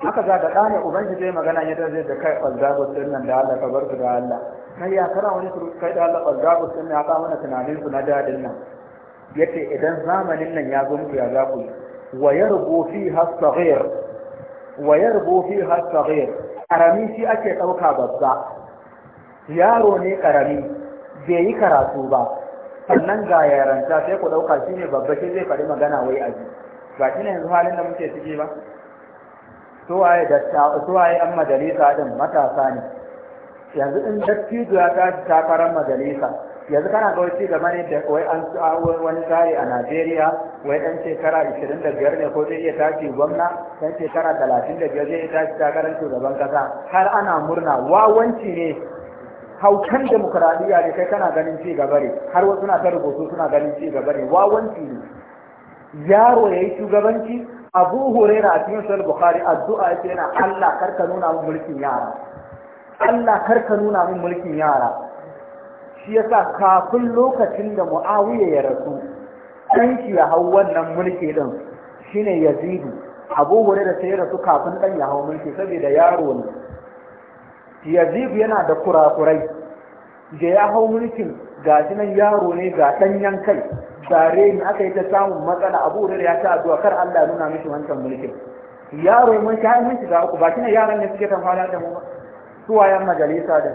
haka za da ɗane uban zai magana ya zai da kai ɓalgago sun nan da Allah ka bar su da Allah nan ya kara wani su kai da Allah ɓalgago sun ya kawo mana tunanin su na dadin nan yace idan zamanin nan ya zo muku ya za ku yi Wayar yarbu fiha saghir wa fiha saghir ƙarami shi ake ɗauka babba yaro ne ƙarami bai yi karatu ba sannan ga yaranta sai ku ɗauka shi ne babba shi zai faɗi magana wai aji ba shi ne yanzu halin da muke ciki ba suwaye da majalisa ɗin matasa ne yanzu in dattijo ya ta takarar majalisa yanzu kana ga wasu gaba ne da wai an wani tsari a Najeriya wai dan shekara 25 ne ko zai iya tashi gwamna dan shekara 35 zai iya tashi takarar shugaban kasa har ana murna wawanci ne haukan demokuraɗiyya ne kai kana ganin ci gaba ne har wasu na ta rubutu suna ganin ci gaba ne wawanci ne yaro ya yi shugabanci Abu Huraira a cikin sal Bukhari addu'a yake yana Allah karka nuna min mulkin yara Allah karka nuna min mulkin yara shi yasa kafin lokacin da mu'awiyar ya rasu ɗan shi ya hau wannan mulki ɗin ya yazidu abu wuri da sai rasu kafin ɗan ya hau mulki saboda yaro ne yazidu yana da kurakurai da ya hau mulkin gashi nan yaro ne ga ɗanyen kai tare ne aka yi ta samun matsala abu wuri da ya ta addu'a kar Allah nuna mishi wancan mulkin yaro mun shi har mun shiga uku ba kina yaran ne suke tamfana da mu ba suwayen majalisa da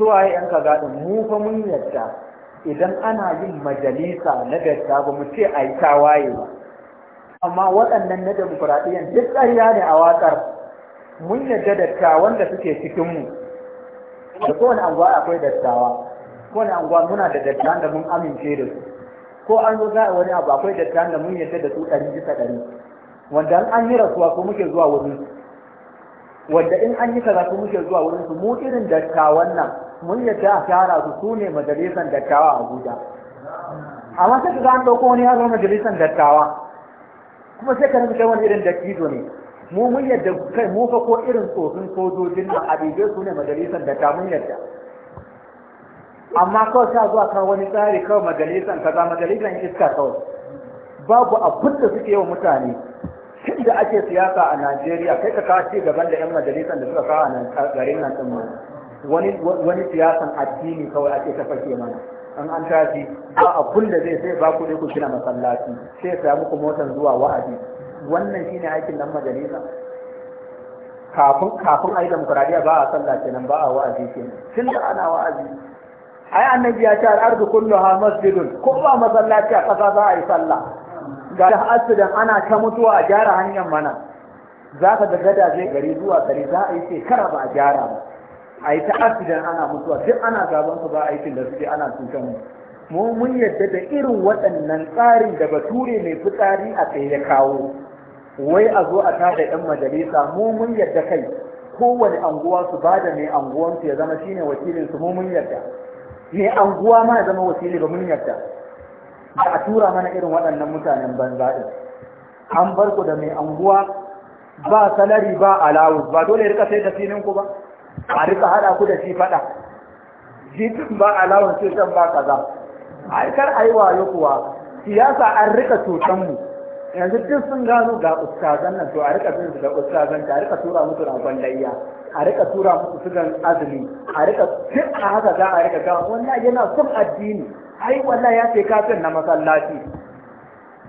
suwaye yan kaza din mu fa mun yadda idan ana yin majalisa na gaskiya ba mu ce a yi tawaye ba amma waɗannan na demokuraɗiyyar duk ƙarya ne a watsar mun yadda dattawan da suke cikinmu da kowane anguwa akwai dattawa kowane anguwa muna da dattawan da mun amince da su ko an zo za a wani abu akwai dattawan da mun yadda da su ɗari bisa ɗari wanda an yi rasuwa ko muke zuwa wurin wanda in an yi kaza ko muke zuwa wurin su mu irin dattawan nan mun yadda a shahara su su ne majalisar dattawa a Abuja. Amma sai ka ga an ɗauko wani yaro majalisar dattawa. Kuma sai ka nufi kai wani irin dattijo ne. Mu mun yadda kai mu fa ko irin tsofin sojojin nan a bije su ne majalisar dattawa mun yadda. Amma kawai sa zuwa kan wani tsari kawai majalisar kaza majalisar iska kawai. Babu abin da suke yi wa mutane. shi da ake siyasa a Najeriya kai ka kawo ci gaban da 'yan majalisar da suka kawo a garin nan ɗin mu. wani siyasan addini kawai ake ta fake mana an an tafi ba abun da zai sai ba ku dai ku gina masallaci sai ya muku motan zuwa wa'azi wannan shine aikin nan majalisa kafin kafin ayi demokradiya ba a sallah kenan ba a wa'azi kenan tun da ana wa'azi ai annabi ya ce al-ardu kulluha masjidun ko ba masallaci a kasa za a yi sallah ga asidan ana ta mutuwa a gyara hanyar mana za ka ga gadaje gari zuwa gari za a yi shekara ba a gyara ba a yi ta accident ana mutuwa duk ana gaban su ba aikin da suke ana tukan mu mu mun yadda da irin waɗannan tsari da bature mai fitsari a tsaye ya kawo wai a zo a tada yan majalisa mu mun yadda kai kowane anguwa su ba da mai su ya zama shine wakilin su mu mun yadda mai anguwa ma ya zama wakili ba mun yadda ba a tura mana irin waɗannan mutanen banza ɗin an bar ku da mai anguwa ba salari ba alawus ba dole ya rika sai da filin ku ba a rika hada ku da shi fada jikin ba alawan cutan ba kaza a kar a yi wayo kuwa siyasa an rika cutanmu yanzu duk sun gano ga ustazan nan to a rika bin su da ustazan ta a rika tura musu ragon layya a rika tura musu sugan azumi a rika duk a haka za a rika gawa wannan yana son addini ai wallahi ya ce kafin na masallaci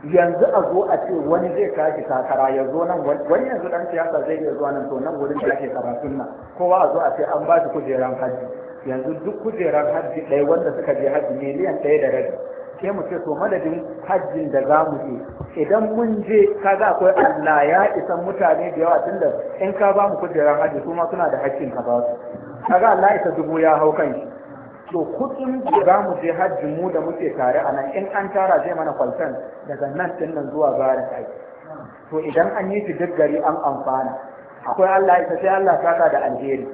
yanzu a zo a ce wani zai kashi takara ya zo nan wani yanzu dan siyasa zai iya zuwa nan to nan wurin da ake karatun nan kowa a zo a ce an ba shi kujeran hajji yanzu duk kujeran hajji ɗaya wanda suka je hajji miliyan ɗaya da rabi sai mu ce to madadin hajjin da za mu je idan mun je kaga akwai Allah ya isan mutane da yawa tunda in ka ba mu kujeran hajji kuma ma suna da hakkin ka ba su kaga Allah isa dubu ya hau kan shi to kudin da za mu je hajji mu da muke tare a nan in an tara zai mana kwaltan daga nan din nan zuwa zara ai to idan an yi shi duk gari an amfana akwai Allah ita sai Allah saka da alheri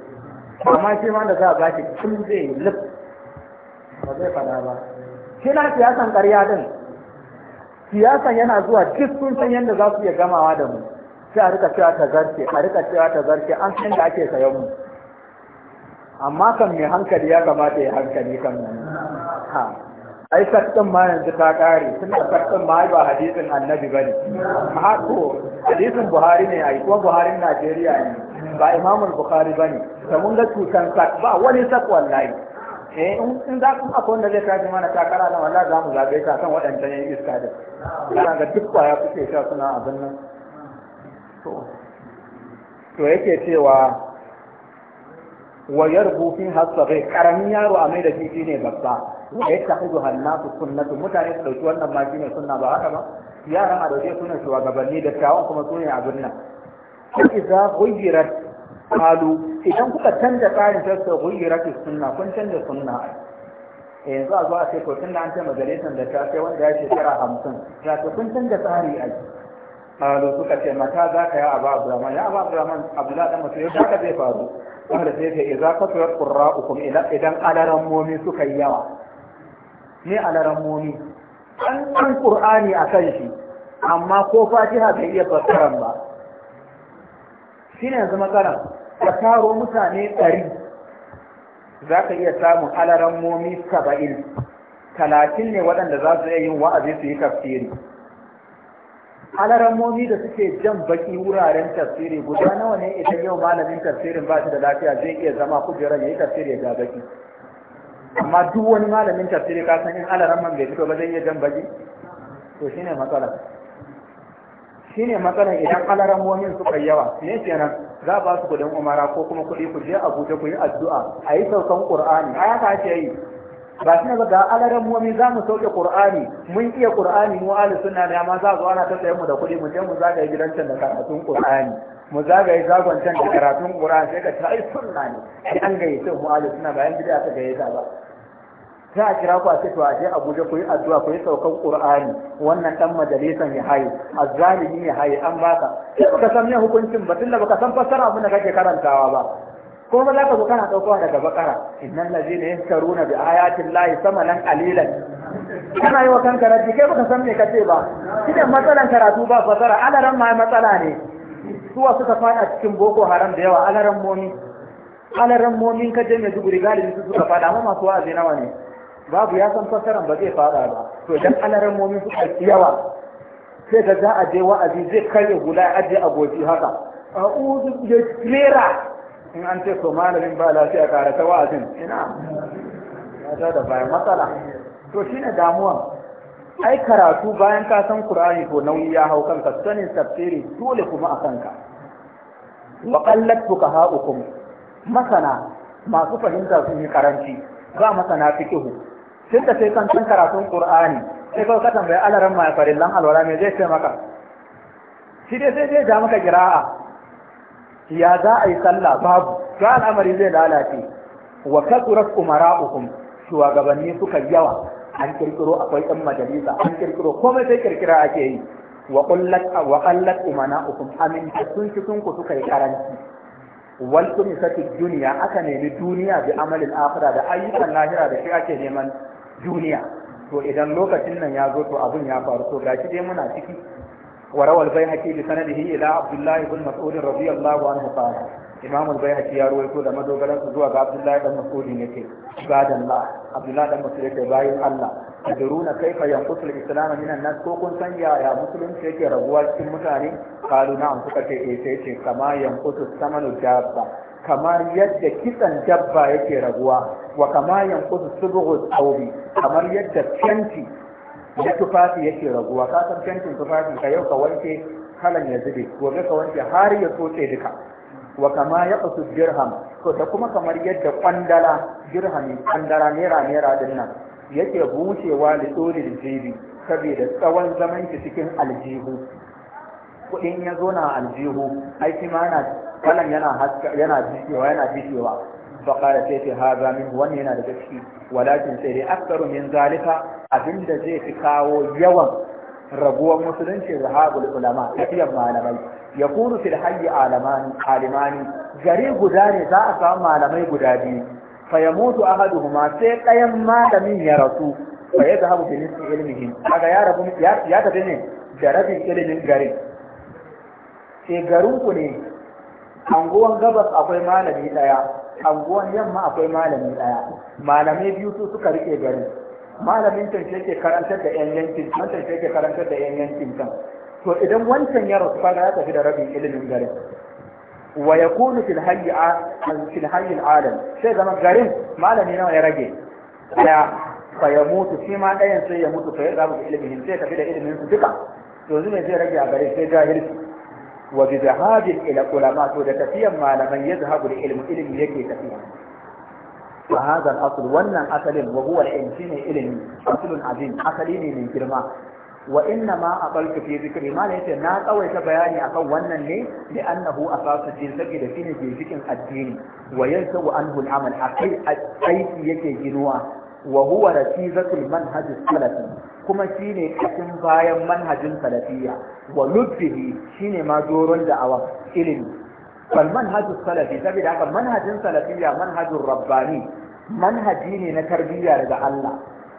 amma shi ma da za a gashi tun zai yi lif ba zai fada ba shi na siyasan ƙarya din siyasan yana zuwa duk sun san yadda za su iya gamawa da mu sai a rika cewa ta zarce a rika cewa ta zarce an san da ake sayan mu amma kan mai hankali ya kamata ya hankali kan nan ha ai sakkin ma yanzu ta kare tun da sakkin ma ba hadisin annabi bane ha ko hadisin buhari ne ai kuma buharin najeriya ne ba imamul bukhari bane to mun ga tutan sak ba wani sak wallahi eh in za ku akwai wanda zai kaji mana takara na wallahi za mu zabe ka kan waɗancan yan iska da kana ga duk kwaya kuke sha suna abin nan to to yake cewa wa yarbu fi hasabe karamin yaro a mai da shi shine babba wa yattakhidhu hannasu sunnatu mutane su dauki wannan ma shine sunna ba haka ba yaran a dauke sunan shugabanni da tawon kuma sune abin nan idza ghayyirat qalu idan kuka canza tsarin sai su ghayyirat sunna kun canza sunna eh, yanzu a zo a ce kotun tun da an ce majalisar da ta sai wanda ya shekara hamsin ya ce kun canza tsari a Kalu, suka ce mata za ka yi abu abdurrahman ya abu Abu abdullahi dan mutum yau haka zai faru wanda sai ce idza kasrat qurra'ukum idan alaran momi suka yi yawa ne alaran momi an san qur'ani akan shi amma ko fatiha bai iya fassara ba shine yanzu matsalar ka taro mutane ɗari za ka iya samun alaran momi saba'in talatin ne waɗanda za su iya yin wa'azi su yi tafsiri alarammomi da suke jan baki wuraren tafsiri guda nawa ne idan yau malamin tafsirin ba shi da lafiya zai iya zama kujerar ya yi tafsiri ga baki amma duk wani malamin tafsiri ka san in alaramman bai fito ba zai iya jan baki to shine matsala shine matsalar idan alarammomin suka yawa ne kenan za ba su kudin umara ko kuma kuɗi ku je abuja ku yi addu'a a yi saukan qur'ani a haka yi ba shi ne ba ga alaran mu mai zamu sauke qur'ani mun iya qur'ani mu ahli sunna ne amma za zo ana ta tsaye mu da kuɗi mu je mu zagaye gidan can da karatun qur'ani mu zagaye zagon can da karatun qur'ani sai ka ta yi sunna ne sai an gayyace mu ahli sunna bayan bid'a ta gayyata ba Ta a kira ku a ce to a je Abuja ku yi addu'a ku yi saukan Qur'ani wannan dan majalisan ya haye azzalimi ya haye an baka ka san me hukuncin ba tunda baka san fassara abin da kake karantawa ba ko ba za ka zo kana ɗaukowa daga bakara innan lazina yaskaruna bi layi sama nan qalilan kana yi wa kanka raddi kai baka san me kace ba kidan matsalan karatu ba fasara alaran ma matsala ne suwa suka fada cikin boko haram da yawa alaran momi alaran momin je mai duguri galibi su suka fada amma masu wa'azi nawa ne babu ya san fasaran ba zai fada ba to idan alaran momin suka yawa sai da za a je wa'azi zai karya hula aje a goji haka ya bi in an ce so malamin ba lafiya kare ta wa'azin ina ya ta da bayan matsala to shi ne damuwa ai karatu bayan ka san qur'ani ko nauyi ya hau kanka sanin tafsiri dole kuma a kanka wa ka fuqaha'ukum masana masu fahimta sun yi karanci ba masana fiqhu sai da sai kan san karatun qur'ani sai kawai ka tambayi alaran ma farillan alwala me zai ce maka shi dai sai zai ja maka kira'a ya za a yi sallah babu ga al'amari zai lalace wa kasurat umara'uhum shugabanni suka yawa an kirkiro akwai ɗan majalisa an kirkiro komai sai kirkira ake yi wa qullat wa qallat umana'ukum amin sun ci sun ku suka yi karanci wal tumisati duniya aka nemi duniya bi amalin akhirah da ayyukan lahira da shi ake neman duniya to idan lokacin nan ya zo to abin ya faru to gashi dai muna ciki وروى البيهقي بسنده الى عبد الله بن مسعود رضي الله عنه قال امام البيهقي يروي كل ما دوغلا زوا عبد الله بن مسعود يكي بعد الله عبد الله بن مسعود يكي باين الله تدرون كيف ينقص الاسلام من الناس كو كن سن يا يا مسلم كيف رغوا cikin mutane قالوا نعم suka ce eh sai ce kama yanqutu samanu jabba kamar yadda kitsan dabba yake raguwa wa kama yanqutu subu thawbi da tufafi yake raguwa ka san fentin ka yau ka wanke kalan ya zube gobe ka wanke har ya tsotse duka wa kama ya qasu dirham to da kuma kamar yadda kwandala dirhami kwandala naira naira din nan yake bushewa da tsori da jibi saboda tsawon zaman ki cikin aljihu kuɗin ya zo na aljihu aiki ma yana kalan yana haska faƙara ce fi haza min yana da gaski walakin sai dai aksaru min zalika abinda zai fi kawo yawan raguwar musulunci da habul ulama tafiyar malamai ya kunu alimani gare guda ne za a samu malamai guda biyu fa ya mutu sai ɗayan malamin ya rasu fa ya zahabu bi nisbi ilmihim kaga ya ya tafi ne da rabin ilimin sai garin ku ne anguwan gabas akwai malami ɗaya anguwan yamma akwai malami daya Malami biyu su suka rike garin malamin can shi ke karantar da yan yankin wancan shi ke karantar da yan yankin can to idan wancan ya rasu kaga ya tafi da rabin ilimin garin wa yakunu fil hayy fil hayy alam sai zama garin malami nawa ya rage ya fa ya mutu shi ma ɗayan sai ya mutu fa ya zama ilimin sai tafi da ilimin su duka yanzu ne zai rage a garin sai jahilci wa bi zahabin ila ulama to da tafiyan malaman yazhabu da ilmu ilimi tafiya fa hadha al wannan asalin wa huwa al ilimi aslun azim asali ne mai girma wa inna ma aqaltu fi dhikri ma yace na tsawaita bayani akan wannan ne da annahu asasu din saboda shine ke cikin addini wa yansabu anhu al-amal akai aiki yake ginuwa wa huwa natizatul manhaj salafi kuma shine cikin bayan manhajin salafiyya wa lubbihi shine ma doron awa ilimi fal manhaj salafi saboda haka manhajin salafiyya manhajur rabbani manhaji ne na tarbiyya daga Allah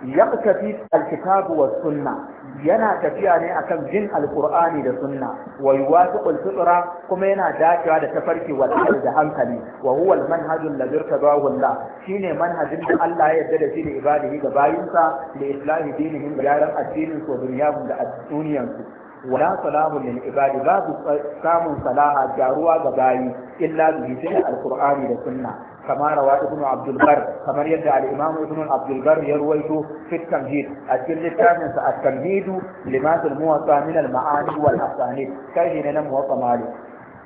yaktafi alkitabu was sunna yana tafiya ne akan jin alqur'ani da sunna wa yuwafiqul fitra kuma yana dacewa da tafarki wal da hankali wa huwa al alladhi irtadahu Allah shine manhajin da Allah ya yarda da shi da ibadihi ga bayinsa da islahi dinihim da yaran addinin su da da duniyansu wala salahu lil ibadi babu samun salaha jaruwa ga bayi illa bi sai alqur'ani da sunna كما روى ابن عبد البر كما يدعى الإمام ابن عبد البر يروي في التمهيد أجل الثامن التمهيد لما في الموطا من المعاني والأسانيد كيف موطا مالك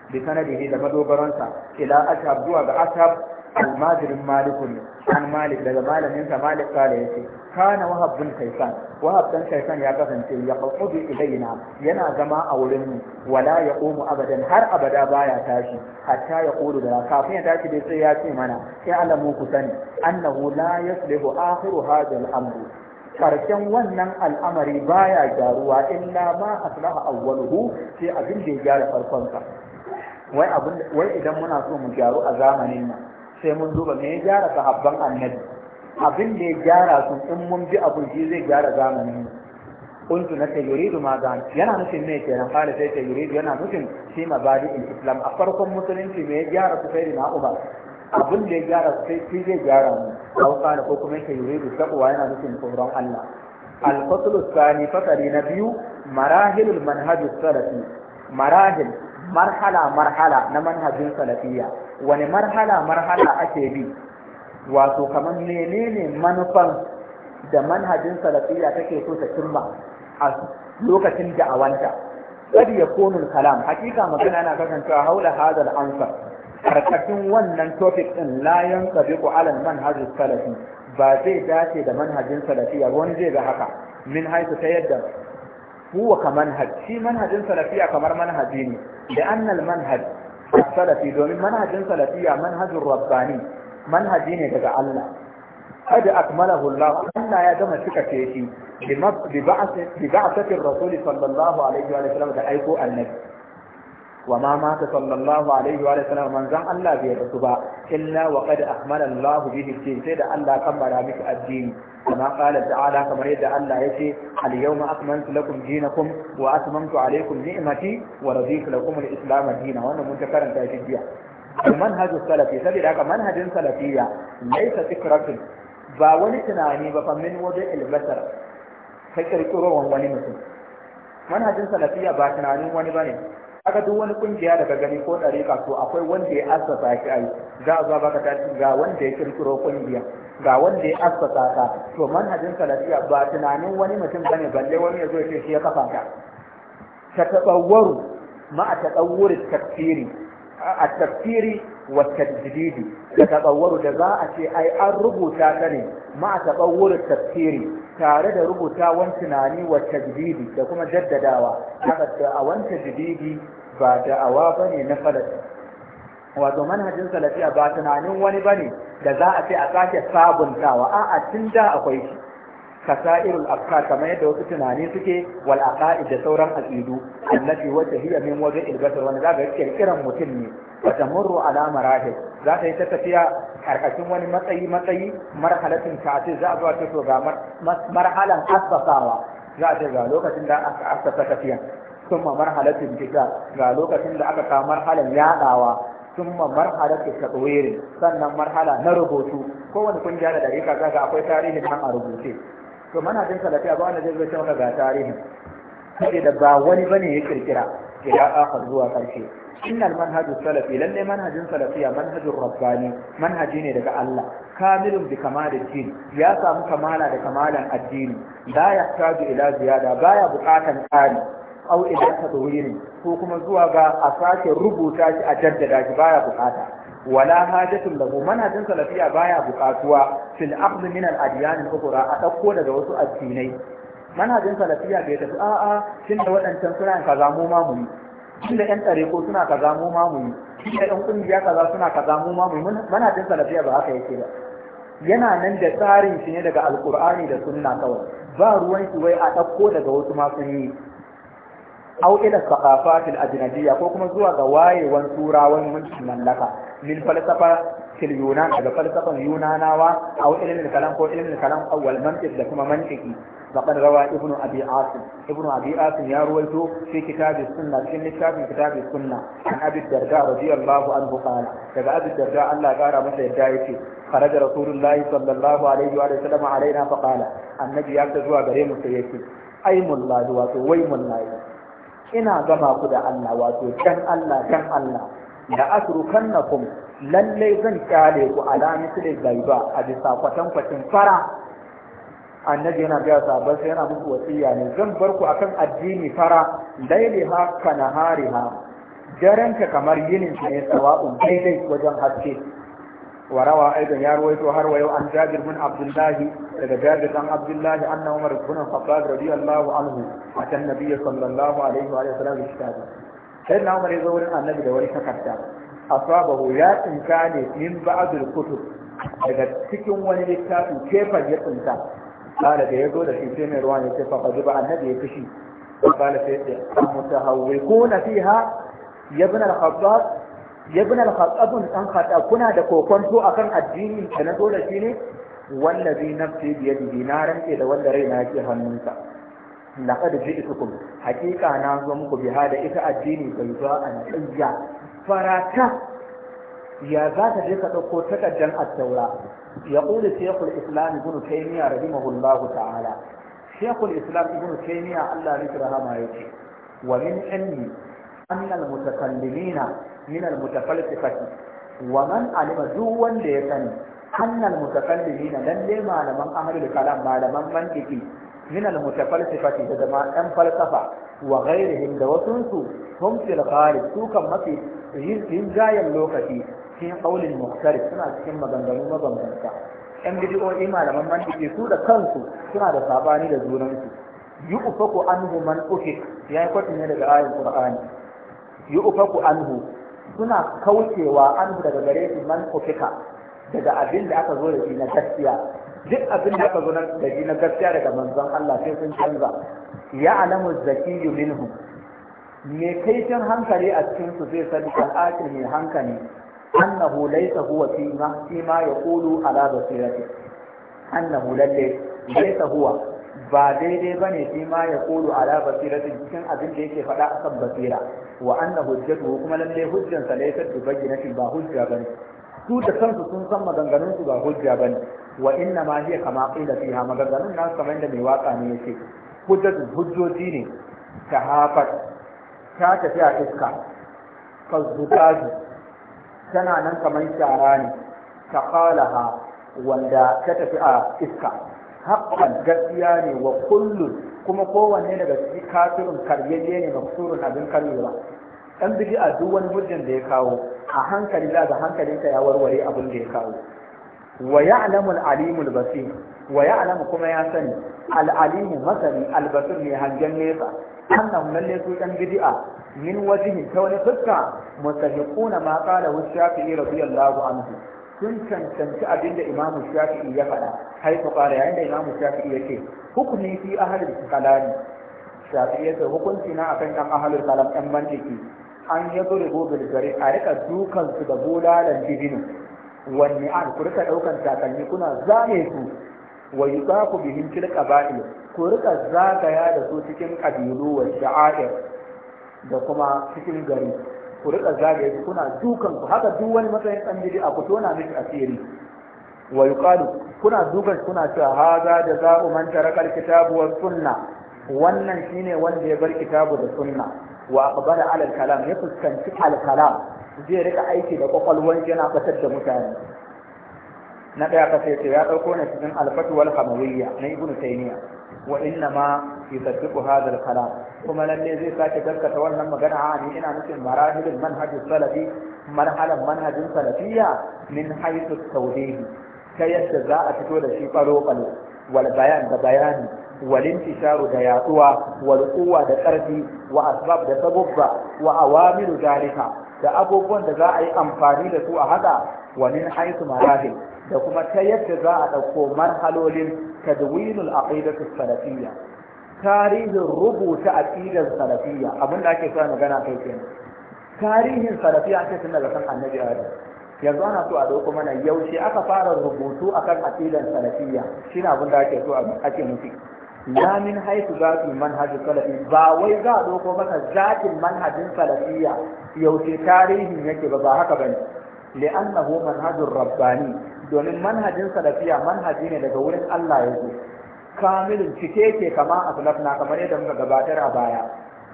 بسنده لما لمدوبرنسا إلى أشهب جوع أشهب almajirin malikun ne an malik daga malaminsa sa malik kala yace kana wahab bin kaisan wahab dan kaisan ya kasance ya qudu ilaina yana zama a wurin mu wala ya yaqumu abadan har abada baya tashi hatta ya qulu da kafin ya tashi dai sai ya ce mana sai alamu ku sani annahu la yaslihu akhiru hadha al-amru karshen wannan al'amari baya gyaruwa illa ma aslaha awwaluhu sai abin da ya gyara farkonsa wai wai idan muna so mu gyaru a zamanin nan sai mun duba me ya gyara sahabban annabi abin da ya gyara sun in mun bi abun shi zai gyara zamanin kuntu na yuridu ma ga yana nufin me kenan fara sai ta yana nufin shi in islam a farkon musulunci me ya gyara su sai na umar abin da ya gyara su sai shi zai gyara mu au kana ko kuma yake sabuwa yana nufin tsoron Allah al-faslu thani fasali na biyu marahilul manhaj salafi marahil marhala marhala na manhajin salafiyya wani marhala marhala ake bi wato kamar menene manufan da manhajin salafiyya take so ta cimma a lokacin da'awanta kad ya kunu kalam hakika magana na kasancewa haula hadal ansa karkashin wannan topic din la yanqabiqu ala manhaj salafi ba zai dace da manhajin salafiyya wani zai ga haka min haisu ta yadda huwa ka manhaj shi manhajin salafiya kamar manhaji ne da annal manhaj salafi domin manhajin salafiya manhajin rabbani manhaji ne daga Allah قد أكمله الله أن يدم سكتيتي ببعثة الرسول صلى الله عليه وسلم ده أيقو النبي wa ma mata sallallahu alaihi wa sallam manzon Allah bai rasu ba illa wa qad ahmala Allah bihi din sai da Allah kammala miki addini kama da ta'ala kamar yadda Allah yace al yawma akmaltu lakum dinakum wa atmamtu alaykum ni'mati wa raditu lakum al islam dinan wannan mun ta karanta shi jiya manhaj salafi saboda haka manhajin salafiyya laysa fikratun ba wani tunani ba fa min ka wani mutum manhajin ba tunanin wani bane kaga duk wani kungiya daga gani ko dariƙa to akwai wanda ya assasa shi ai ga za baka tashi ga wanda ya kirkiro kungiya ga wanda ya assasa ta to manhajin salafiya ba tunanin wani mutum bane balle wani ya zo ya ce shi ya kafa ta ta tabawwaru ma a tadawwuri tafsiri a tafsiri wa tajdidi da tabawwur da za a ce ai an rubuta ta ne ma tabawwur tafsiri tare da rubuta wan tunani wa tajdidi da kuma jaddadawa haka da a wan tajdidi ba da'awa bane na falafi wato manhajin salafiya ba tunanin wani bane da za a ce a sake sabuntawa a'a tun da akwai shi kasairul afka kamar yadda wasu tunani suke wal aqaid da sauran aqidu allati wata hiya min waje ilbasar wanda zaka kirkiran mutum ne Wata murru ala marahil za ta yi ta tafiya karkashin wani matsayi matsayi marhalatin kace za a zuwa ta to ga marhalan asbasawa za a ce ga lokacin da aka asbasa tafiya summa marhalatin kita ga lokacin da aka kawo marhalan yadawa summa marhalatu tadwiri sannan marhala na rubutu kowane kungiya da dariƙa kaga akwai tarihin nan a rubuce to mana manhajin salafiya ba wanda zai zo ga tarihin saboda ba wani bane ya kirkira ila akhar zuwa karshe innal manhajus salafi lalle manhajin salafiya manhajur rabbani manhaji ne daga Allah kamilun bi kamalid din ya samu kamala da kamalan addini la yahtaju ila ziyada baya buƙatan ƙari aw ila tadwiri ko kuma zuwa ga a sake rubuta shi a jaddada shi baya bukata ولا حاجة له منهج سلفية بايا بقاتوا في الأخذ من a ɗauko daga wasu addinai. manhajin salafiya bai tafi a'a kin da waɗancan suna kaza mu ma mu yi tun da tare ko suna kaza mu ma mu yi tun da 'yan kungiya kaza suna kaza mu ma mu yi manhajin salafiya ba haka yake ba yana nan da tsarin shi ne daga alƙur'ani da sunna kawai ba ruwan shi wai a ɗauko daga wasu masu yi au ila saqafatil ajnabiyya ko kuma zuwa ga wayewan turawan mulkin mallaka min falsafa fil yunan daga falsafan yunanawa au ilmin kalam ko ilmin kalam awwal da kuma mantiki faqad rawa ibnu abi asim ibnu abi asim ya ruwaito fi kitab sunna cikin littafin kitab sunna an abi darda radiyallahu anhu qala daga abi darda Allah ya kara masa yadda yake خرج رسول الله صلى الله عليه وآله وسلم علينا فقال النبي يبدأ زوا غريم سيكي أي واتو وي ملاي ina gama ku da Allah wato can Allah can Allah da asrukannakum Lallai zan kyale ku ala misli gaiba a bisa kwatan kwatin fara annabi yana ga sabon sai yana muku wasiya ne zan bar ku akan addini fara ha kana hariha daren ka kamar yinin ne sawa'un daidai wajen haske وروى أيضا يا رويت ويو عن جابر بن عبد الله إذا جابر بن عبد الله أن عمر بن الخطاب رضي الله عنه أتى النبي صلى الله عليه وآله وسلم بكتابه سيدنا عمر يزور عن النبي دوري كتاب أصابه يا ان كان من بعض الكتب إذا تكون تكن ونلكتاب كيف يقنتا قال ده يزور في سيمي رواني كيف قد بقى النبي يكشي قال سيدنا متهوكون فيها يا ابن الخطاب ya bin ɗan khattabun dan khata kuna da kokonto akan addinin da na da shi ne wallazi nafsi bi na rantse da wanda raina yake hannunsa laqad ji'tukum haqiqa na zo muku bi hada ita addini bai zo an tsayya farata ya za ta je ka dauko takaddan at-taura yaqulu shaykhul islam ibn taymiyyah rahimahullahu ta'ala shaykhul islam ibn taymiyyah Allah ya rahama yake wa min anni anna al-mutakallimina min al-mutafalsifati wa man alima duk wanda ya sani annal mutakallimina lalle malaman ahlul kalam malaman mantiki min al-mutafalsifati da ma dan falsafa wa ghairihim da wasunsu hum fil ghalib su kan mafi rinjayen lokaci cikin qaulin muhtarif suna cikin maganganu mabambanta yan bidiyoyi malaman mantiki su da kansu suna da sabani da junansu yi anhu man ufik ya yi kwatin ne daga ayin qur'ani yi anhu suna kaucewa an daga gare su man kofika daga abin da aka zo da shi na gaskiya duk abin da aka zo da shi na gaskiya daga manzon Allah sai sun canza ya alamu zakiyu minhum me kaifin hankali a cikin su zai sani al'akil mai hankali annahu laysa huwa fi ma fi ma yaqulu ala basirati annahu lalle laysa huwa ba daidai bane shi ma ya kulu ala basiratin cikin abin da yake faɗa akan basira wa anna hujjatu, kuma lalle hujjan sa laysa bi ba hujja bane su da kansu sun san maganganun su ba hujja bane wa inna ma hiya kama qila fiha maganganun nan kamar da mai waka ne yake hujjatu hujjoji ne ta hafat ta tafi a iska kazzutaji tana nan kamar shara ne ta qalaha wanda ta tafi a iska haƙƙan gaskiya ne wa kullum kuma kowanne daga cikin kafirin karyayye ne maksurun abin karyewa Ɗan bidi a duk wani hujjan da ya kawo a hankali za ga hankalinka ya warware abin da ya kawo wa ya'lamu al-alimu al-basir wa ya'lamu kuma ya sani al-alimu masani al-basir ne hangen nesa annahu lalle su dan bid'a min wajihi ta wani fuska mustahiquna ma qala shafi'i radiyallahu anhu sun cancanci abin da imamu shafi'i ya faɗa haifa fara yayin da imamu shafi'i ya ce hukumi fi ahalin kalami shafi'i ya ce hukunci na akan ɗan ahalin kalam ɗan mantiki an ya zo da bilgari a rika dukansu da bulalan dibino wanne an ku rika ɗaukan takalmi kuna zame su wa za ku bihin kirka ku rika zagaya da su cikin ƙabilu wa sha'a'ir da kuma cikin gari ku rika zagaye ku kuna dukan ku haka duk wani matsayin dan a ku tona miki asiri wa yuqalu kuna dukan kuna cewa haza za'u-manta, rakar kitabu was sunna wannan shine wanda ya bar kitabu da sunna wa aqbala ala kalam ya fuskanci al-kalam zai rika aiki da kwakwalwan yana fatar da mutane na daya kace ya dauko ne cikin al-fatwa al-hamawiyya na ibnu taymiyyah wa inna ma yusaddiqu hadha al-kalam kuma lalle zai sake gaskata wannan magana a ni ina nufin marahilin manhajin salafi marhalan manhajin salafiyya min haythu tawdih ta yadda za a fito da shi faro faro wal bayan da bayani wal intisharu da yaduwa wal quwwa da karfi wa asbab da sababba wa awamilu dalika da abubuwan da za a yi amfani da su a hada wa min haythu marahil da kuma ta yadda za a ɗauko marhalolin tadwinul aqidatu salafiyya tarihin rubuta aqidar salafiyya abin da ake sa magana kai kenan tarihin salafiyya ake tun daga kan annabi adam yanzu ana so a dauko mana yaushe aka fara rubutu akan aqidar salafiyya shine abin da ake so ake nufi la min haythu zati manhaj salafi ba wai za a dauko maka zatin manhajin salafiyya yaushe tarihin yake ba ba haka bane li'annahu manhajur rabbani domin manhajin salafiya manhaji ne daga wurin Allah ya zo kamilin cike ke kama a aslafna kamar yadda muka gabatar a baya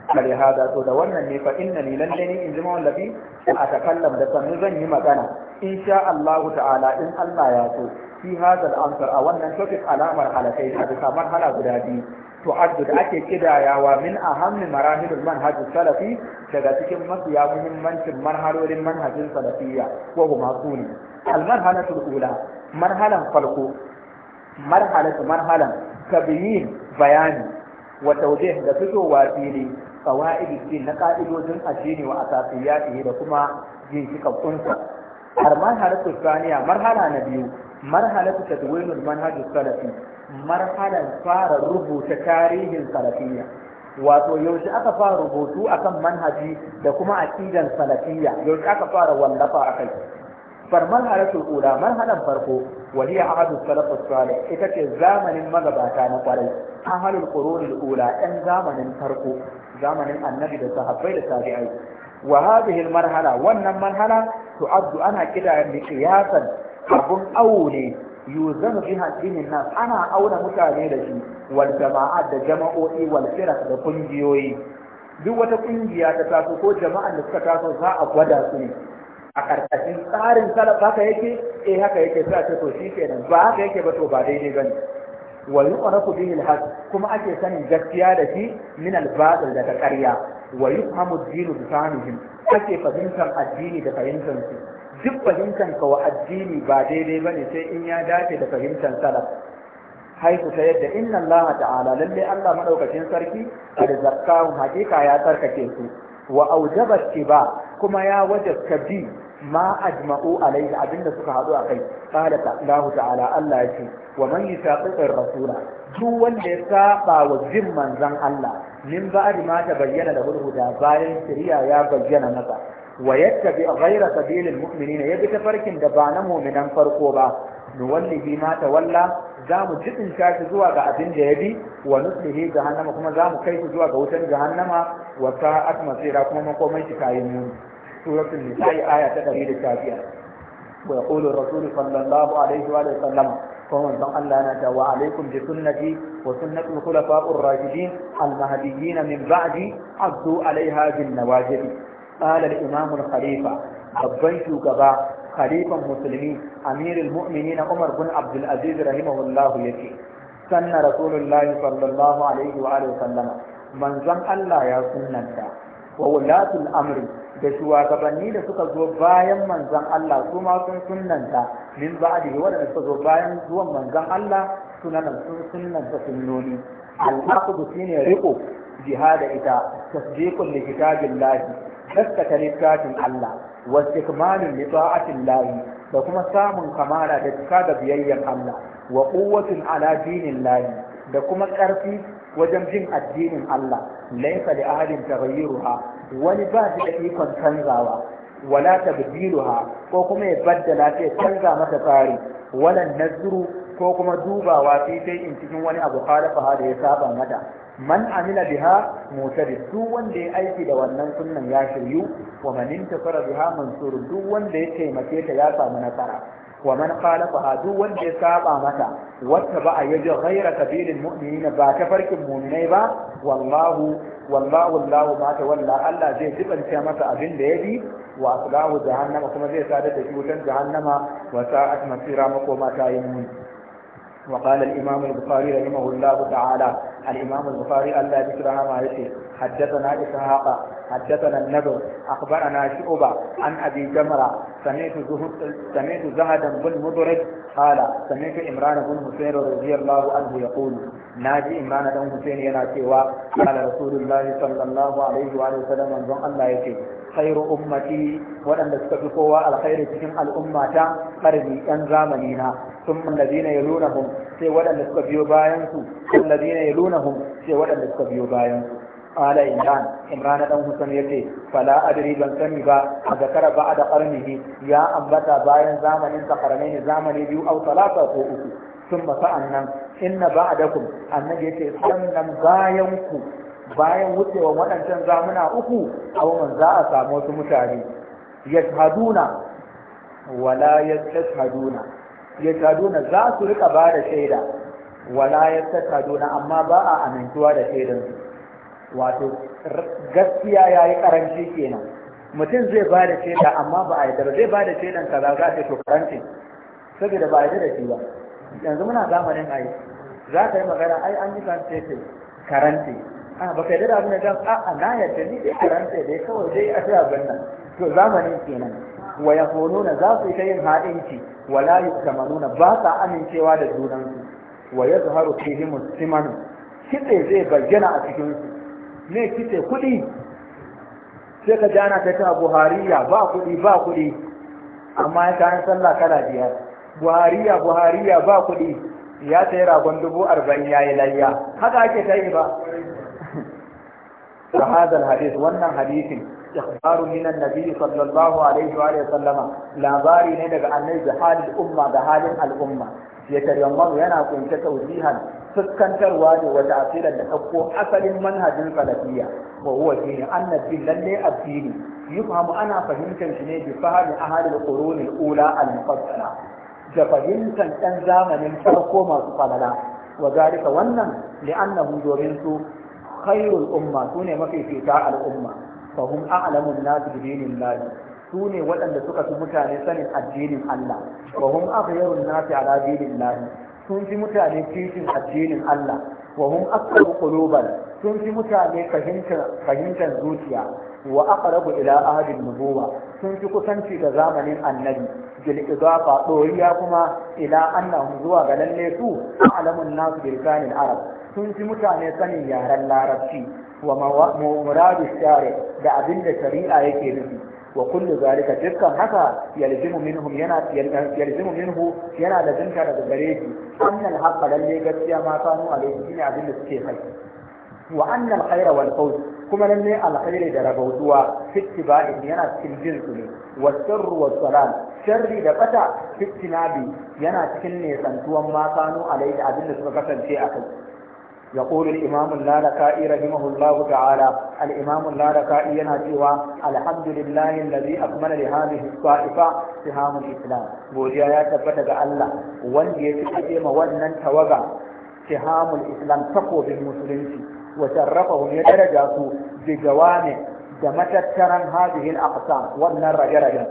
kare hada to da wannan ne fa inna ni lalle ni in zama wallafi a takallam da sannu zan yi magana insha Allah ta'ala in Allah ya so fi hada al a wannan topic alamar halakai a bisa marhala guda biyu To da ake kidayawa min ahammi marahilul manhaj salafi daga cikin mafiya muhimmancin marhalolin manhajin salafiyya ko huma suni almarhalatul ula marhalan farko marhalatu marhalan tabyin bayani wa tawdih da fitowa fili qawaid na ka'idojin addini wa asasiyatihi da kuma ginshikan kunsa har marhalatu marhala na biyu marhalatu tadwinul manhaj salafi marhalan fara rubuta tarihin Salafiya, wato yaushe aka fara rubutu akan manhaji da kuma aqidan salafiyya yaushe aka fara wallafa akai farman a rashin kura farko wani ya ahadu salafu ita ce zamanin magabata na kwarai a halin kororin kura ɗan zamanin farko zamanin annabi da sahabbai da tabi'ai wa hadihil marhala wannan marhala to abdu ana kida ni qiyasan abun aure yuzan biha dinin nas ana auna mutane da shi wal jama'at da jama'o'i wal da ƙungiyoyi. duk wata ƙungiya ta taso ko jama'an da suka taso za a gwada su ne a karkashin tsarin salaf haka yake eh haka yake sai a ce to shi kenan ba haka yake ba to ba daidai bane wa yuqrafu bihi al kuma ake sanin gaskiya da shi min al daga ƙarya wa yufhamu ad-dinu bi fahmihim ake fahimtar addini da fahimtar su duk fahimtar ka wa addini ba daidai bane sai in ya dace da fahimtar salaf haiku ta yadda inna Allah ta'ala lalle Allah madaukakin sarki Kada da zakkahu hakika ya tsarkake su wa aujaba ba kuma ya wajabta bi ma ajma'u abin da suka haɗu a kai qala Allah ta'ala Allah ce wa man yusaqiqir rasula duk wanda ya saɓa wa jin manzan Allah min ba'di ma ta bayyana da huda bayan shari'a ya bayyana masa wa yattabi ghayra ya bi ta farkin da ba na mu'minan farko ba nuwallihi ma tawalla za mu jibin shi zuwa ga abin da ya bi wa nuslihi jahannama kuma za mu kai shi zuwa ga wutar jahannama wa sa'at masira kuma makomai shi kayan muni سورة النساء آية تقرير الشافية ويقول الرسول صلى الله عليه وآله وسلم فهم من الله نجا وعليكم بسنتي وسنة الخلفاء الراشدين المهديين من بعدي عبدوا عليها بالنواجذ قال الإمام الخليفة babban shugaba khalifan musulmi amirul mu'minin Umar bin Abdul Aziz rahimahullah yake sanna rasulullahi sallallahu alaihi Allah ya sunnanta wa wulatul amri da shugabanni da suka zo bayan manzon Allah su ma sun sunanta, min ba'dihi waɗanda suka zo bayan zuwan manzon Allah suna sun sunnanta sunnoni al-aqdu shine riqo jihada ita tasdiqul li kitabillahi gaskata littafin Allah wa istikmalin li ta'atillahi da kuma samun kamala da cika da biyayyan Allah wa quwwatin ala dinillahi da kuma ƙarfi wajen jin addinin Allah laysa li ahadin taghayyuruha wani ba shi da ikon canzawa wala ha, ko kuma ya baddala ta ya canza mata tsari wala nazru ko kuma dubawa sai sai in cikin wani abu khalafa da ya saba mata man amila biha mutadi duk wanda ya aiki da wannan sunnan ya shiryu wa man intasara biha mansur duk wanda ya taimake ta ya samu nasara wa man khalafaha duk wanda ya saba mata wata ba a yaji ghaira sabilil mu'minina ba ta farkin mu'minai ba wallahu wallahu allahu ma walla Allah zai dubanta masa abin da ya bi wa aslahu jahannama kuma zai sadar da cutar wutan jahannama wa sa'at masira makoma ta yi mun wa qala al imam al bukhari rahimahullahu ta'ala al imam al bukhari Allah ya kira ma yace haddathana ishaqa حدثنا النبر أخبرنا شعبة عن أبي جمرة سمعت سمعت زهدا بن مدرج قال سمعت إمران بن حسين رضي الله عنه يقول ناجي إمران بن حسين ينا سوى قال رسول الله صلى الله عليه وآله وسلم أنزل الله يتي خير أمتي وأن تستفقوا الخير تهم الأمة قرني أن زامنينا ثم الذين يلونهم سوى أن تستفقوا باينسوا الذين يلونهم سوى أن تستفقوا باينسوا ala imran imran dan husain yace fala adri ban sani ba a zakara karni qarnihi ya ambata bayan zamanin sa ne, zamani biyu au talata ko uku thumma sa'annan inna ba'dakum annabi yace sannan bayan ku bayan wucewa waɗancan zamuna uku man za a samu wasu mutane yashhaduna wala yashhaduna yashhaduna za su rika bada da shaida wala yashhaduna amma ba a amintuwa da shaidansu wato gaskiya ya yi karanci kenan mutum zai ba da shaida amma ba a yadda ba zai ba da shaidan kaza za ta to karanci saboda ba a yadda da shi ba yanzu muna zamanin ai za ka yi magana ai an yi translation karanti a ba ka yadda da abin da a a na yadda ni dai karanti dai kawai dai a tsaya ganna to zamanin kenan wa yaquluna za su ta yin haɗinci wala yukamanuna ba sa amincewa da junansu wa yazharu fihim simanu kitse zai bayyana a cikin me kike kuɗi sai ka jana ta ta buhariya ba kuɗi ba kuɗi amma ya kayan sallah kala biyar buhariya buhariya ba kuɗi ya sayi ragon dubu arba'in ya yi layya haka ake ta yi ba ta hadis wannan hadisin ikhbaru min annabi sallallahu alaihi wa sallama labari ne daga annabi da halin umma da halin al'umma ya taryamman yana kunshe tausihan fuskantarwa ne wata asirar da ɗauko asalin manhajin salafiyya wa huwa shine annabi lalle addini yufhamu ana fahimtar shi ne bi fahmi ahlul qurun al-ula al mufaddala da fahimtar ɗan zamanin farko masu falala wa zalika wannan li'annahu domin su khairul umma sune mafifita al-umma fahum a'lamun nas bi dinillahi su ne waɗanda suka fi mutane sanin addinin Allah wa hum aghyarun nasi ala dinillahi sun fi mutane kishin addinin Allah wa hum aqrabu quluban sun fi mutane fahimtar zuciya wa aqrabu ila ahadin nubuwa sun fi kusanci da zamanin annabi bil idafa doriya kuma ila annahum zuwa ga lalle su a'lamun nas bil arab sun fi mutane sanin yaren larabci ومراد الشارع لأبند سريعة يكيبه وكل ذلك جبكا حتى يلزم منهم ينا يلزم منه ينا لزم كان ذبريجي أن الحق للي قد ما كانوا عليه من أبند سكيحي وأن الخير والفوز كما للي الخير إذا دربوزوا في اتباع ينا سنجلتني والسر والسلام شر دفتا في اتنابي ينا سكني سنتوا ما كانوا عليه أبند سكيحي يقول الإمام اللالكائي رحمه الله تعالى الإمام اللالكائي يناديها الحمد لله الذي أكمل لهذه الطائفة سهام الإسلام بوجيا يا تبتك الله وندي تقدم ونن توقع سهام الإسلام تقوى بالمسلمين وشرفهم يدرجات بجوانب دمتترا هذه الأقسام ونن رجرجا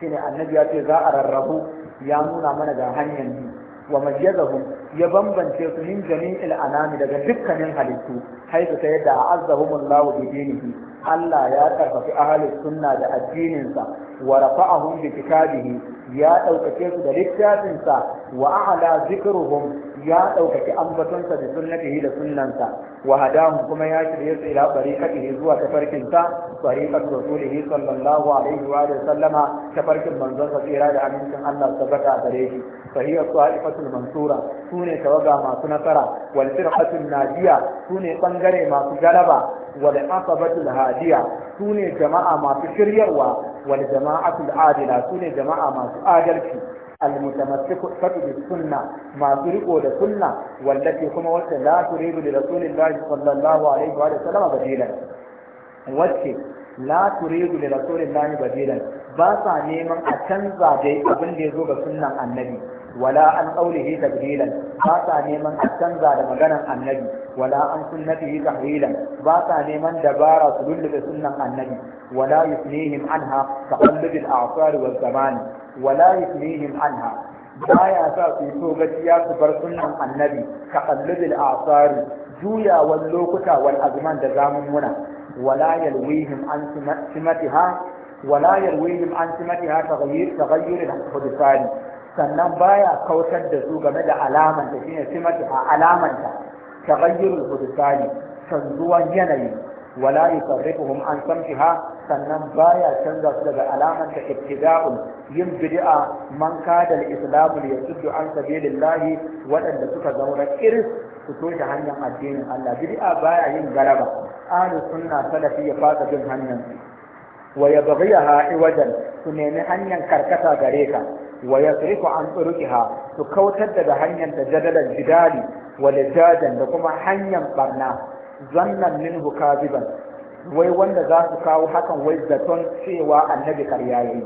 شنو النبي يقول ذا أرى الربو يامون من ذا هنيا ومجزهم ya bambance su min jami'il anami daga dukkanin halittu haifu ta yadda azzahumullahu bi dinihi Allah ya karfafi ahli sunna da addinin sa wa rafa'ahum bi kitabihi ya ɗaukace su da littafin sa wa a'la zikruhum ya ɗaukaki ambatonsa da sunnatihi da sunnansa wa hadahu kuma ya shirye su ila tariqatihi zuwa tafarkinsa tariqat rasulihi sallallahu alaihi wa sallama tafarkin manzon sa tsira da amincin Allah tabbata a gare shi sahiya sa'ifatul mansura sune tawaga masu nasara wal firqatul nadiya sune bangare masu galaba wal asabatul hadiya sune jama'a masu shiryarwa wal jama'atul adila sune jama'a masu adalci المتمسك المتمسكة بالسنة ما تريكو لسنة والتي كما وقت لا تريد لرسول الله صلى الله عليه وآله وسلم بديلا وجه لا تريد لرسول الله بديلا باسا نيما أتنزع دي أبن دي زوغ سنة النبي wala an qawlihi tabdilan ba sa neman a canza da maganar annabi wala an sunnatihi tahwilan ba sa neman dabara su lullube sunnan annabi wala yusnihim anha taqallub al-a'sar wal zaman wala yusnihim anha baya sa su so gaskiya su bar sunnan annabi taqallub al-a'sar juyawan lokuta wal azman da muna. wala yalwihim an simatiha ولا يرويهم عن سمتها تغيير تغير الحدثان sannan baya kautar da su game da alamanta shine simati a alamanta taghayyurul hudusani canzuwan yanayi wala yufarriquhum an ha? sannan baya canza su daga alamanta ibtida'un yin bid'a man kada al-islamu yasuddu an sabilillahi waɗanda suka zaura iris su toshe hanyar addinin Allah bid'a baya yin galaba ahli sunna salafi ya fasa bin hanyar wa yabghiha iwajan su nemi hanyar karkata gare ka wa yasrifu an ha? su kautar daga hanyar da jadalan jidali wa lijadan da kuma hanyar barna zannan minhu kadiban wai wanda za su kawo hakan wai zaton cewa annabi karya yi.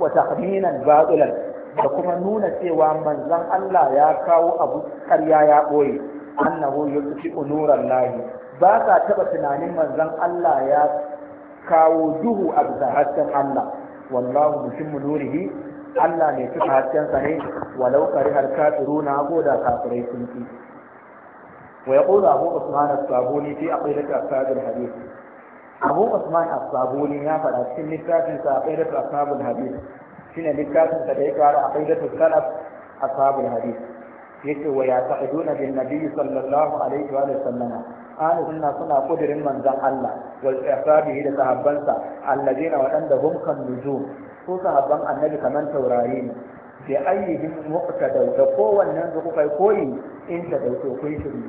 wa tahminan batilan da kuma nuna cewa manzon Allah ya kawo abu karya ya boye annahu yusfi nuran lahi ba ka taba tunanin manzon Allah ya kawo duhu a bisa hasken Allah wallahu mutimmu nurihi Allah ne cika haskensa ne walau kari har kafiru na ko da kafirai sun ki wa ya ƙoza abu usman as-sabuni fi aqidati ashabul hadith abu usman as ya fara cikin littafin sa aqidati ashabul hadith shine littafin sa da ya kara aqidati salaf ashabul hadith yace wa ya'taquduna bin nabiy sallallahu alaihi wa sallam ahlu suna kudirin manzon Allah wa ashabihi da sahabbansa alladheena wa'anda hum kan nujum ko sahabban annabi kaman taurari ne bi ayyihim muqtadau da kowannen da kuka yi koyi in ta dauto kun shiru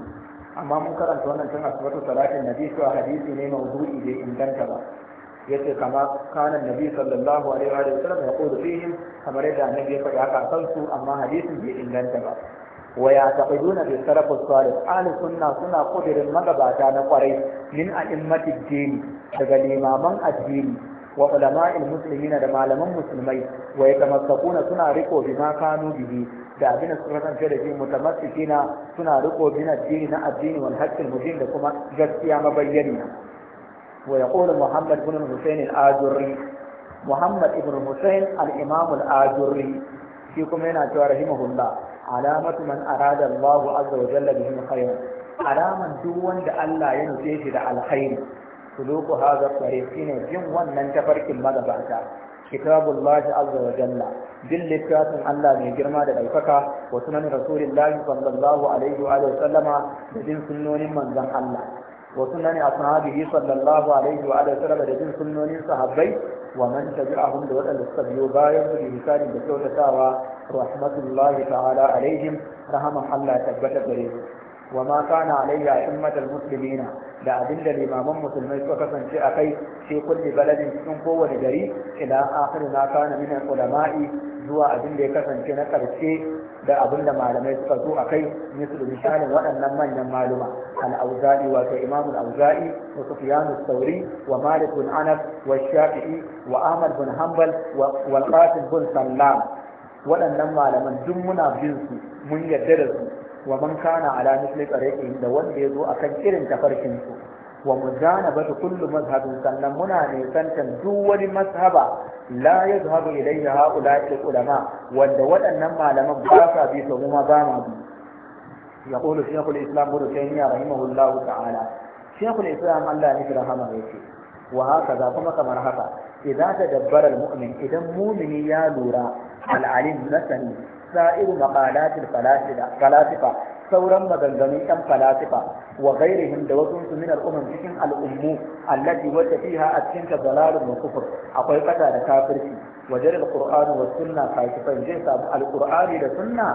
amma mun karanta wannan tun asbatu salatin nabi cewa hadisi ne mawdu'i bai inganta ba yace kama kana nabi sallallahu alaihi wa sallam ya kudu fihim kamar yadda annabi ya faɗa haka kan su amma hadisin bai inganta ba wa ya taqiduna bi sarf salih ahli sunna suna kudirin magabata na kwarai min a'immati dini daga limaman addini wa ulama'il muslimina da malaman musulmai wa yatamassakuna suna riko bima kanu bihi da abin su kasance da shi mutamassikina suna riko bin addini na addini wal haqqil mubin da kuma gaskiya mabayyani wa yaqulu muhammad ibn husayn al-ajurri muhammad ibn husayn al-imam al-ajurri shi kuma yana cewa rahimahullah alamatu man arada Allah azza wa jalla bihim khayran alaman duk wanda Allah ya nufe shi da alkhairi suluku hadha tariq shine bin wannan tafarkin magabata kitabullah azza wa jalla bin littafin Allah mai girma da daukaka wa sunan rasulullah sallallahu alaihi wa sallama da bin sunnonin manzon Allah wa sunan ashabihi sallallahu alaihi wa sallama da bin sunnonin sahabbai wa man tabi'ahum da wadanda suka biyo bayan su ihsani da kyautatawa rahmatullahi ta'ala alaihim rahaman Allah tabbatar da su wa ma kana alayya ummatul muslimina da abin da limaman musulmai suka kasance a kai sai kulli baladin cikin kowane gari ila akhir na kana min ulama'i zuwa abin da ya kasance na karshe da abin da malamai suka zo a kai misali misalin waɗannan manyan maluma al-auza'i wato imam al-auza'i wa sufyan al-thawri wa malik bin anas wa shafi'i wa ahmad bin hanbal wa qasim bin sallam waɗannan malaman duk muna bin su mun yarda da su wa man kana ala misli tariqin da wanda yazo akan irin tafarkin su wa mu mujanabatu kullu mazhabin sannan muna ne santan duk wani mazhaba la yazhabu ilayhi haula'i ulama wanda waɗannan malaman ba sa bi to ma ba ma bi yaqulu shaykhul islam ibn taymiyyah rahimahullahu ta'ala shaykhul islam Allah ne rahama yake wa haka za kuma kamar haka idan ta dabbara mumin idan mumini ya lura al-alim nasani sa'iru maqalatil falasifa sauran maganganu ɗan falasifa wa ghairihim da wasu su min al'umman cikin al'ummu allati wata fiha a cikin ta dalalun wa kufur akwai kada da kafirci wajen alqur'ani wa sunna falsifan zai samu alqur'ani da sunna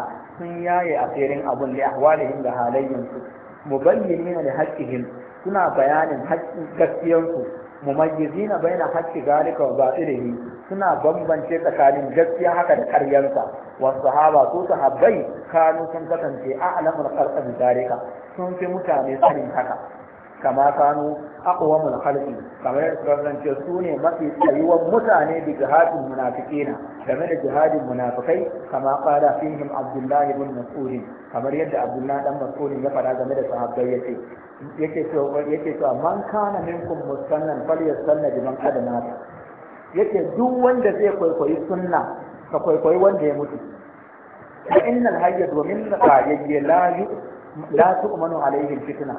sun yaye asirin abun li ahwalihim da halayyansu mubayyinina li haqqihim suna bayanin haƙƙin gaskiyansu mumayyizina baina haqqi zalika wa batilihi suna bambance tsakanin gaskiya haka da karyansa wasu sahaba su sahabbai kanu sun kasance a'lamul khalqi bi tarika sun fi mutane sanin haka kama kanu aqwamul khalqi kamar kasance su ne mafi tsayuwan mutane bi jihadin munafiqina game da jihadin munafikai kama qala fihim abdullahi bin mas'ud kamar yadda abdullahi dan mas'ud ya fara game da sahabbai yace yake cewa yake cewa man kana minkum musannan falyasanna bi man adana yake duk wanda zai kwaikwayi sunna ka kwaikwayi wanda ya mutu fa inna hayya domin yayye la yu la tu'manu alaihi fitna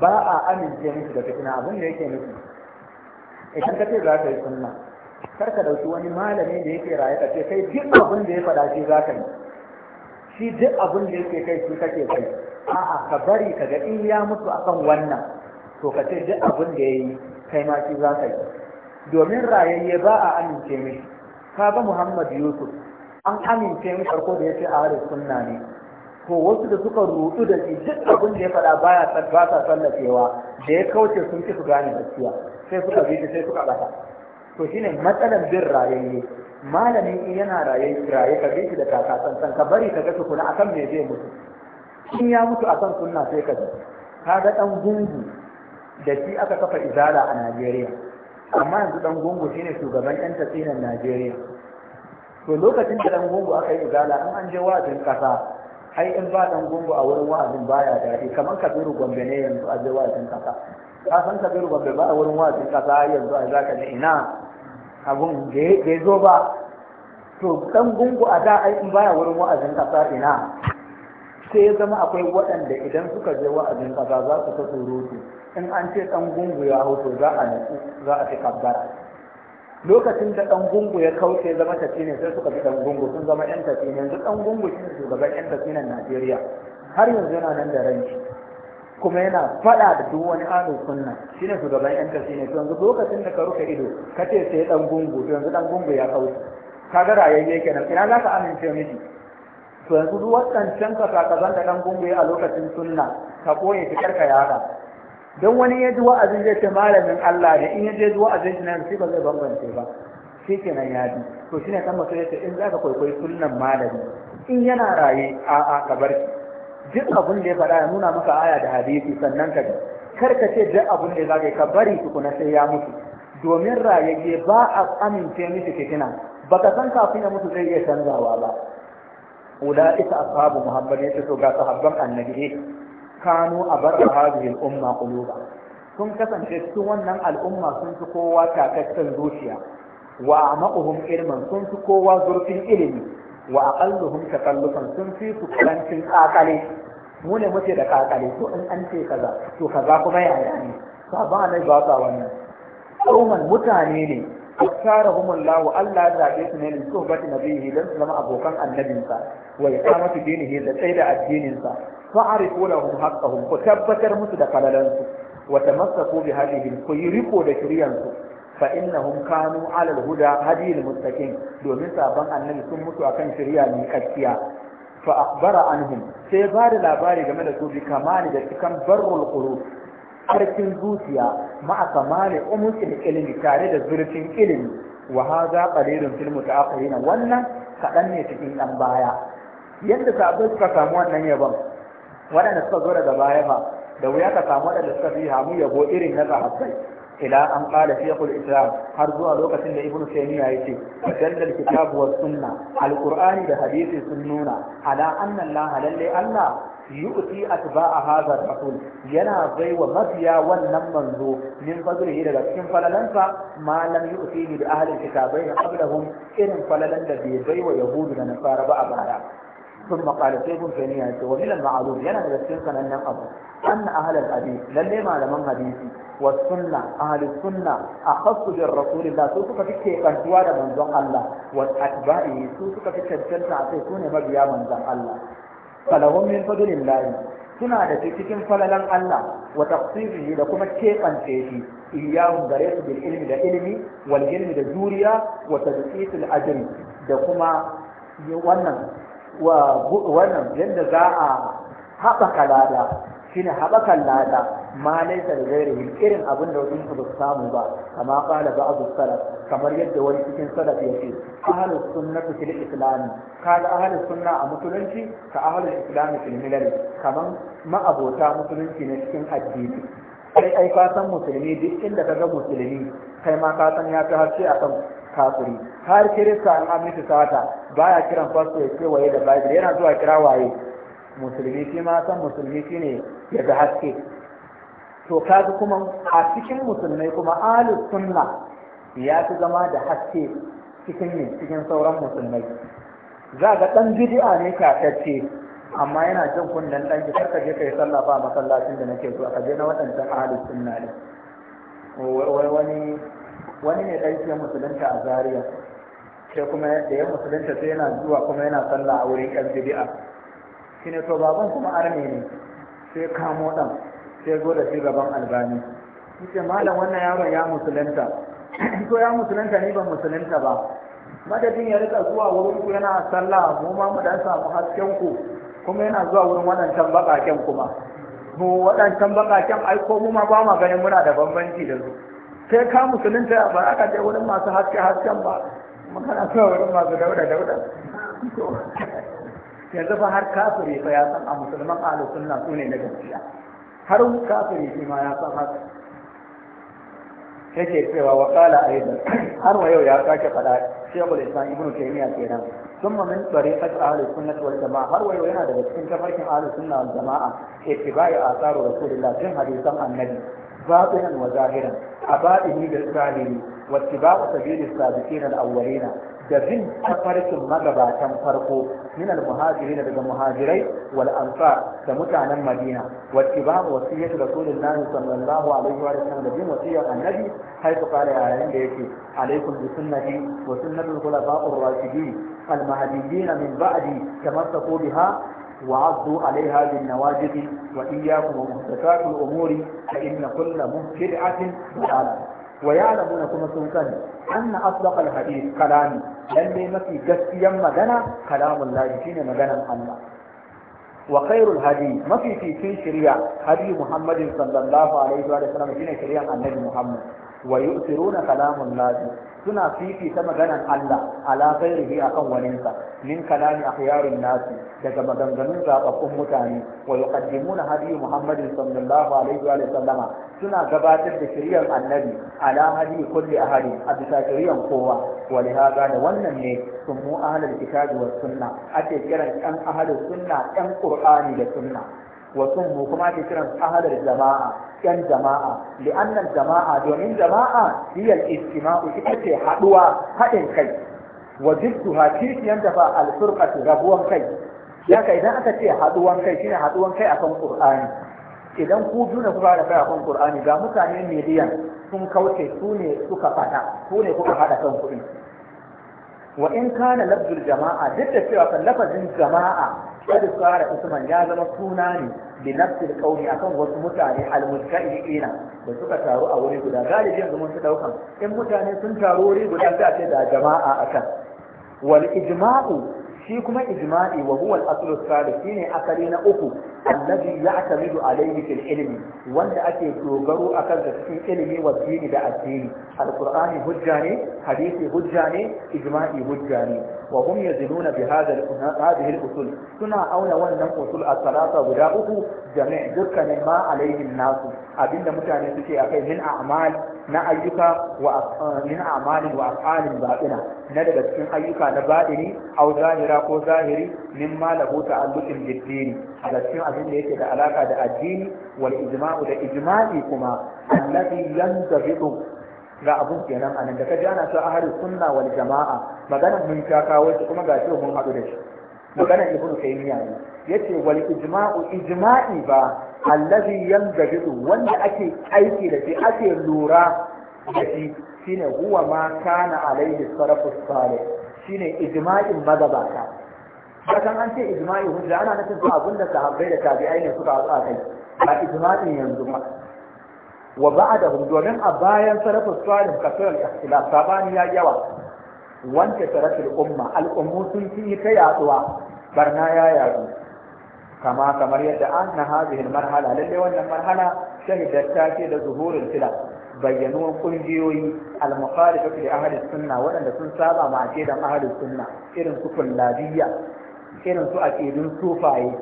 ba a amince musu da fitna abin da yake nufi idan ka ce za ka yi sunna kar ka dauki wani malami da yake raye ka ce kai duk abin da ya faɗa shi za ka yi shi duk abin da yake kai shi kake kai a'a ka bari ka ga in ya mutu akan wannan to ka ce duk abin da ya yi kai ma shi za ka yi domin rayayye ba a amince mishi kaga Muhammad Yusuf an amince mishi farko da yace harin sunna ne to wasu da suka rutu da shi duk abin da ya faɗa baya ba sa sallacewa da ya kauce sun ki su gane gaskiya sai suka bi sai suka bata to shine matsalan bin rayayye malamin in yana raye raye ka bi shi da kaka san ka bari ka ga tukuna akan me zai mutu in ya mutu akan sunna sai ka ji ga dan gungu da shi aka kafa izala a Najeriya amma yanzu dan gungu shine shugaban yan tasirin Najeriya to lokacin da dan gungu aka yi izala in an je wa'azin kasa ai in ba dan gungu a wurin wa'azin baya daɗi kamar Kabiru Gombe ne yanzu a je wa'azin kasa ka san Kabiru Gombe ba a wurin wa'azin kasa yanzu a zaka ne ina abun da ya zo ba to dan gungu a da ai in baya wurin wa'azin kasa ina sai ya zama akwai waɗanda idan suka je wa'azin kaza za su ta surutu in an ce ɗan gungu ya hoto za a natsu za a fi kabbara lokacin da ɗan gungu ya kauce zama tafi ne sai suka fi ɗan gungu sun zama ƴan tafi ne yanzu ɗan gungu shi shugaban ƴan tafi nan Najeriya har yanzu yana nan da ranci kuma yana faɗa da duk wani ado sunna shi ne shugaban ƴan tafi ne yanzu lokacin da ka rufe ido ka ce sai ɗan gungu yanzu ɗan gungu ya kauce kaga rayayye kenan ina za ka amince miki to yanzu duk waɗancan kasakazan da ɗan gungu a lokacin sunna ka koye ki karka yara don wani ya ji wa'azin zai ce malamin Allah da in ya je ji wa'azin shi nan sai ba zai bambance ba shi kenan ya ji, to shine kan mutum yace in zaka kwaikwayi sunnan malami in yana raye a a ka bar shi duk abin da ya faɗa ya nuna maka aya da hadisi sannan ka kar ka ce duk abin da zaka ka bari tukuna sai ya mutu domin rayayye ba a amince mishi fitina baka san kafin ya mutu zai iya canzawa ba أولئك أصحاب محمد يتسوغا صحابا Kanu كانوا أبر هذه umma قلوبا sun kasance cikin wannan al'umma sun fi kowa takakken zuciya wa amaquhum ilman sun fi kowa zurfin ilimi wa aqalluhum takallufan sun fi su karancin kakale mu ne muke da kakale to in an ce kaza to kaza kuma yaya ne sabana ba sa wannan kauman mutane ne tara humun lahu Allah ya zaɓe su ne lin sohbati nabiyhi dan su zama abokan annabinsa wa iqamatu dinihi da tsaida addininsa fa arifu lahum hun, ku tabbatar musu da kalalansu wa tamassaku bi hadhihi ku yi riko da shiriyansu fa innahum kanu ala huda hadil mustaqim domin sabon annabi sun mutu akan shiriya ne kakkiya fa akhbara anhum sai ba da labari game da su bi kamani da cikan barrul qulub karfin zuciya ma'a kamali ilimi tare da zurfin ilimi wa haza qalilun fil mutaakhirin wannan kaɗan ne cikin ɗan baya yadda sahabbai suka samu wannan yabon waɗanda suka zo daga baya ba da wuya ka samu waɗanda suka fi hamu yabo irin na sahabbai ila an ƙara shaykhul islam har zuwa lokacin da ibnu taymiya yace ce, kitab wa sunna alqur'ani da hadisi sun nuna ala annan allah allah yu'ti atba'a hadha rasul yana baiwa mabiya wannan manzo min fadlihi daga cikin falalansa ma lam yu'ti li ahli kitabai qablahum irin falalan da bai baiwa yahudu da nasara ba a baya ثم قال سيف فنيا ومن المعلوم ينا نذكر أن أبو أن أهل الحديث للي ما لمن حديثي والسنة أهل السنة أخص بالرسول الله سوسك في كيف أنتوار من ذن الله والأتباعي سوسك في كيف تنسى عطيكون مبيا من ذن الله falahum min fadlillahi suna da cikin falalan Allah wa taqsirihi da kuma kebance shi iyyahum garesu bil ilmi da ilmi wal ilmi da juriya wa tadqiqil ajri da kuma wannan wa wannan yadda za a haɓaka lada shine haɓakan lada ma laisa da gairihi irin abin da wajen ba samu ba kama qala ba salaf kamar yadda wani cikin salaf ya ce ahlus sunnatu fil islam da ahlus sunna a musulunci ka ahlus islam fil milal kaman abota, musulunci ne cikin addini kai ai ka san musulmi duk inda ka ga musulmi kai ma ka san ya fi harshe a kan kafiri har kirista an amince sata baya kiran fasto ya ce waye da bible yana zuwa kira waye musulmi shi ma san musulmi shi ne ya ga haske to kaga kuma a cikin musulmai kuma Ali sunna ya fi zama da haske cikin ne cikin sauran musulmai za ga dan bid'a ne kakacce amma yana jin kunnen dan ki karka je kai sallah ba masallacin da nake so, ka je na waɗancan ahlus sunna ne wani wani ne dan ke musulunta a Zariya sai kuma da ya musulunta sai yana zuwa kuma yana sallah a wurin yan bid'a ne to baban kuma arme ne sai kamo dan sai zo da shi gaban albani yace malam wannan yaron ya musulunta (clears throat) to ya musulunta ni ban musulunta ba madadin ya rika zuwa wurin ku yana sallah mu ma mu dan samu hasken ku kuma yana zuwa wurin waɗancan baƙaƙen kuma mu waɗancan baƙaƙen ai ko mu ma ba ma ganin muna da bambanci da su sai ka musulunta ba aka je wurin masu haske hasken ba mun kana zuwa wurin masu dauda dauda (laughs) yanzu fa har kafiri fa ya san a musulman ahlus sunna su ne na gaskiya har kafiri shi ma ya san haka yake cewa wa qala aidan (clears throat) har wa yau ya sake faɗa shekul islam ibnu taymiya kenan ثم من jama'a أهل السنة daga cikin tafarkin هنا ده بس كفرك أهل السنة والجماعة اتباع آثار رسول الله جن حديثا النبي باطنا وظاهرا أبائه بالفعل واتباع سبيل السابقين الأولين دفن تفرس مغبا كم فرقو من المهاجرين لدى مهاجرين والأنصار كمتعنا المدينة واتباع وصية رسول الله صلى الله عليه وسلم لدين وصية النبي حيث قال يا عالم بيتي عليكم بسنة وسنة الخلفاء الراشدين المهديين من بعد تمسكوا بها وعضوا عليها بالنواجد وإياكم ومهدفات الأمور فإن كل مهدعة بحالة ويعلمون كما سنسان أن أصدق الحديث كلامي لن ما في جسيا مدنا كلام الله شين مدنا الله وخير الهدي ما في في في شريعة هدي محمد صلى الله عليه وسلم شين شريعة النبي محمد ويؤثرون كلام الله suna fifita maganar Allah ala ghairihi akan waninsa min kalami akhyarin nasi daga maganganun zababbun mutane wa yuqaddimuna hadi Muhammad sallallahu alaihi wa sallama suna gabatar da shiriyar annabi ala hadi, kulli ahadi a bisa shiriyar kowa wa lihaza da wannan ne sun mu ahlul kitabi wa sunna ake kiran ɗan ahlul sunna ɗan qur'ani da sunna Wasu sunmu kuma ake kiran ahalar jama'a yan jama'a li'annan jama'a domin jama'a hiya al-istima'u ce haduwa haɗin kai wa jidduha kishiyan da al-furqatu rabuwan kai ya kai idan aka ce haduwan kai shine haduwan kai akan qur'ani idan ku juna kuka da kai akan qur'ani ga mutane miliyan sun kauce su ne suka fada su ne kuka kan kuɗi kana jama'a duk da lafazin jama'a kada tsara usman ya zama suna ne bi nafsil akan wasu mutane ina da suka taru a wuri guda galibi yanzu mun daukan in mutane sun taru wuri guda sai a ce da jama'a akan wal ijma'u shi kuma ijma'i wa huwa al-aslu shine asali na uku alladhi ya'tamidu alayhi fil ilmi wanda ake dogaro akan da cikin ilimi wa dini da addini Alkur'ani hujja ne hadisi hujja ne ijma'i hujja ne wa hum yazununa usul suna auna wannan usul a salasa guda uku jami' dukkanin ma alayhi nasu Abin da mutane suke akai min a'mal na ayyuka wa eh, min a'malin wa af'alin batina na daga cikin ayyuka na batini aw zahira ko zahiri mimma lahu ta'alluqin bid-din daga cikin abin da yake da alaka da addini wal ijma'u da ijma'i kuma allazi yanzabitu ga abun kenan anan da kaji ana sa ahlus sunna wal jama'a maganar mun ta kawo shi kuma ga shi mun hadu da shi maganar ibnu taymiya ne yace wal ijma'u ijma'i ba allazi yanzabidu wanda ake aiki da shi ake lura da shi shine huwa ma kana alaihi sarafus salih shine ijma'in magabata kasan an ce ijma'i hujja ana nufin su abinda sahabbai da tabi'ai ne suka haɗu a kai ba ijma'in yanzu ba wa ba'dahum domin a bayan sarafus salih kafin ikhtilaf sabani ya yawa wanda sarafin umma al'ummu sun yi ta yaduwa barna ya yadu kama kamar yadda an na hazihin marhala lalle wannan marhala shahidar ta ce da zuhurin fila bayyanuwan kungiyoyi al-mukhalifatu li ahli sunna waɗanda sun saba ma ce da ahli sunna irin su kullabiyya irin su aqidun sufaye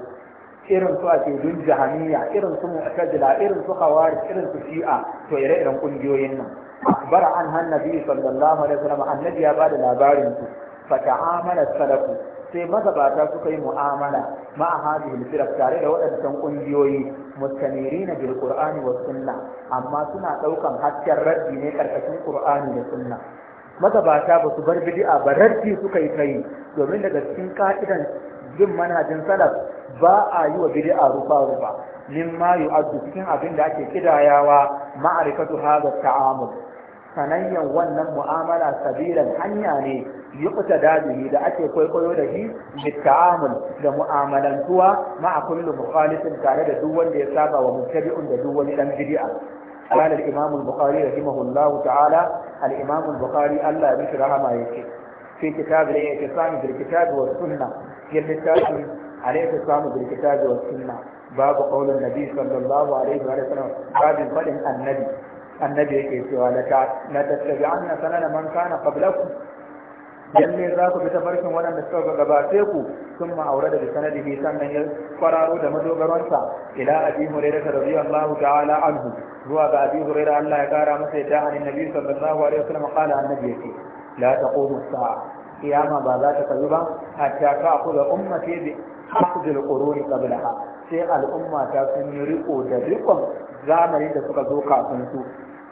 irin su aqidun jahamiyya irin su mu'tazila irin su khawarij irin su shi'a to ire-iren kungiyoyin nan akbara an hannabi sallallahu alaihi wasallam annabi ya bada labarin su fa ta'amala salafu sai magabata suka yi mu'amala ma'a da firaq tare da waɗannan ƙungiyoyi, na bil ƙur'ani wa sunna amma suna ɗaukan hasken raddi ne ƙarƙashin ƙur'ani da sunna magabata ba su bar bidi'a ba raddi suka yi yi domin daga cikin ka'idan bin manhajin salaf ba a yi wa bidi'a rufa rufa ma yu'addu cikin abin da ake kidayawa ma'arifatu hadha ta'amul sanayyan wannan mu'amala sabilan hanya ne yuqta dadihi da ake kwaikwayo da shi bitta'amul da mu'amalantuwa ma'a kullu mukhalifin tare da duk wanda ya saba wa mubtadi'un da duk wani dan bid'a قال الإمام البخاري رحمه الله تعالى الإمام البخاري الله يشرح ما يكي في كتاب الاعتصام بالكتاب والسنة يلتاج الاعتصام بالكتاب والسنة باب قول النبي صلى الله عليه وسلم باب قول النبي النبي كيسوا لك لتتبعني أسنان من كان قبلكم جميل ذاك بسفركم ولا نستوق قباسيكم ثم أورد بسنده سنة قراروا دمدوا برنسا إلى أبي هريرة رضي الله تعالى عنه هو أبي هريرة الله يكار مسجد عن النبي صلى الله عليه وسلم قال النبي كي لا تقوم الساعة قياما بذات طيبا حتى تأخذ أمتي بحفظ القرون قبلها sai al'umma ta sun yi riko da rikon zamanin da suka zo kafin su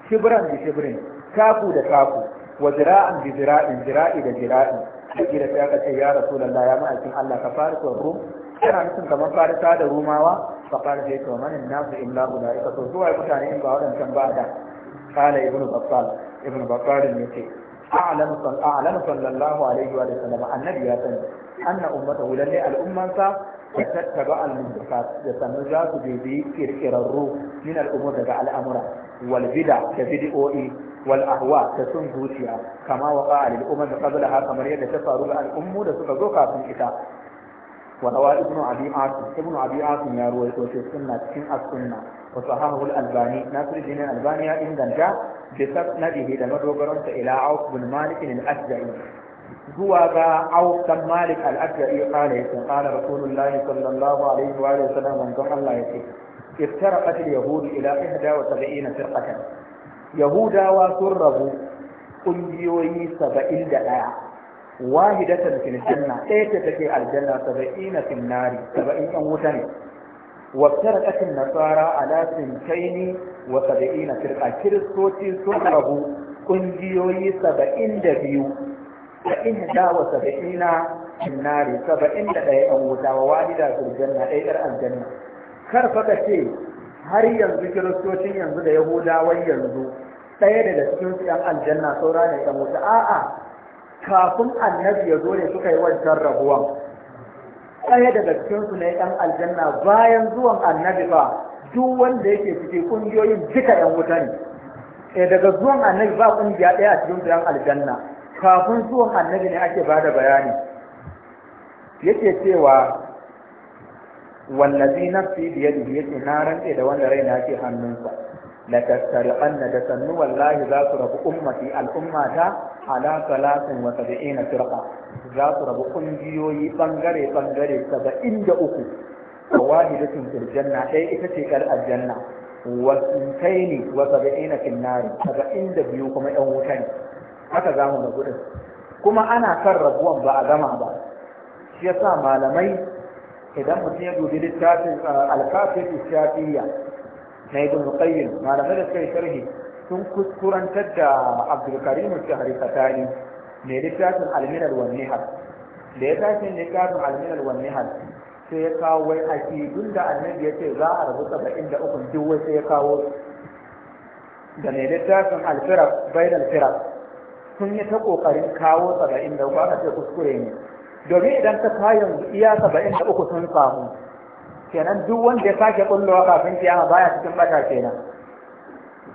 shibran da shibirin, taku da taku wa zira'an da zira'in zira'i da zira'i sai da ta kace ya rasulullahi ya ma'aikin Allah ka farko rum kana nufin kamar farisa da rumawa fa fara da to manin nasu guda ulaika to zuwa mutane in ba waɗancan ba da qala ibnu battal ibnu battal ne ce a'lamu sallallahu alaihi wa sallam annabi ya sani anna ummatahu lalle al'ummansa da tattaba al-mubtakat da sannan za su bibi kirkirarru min al-umur daga al'amura wal bid'a da bid'o'i wal ahwa da sun zuciya kama wa qa'a lil umam qablaha kamar yadda ta faru ga al'ummu da suka zo kafin ita wa rawa ibn abi asim ibn abi asim ya ruwaito shi sunna cikin as-sunna wa sahahu al-albani nasiruddin al-albani ya inganta bi sanadihi da madogaransa ila auf bin malik al-asja'i zuwa ga Auf dan Malik al-Ajari kana yace kala Rasulullahi sallallahu alaihi wa sallam manzo Allah ya yace iftaraqat al-yahud ila 71 firqatan yahudawa sun rabu kungiyoyi 71 wahidatan fil janna ɗaya ta take aljanna saba'ina fil nari saba'in yan wuta ne Wabtar tarqat nasara nasara ala sintaini wa saba'ina firqa kiristoci sun rabu ƙungiyoyi saba'in da biyu da ihda wa sab'ina min nari saba'in da ɗaya ɗan wuta wa wani da janna ɗaya ɗar aljanna kar fa ka ce har yanzu kiristocin yanzu da yahudawan yanzu ɗaya daga cikin ɗan aljanna saura ne ɗan wuta a'a kafin annabi ya zo ne suka yi wancan rabuwan ɗaya daga cikin su ne ɗan aljanna bayan zuwan annabi ba duk wanda yake cike ƙungiyoyin duka ɗan wuta ne daga zuwan annabi ba ƙungiya ɗaya a cikin ɗan aljanna kafin zuwan annabi ne ake bada bayani yake cewa wallazi nafsi biyadihi yake na rantse da wanda raina ke hannunsa Da la tastari'anna da sannu wallahi za su rabu ummati al'ummata ala salatin wa na firqa za su rabu kungiyoyi bangare bangare saba'in da uku wahidatun fil janna ɗaya ita ce kar aljanna wa ne wa sab'ina na nar saba'in da biyu kuma yan wuta ne haka za mu rabu kuma ana kan rabuwan ba a gama ba shi yasa malamai idan mutum ya dubi littafin alkafir shafiya na ibn qayyim malamai da suka sharhi sun kuskurantar da abdulkarim shahri fatani mai littafin alminar wa nihal da ya tashi littafin alminar wa sai ya kawo wai akidun da annabi ya ce za a rabu saba'in da uku duk wai sai ya kawo da mai littafin alfirar bayan alfirar sun yi ta ƙoƙarin kawo saba'in da ba ce kuskure ne domin idan ta kayan iya saba'in da uku sun samu kenan duk wanda ya sake ƙullowa kafin kiyama baya cikin ɓata kenan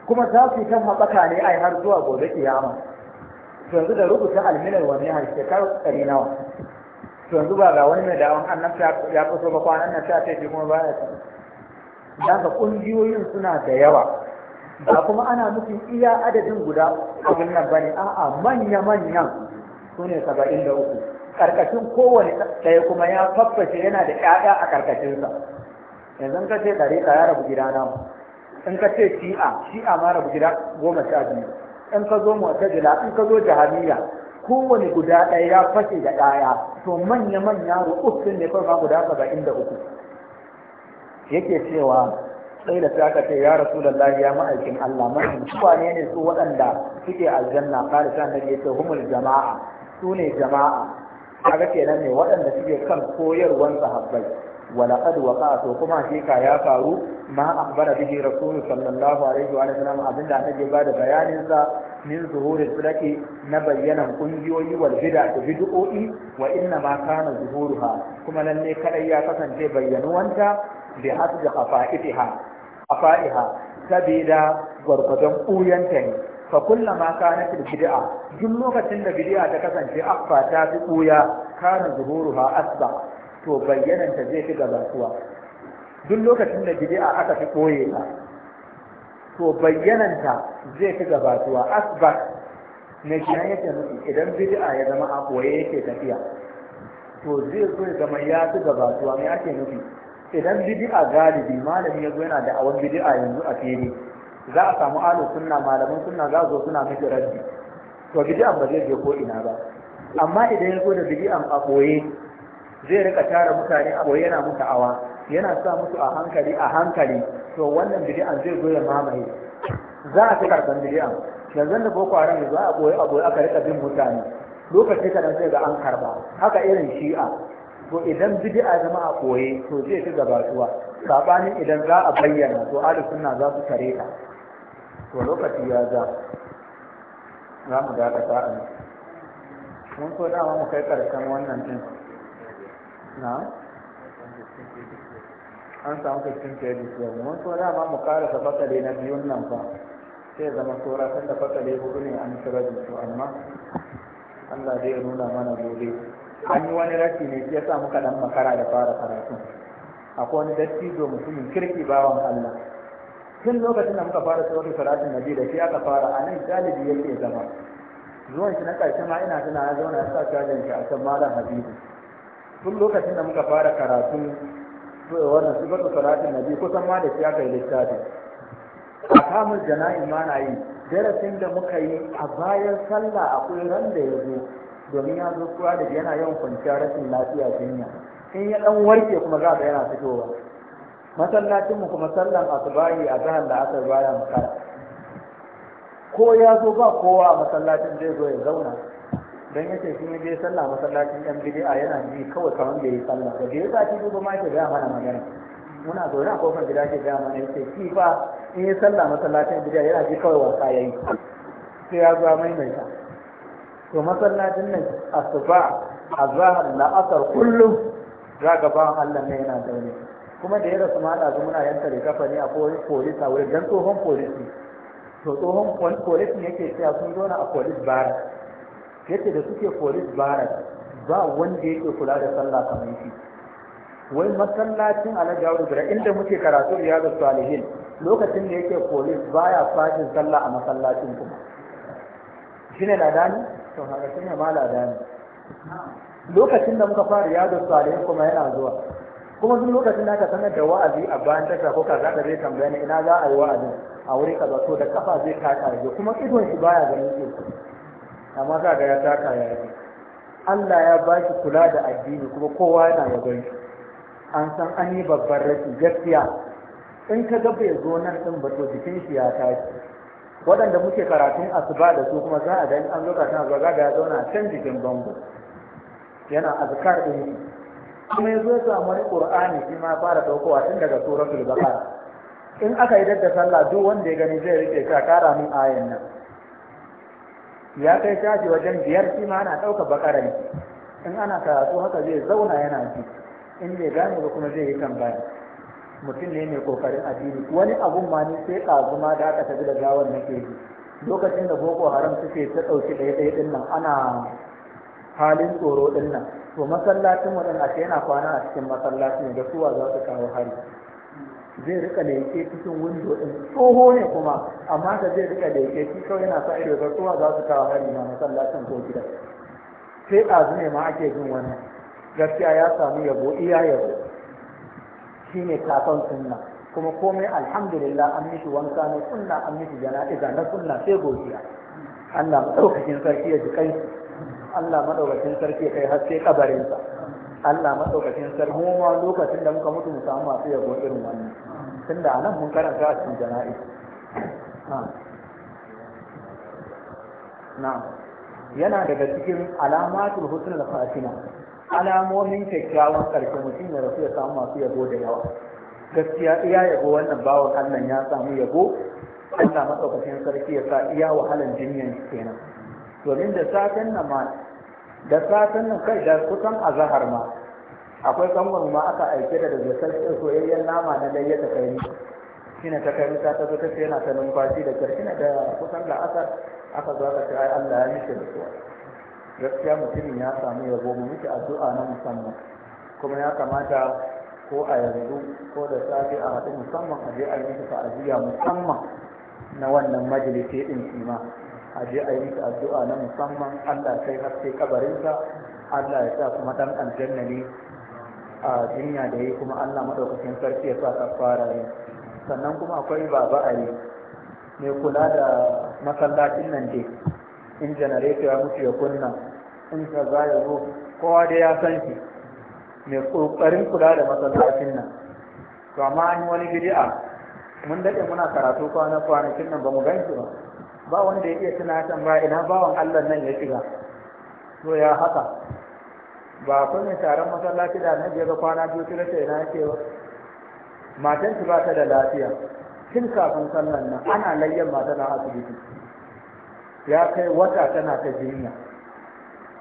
kuma za su yi kan haɓaka ne ai har zuwa gobe kiyama yanzu da rubuta alminar wani har shekaru ɗari nawa yanzu ba ga wani mai dawan annan ya kusa ba kwanan nan ta ce kuma baya ci. ƙungiyoyin suna da yawa ba kuma ana nufin iya adadin guda abin nan bane a'a manya manyan su ne saba'in da uku ƙarƙashin kowane ɗaya kuma ya faffashe yana da ƴaƴa a ƙarƙashinsa yanzu ka ce ɗariƙa ya rabu gida namu in ka ce shi'a shi'a ma rabu gida goma sha biyu in ka zo mu'tazila in ka zo jahamiya kowane guda ɗaya ya fashe da ɗaya to manya manya rukukin ne kawai ma guda saba'in da uku yake cewa sai da aka ya rasu da lahi ya ma'aikin Allah mahim kuwa ne ne su waɗanda suke aljanna kare sa nan yake humul jama'a su ne jama'a kaga kenan ne waɗanda suke kan koyarwan sahabbai wala qad waqa'a to kuma shi ya faru ma akbara bihi rasul sallallahu alaihi wa sallam abinda annabi ya bada bayanin sa min zuhuri sulaki na bayyanan ƙungiyoyi wal bid'a da bid'o'i wa inna ma kana zuhuruha kuma lalle kadai ya kasance bayyanuwanta bi hasbi qafa'itiha afa'iha saboda gwargwadon ɓuyanta ne fa kana fil bid'a duk lokacin da bid'a ta kasance akfa ta fi ɓuya kana zuhuruha asba to ta zai fi gabatuwa duk lokacin da bid'a aka fi ɓoye ta to ta zai fi gabatuwa asba ne kina yake nufi idan bid'a ya zama a koye yake tafiya to zai so ya zama ya fi gabatuwa me ake nufi idan bid'a galibi malami yazo yana da awan bidi'a yanzu a fili za a samu alu sunna malaman sunna za zo suna miki raddi to bid'a ba zai je ko ina ba amma idan yazo da bidi'an a boye zai rika tara mutane a boye yana musu awa yana sa musu a hankali a hankali to wannan bidi'an zai zo ya mamaye za a fi karban bid'an yanzu da boko haram yanzu a boye a boye aka rika bin mutane lokaci kadan zai ga an karba haka irin shi'a to idan bid'a zama a koye to zai fi gabatuwa sabanin idan za a bayyana to ahli sunna za su kare ta to lokaci ya za za mu dakata a nan mun so dama mu kai karshen wannan din na an samu 15 pages yau mun so dama mu kare da fasale na biyun nan fa sai zama saura tun da fasale hudu ne an shirar da su amma Allah zai nuna mana gobe an yi wani rashi ne ya sa muka dan makara da fara karatu akwai wani dattijo mutumin kirki bawan Allah tun lokacin da muka fara sauri karatun nabi da shi aka fara a nan galibi yake zama zuwan shi na ƙarshe ma ina tuna ya zauna ya sa cajin shi a can malam habibu tun lokacin da muka fara karatu wannan su gaba karatun nabi kusan ma da shi aka yi littafi. a kamun jana'in ma na yi darasin da muka yi a bayan sallah akwai ran da ya zo domin ya zo kura da yana yawan kwanciya rashin lafiya jinya in ya dan warke kuma za ga yana fitowa Masallacinmu kuma sallan asubahi a jihar da asar baya makara ko ya zo ba kowa a masallacin zai zo ya zauna dan ce shi ne je sallah masallacin yan bid'a yana ji kawai kamar da yi sallah da ya sa shi zo ma ke ga mana magana muna zo a kofar gida ke gaya mana yace shi fa in ya sallah masallacin bid'a yana ji kawai wasa yayi sai ya zo maimaita to masallacin nan a zahar la'asar kullum za ga bawan Allah ne yana zaune kuma da ya rasu ma da muna yanka tare kafa ne a polis a wurin don tsohon ne. to tsohon polis ne yake cewa sun zo na a polis bar yace da suke polis bar ba wanda yake kula da sallah kamar shi wai masallacin alajawar bira inda muke karatu da salihin lokacin da yake polis baya fashin sallah a masallacin kuma shine ladani to haka ma ne lokacin da muka fara yado salihin kuma yana zuwa kuma duk lokacin da aka sanar da wa'azi a bayan tasha ko kaza da zai tambaya ni ina za a yi wa'azi a wuri kaza to da kafa zai taka yaje kuma idon shi baya ganin shi amma za ga ya taka ya Allah ya ba shi kula da addini kuma kowa yana yabon shi an san an yi babban rashi gaskiya in ka ga bai zo nan din ba to jikin shi ya tashi waɗanda muke karatun asuba da su kuma za a gani an lokacin asuba ga ya zauna can jikin bambu. yana azkar ɗin kuma ya ya samu wani qur'ani shi ma fara daukowa tun daga suratul baqara in aka yi dadda sallah duk wanda ya gani zai rike ka kara min ayan nan ya kai shafi wajen biyar shi ma ana ɗaukar baqara ne in ana karatu haka zai zauna yana ji in bai gane ba kuma zai yi tambaya mutum ne mai kokarin addini wani abun ma ne sai kazuma da aka tafi da gawan nake yi lokacin da boko haram suke ta ɗauki ɗaya ɗaya ɗin nan ana halin tsoro ɗin nan to masallacin mu ɗin ashe yana kwana a cikin masallaci ne da suwa za su kawo hari zai rika leke cikin windo ɗin tsoho ne kuma amma ta zai rika leke shi kawai yana sa ido ga suwa za su kawo hari na masallacin ko gida sai ɗazu ne ma ake jin wannan gaskiya ya samu yabo iya yabo Shi ne kafan sunna kuma komai alhamdulillah an mishi wanka na sunna an mishi jana'iza na sunna sai godiya Allah madaukakin sarki ya ji kai Allah madaukakin sarki ya kai har sai kabarinsa Allah madaukakin sarki mu lokacin da muka mutu mu samu masu yabo irin wannan tunda anan mun karanta a cikin jana'iza na'am yana daga cikin alamatul husnul khatimah alamomin kyakkyawan karshe mutum ya rasu ya samu masu yabo da yawa gaskiya iya yabo wannan bawan Allah ya samu yabo Allah maɗaukacin sarki ya sa iya wahalan jinyan kenan domin da safen nan ma da safen nan kai da kusan azahar ma akwai kamar ma aka aike da sarki soyayyen nama na dai ya ta kai ni ta kai ta zo ta yana ta numfashi da karshe da kusan la'asar aka zo aka ce ai Allah ya mishi da suwa gaskiya mutumin ya samu yabo mu miki addu'a na musamman kuma ya kamata ko a yanzu ko da safe a haɗu musamman a je a yi miki ta'aziyya musamman na wannan majalisi ɗin kima, a je a yi miki addu'a na musamman Allah ya kai haske kabarinsa Allah ya sa kuma ɗan aljanna ne a duniya da yi kuma Allah maɗaukacin sarki ya sa kafara ne sannan kuma akwai baba yi mai kula da masallacin nan dai in janareto ya mutu ya kunna in ka za ya zo kowa da ya san shi mai kokarin kula da masallacin nan to amma an yi wani bid'a mun dade muna karatu kwana kwanakin nan ba mu gan ba ba wanda ya iya tunatan ba ina bawan Allah nan ya shiga to ya haka ba ku ne taron masallaci da annabi ga kwana biyu kira sai na ce ba matan ba ta da lafiya tun kafin sallan nan ana layyan mata na asibiti ya kai wata tana ta jinya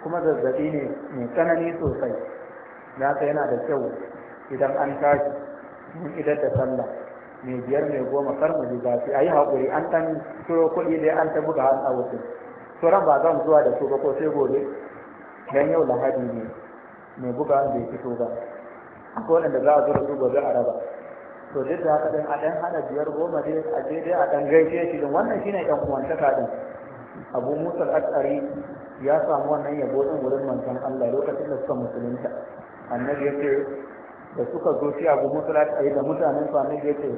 kuma zazzabi ne mai tsanani sosai Na haka yana da kyau idan an tashi mun idar da sallah mai biyar mai goma kar mu ji zafi a yi haƙuri an ɗan turo kuɗi dai an ta buga hannu a wuce ran ba zan zuwa da su ba ko sai gobe dan yau lahadi ne mai buga bai fito ba akwai waɗanda za a zo su gobe a raba to duk da haka ɗin a ɗan hana biyar goma dai a je dai a ɗan gaishe shi din wannan shine ɗan uwantaka ɗin abu musa al'adari ya samu wannan yabo ɗin wurin manzon Allah lokacin da suka musulunta annabi ya ce da suka zo shi abu musa al'adari da mutanen su annabi ya ce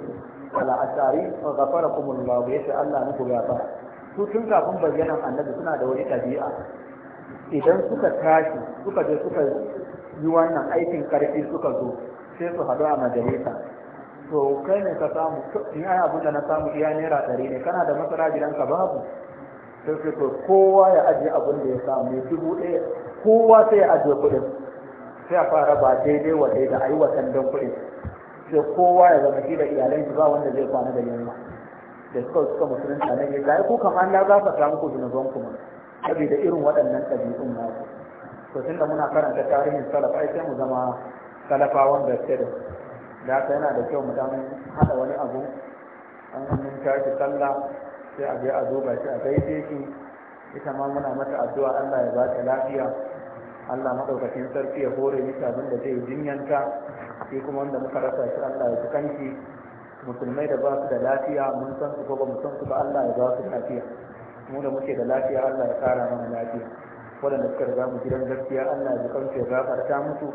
ala asari kuma ghafarakumullah ya ce Allah muku gafara su tun kafin bayyanan annabi suna da wani ɗabi'a idan suka tashi suka je suka yi wannan aikin karfi suka zo sai su haɗu a majalisa to kai ne ka samu in ai abin da na samu iya naira ɗari ne kana da masara gidanka babu sai sai kowa ya ajiye abin da ya samu dubu ɗaya kowa sai ya ajiye kuɗin sai a fara ba daidai wa daida a yi watan kuɗin sai kowa ya zama shi da iyalan shi ba wanda zai kwana da yamma da suka suka musulunta nan ya gaya ko kamar na samu ku zunuban kuma saboda irin waɗannan ɗabi'un naku to tunda muna karanta tarihin salaf ai sai mu zama salafawan ke da da yana da kyau mu dan haɗa wani abu an mun tashi sallah sai a je a ba shi a gaishe shi ita ma muna mata addu'a Allah ya ba ta lafiya Allah madaukakin sarki ya hore ni sabon da zai jinyanta shi kuma wanda muka rasa shi Allah ya ji musulmai da ba su da lafiya mun san su ko ba mu san su ba Allah ya ba su lafiya mu da muke da lafiya Allah ya kara mana lafiya wadanda suka riga mu gidan gaskiya Allah ya ji kanki ya gafarta musu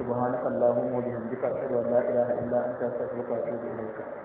subhanakallahumma wa bihamdika ashhadu an la ilaha illa anta astaghfiruka wa atubu ilayk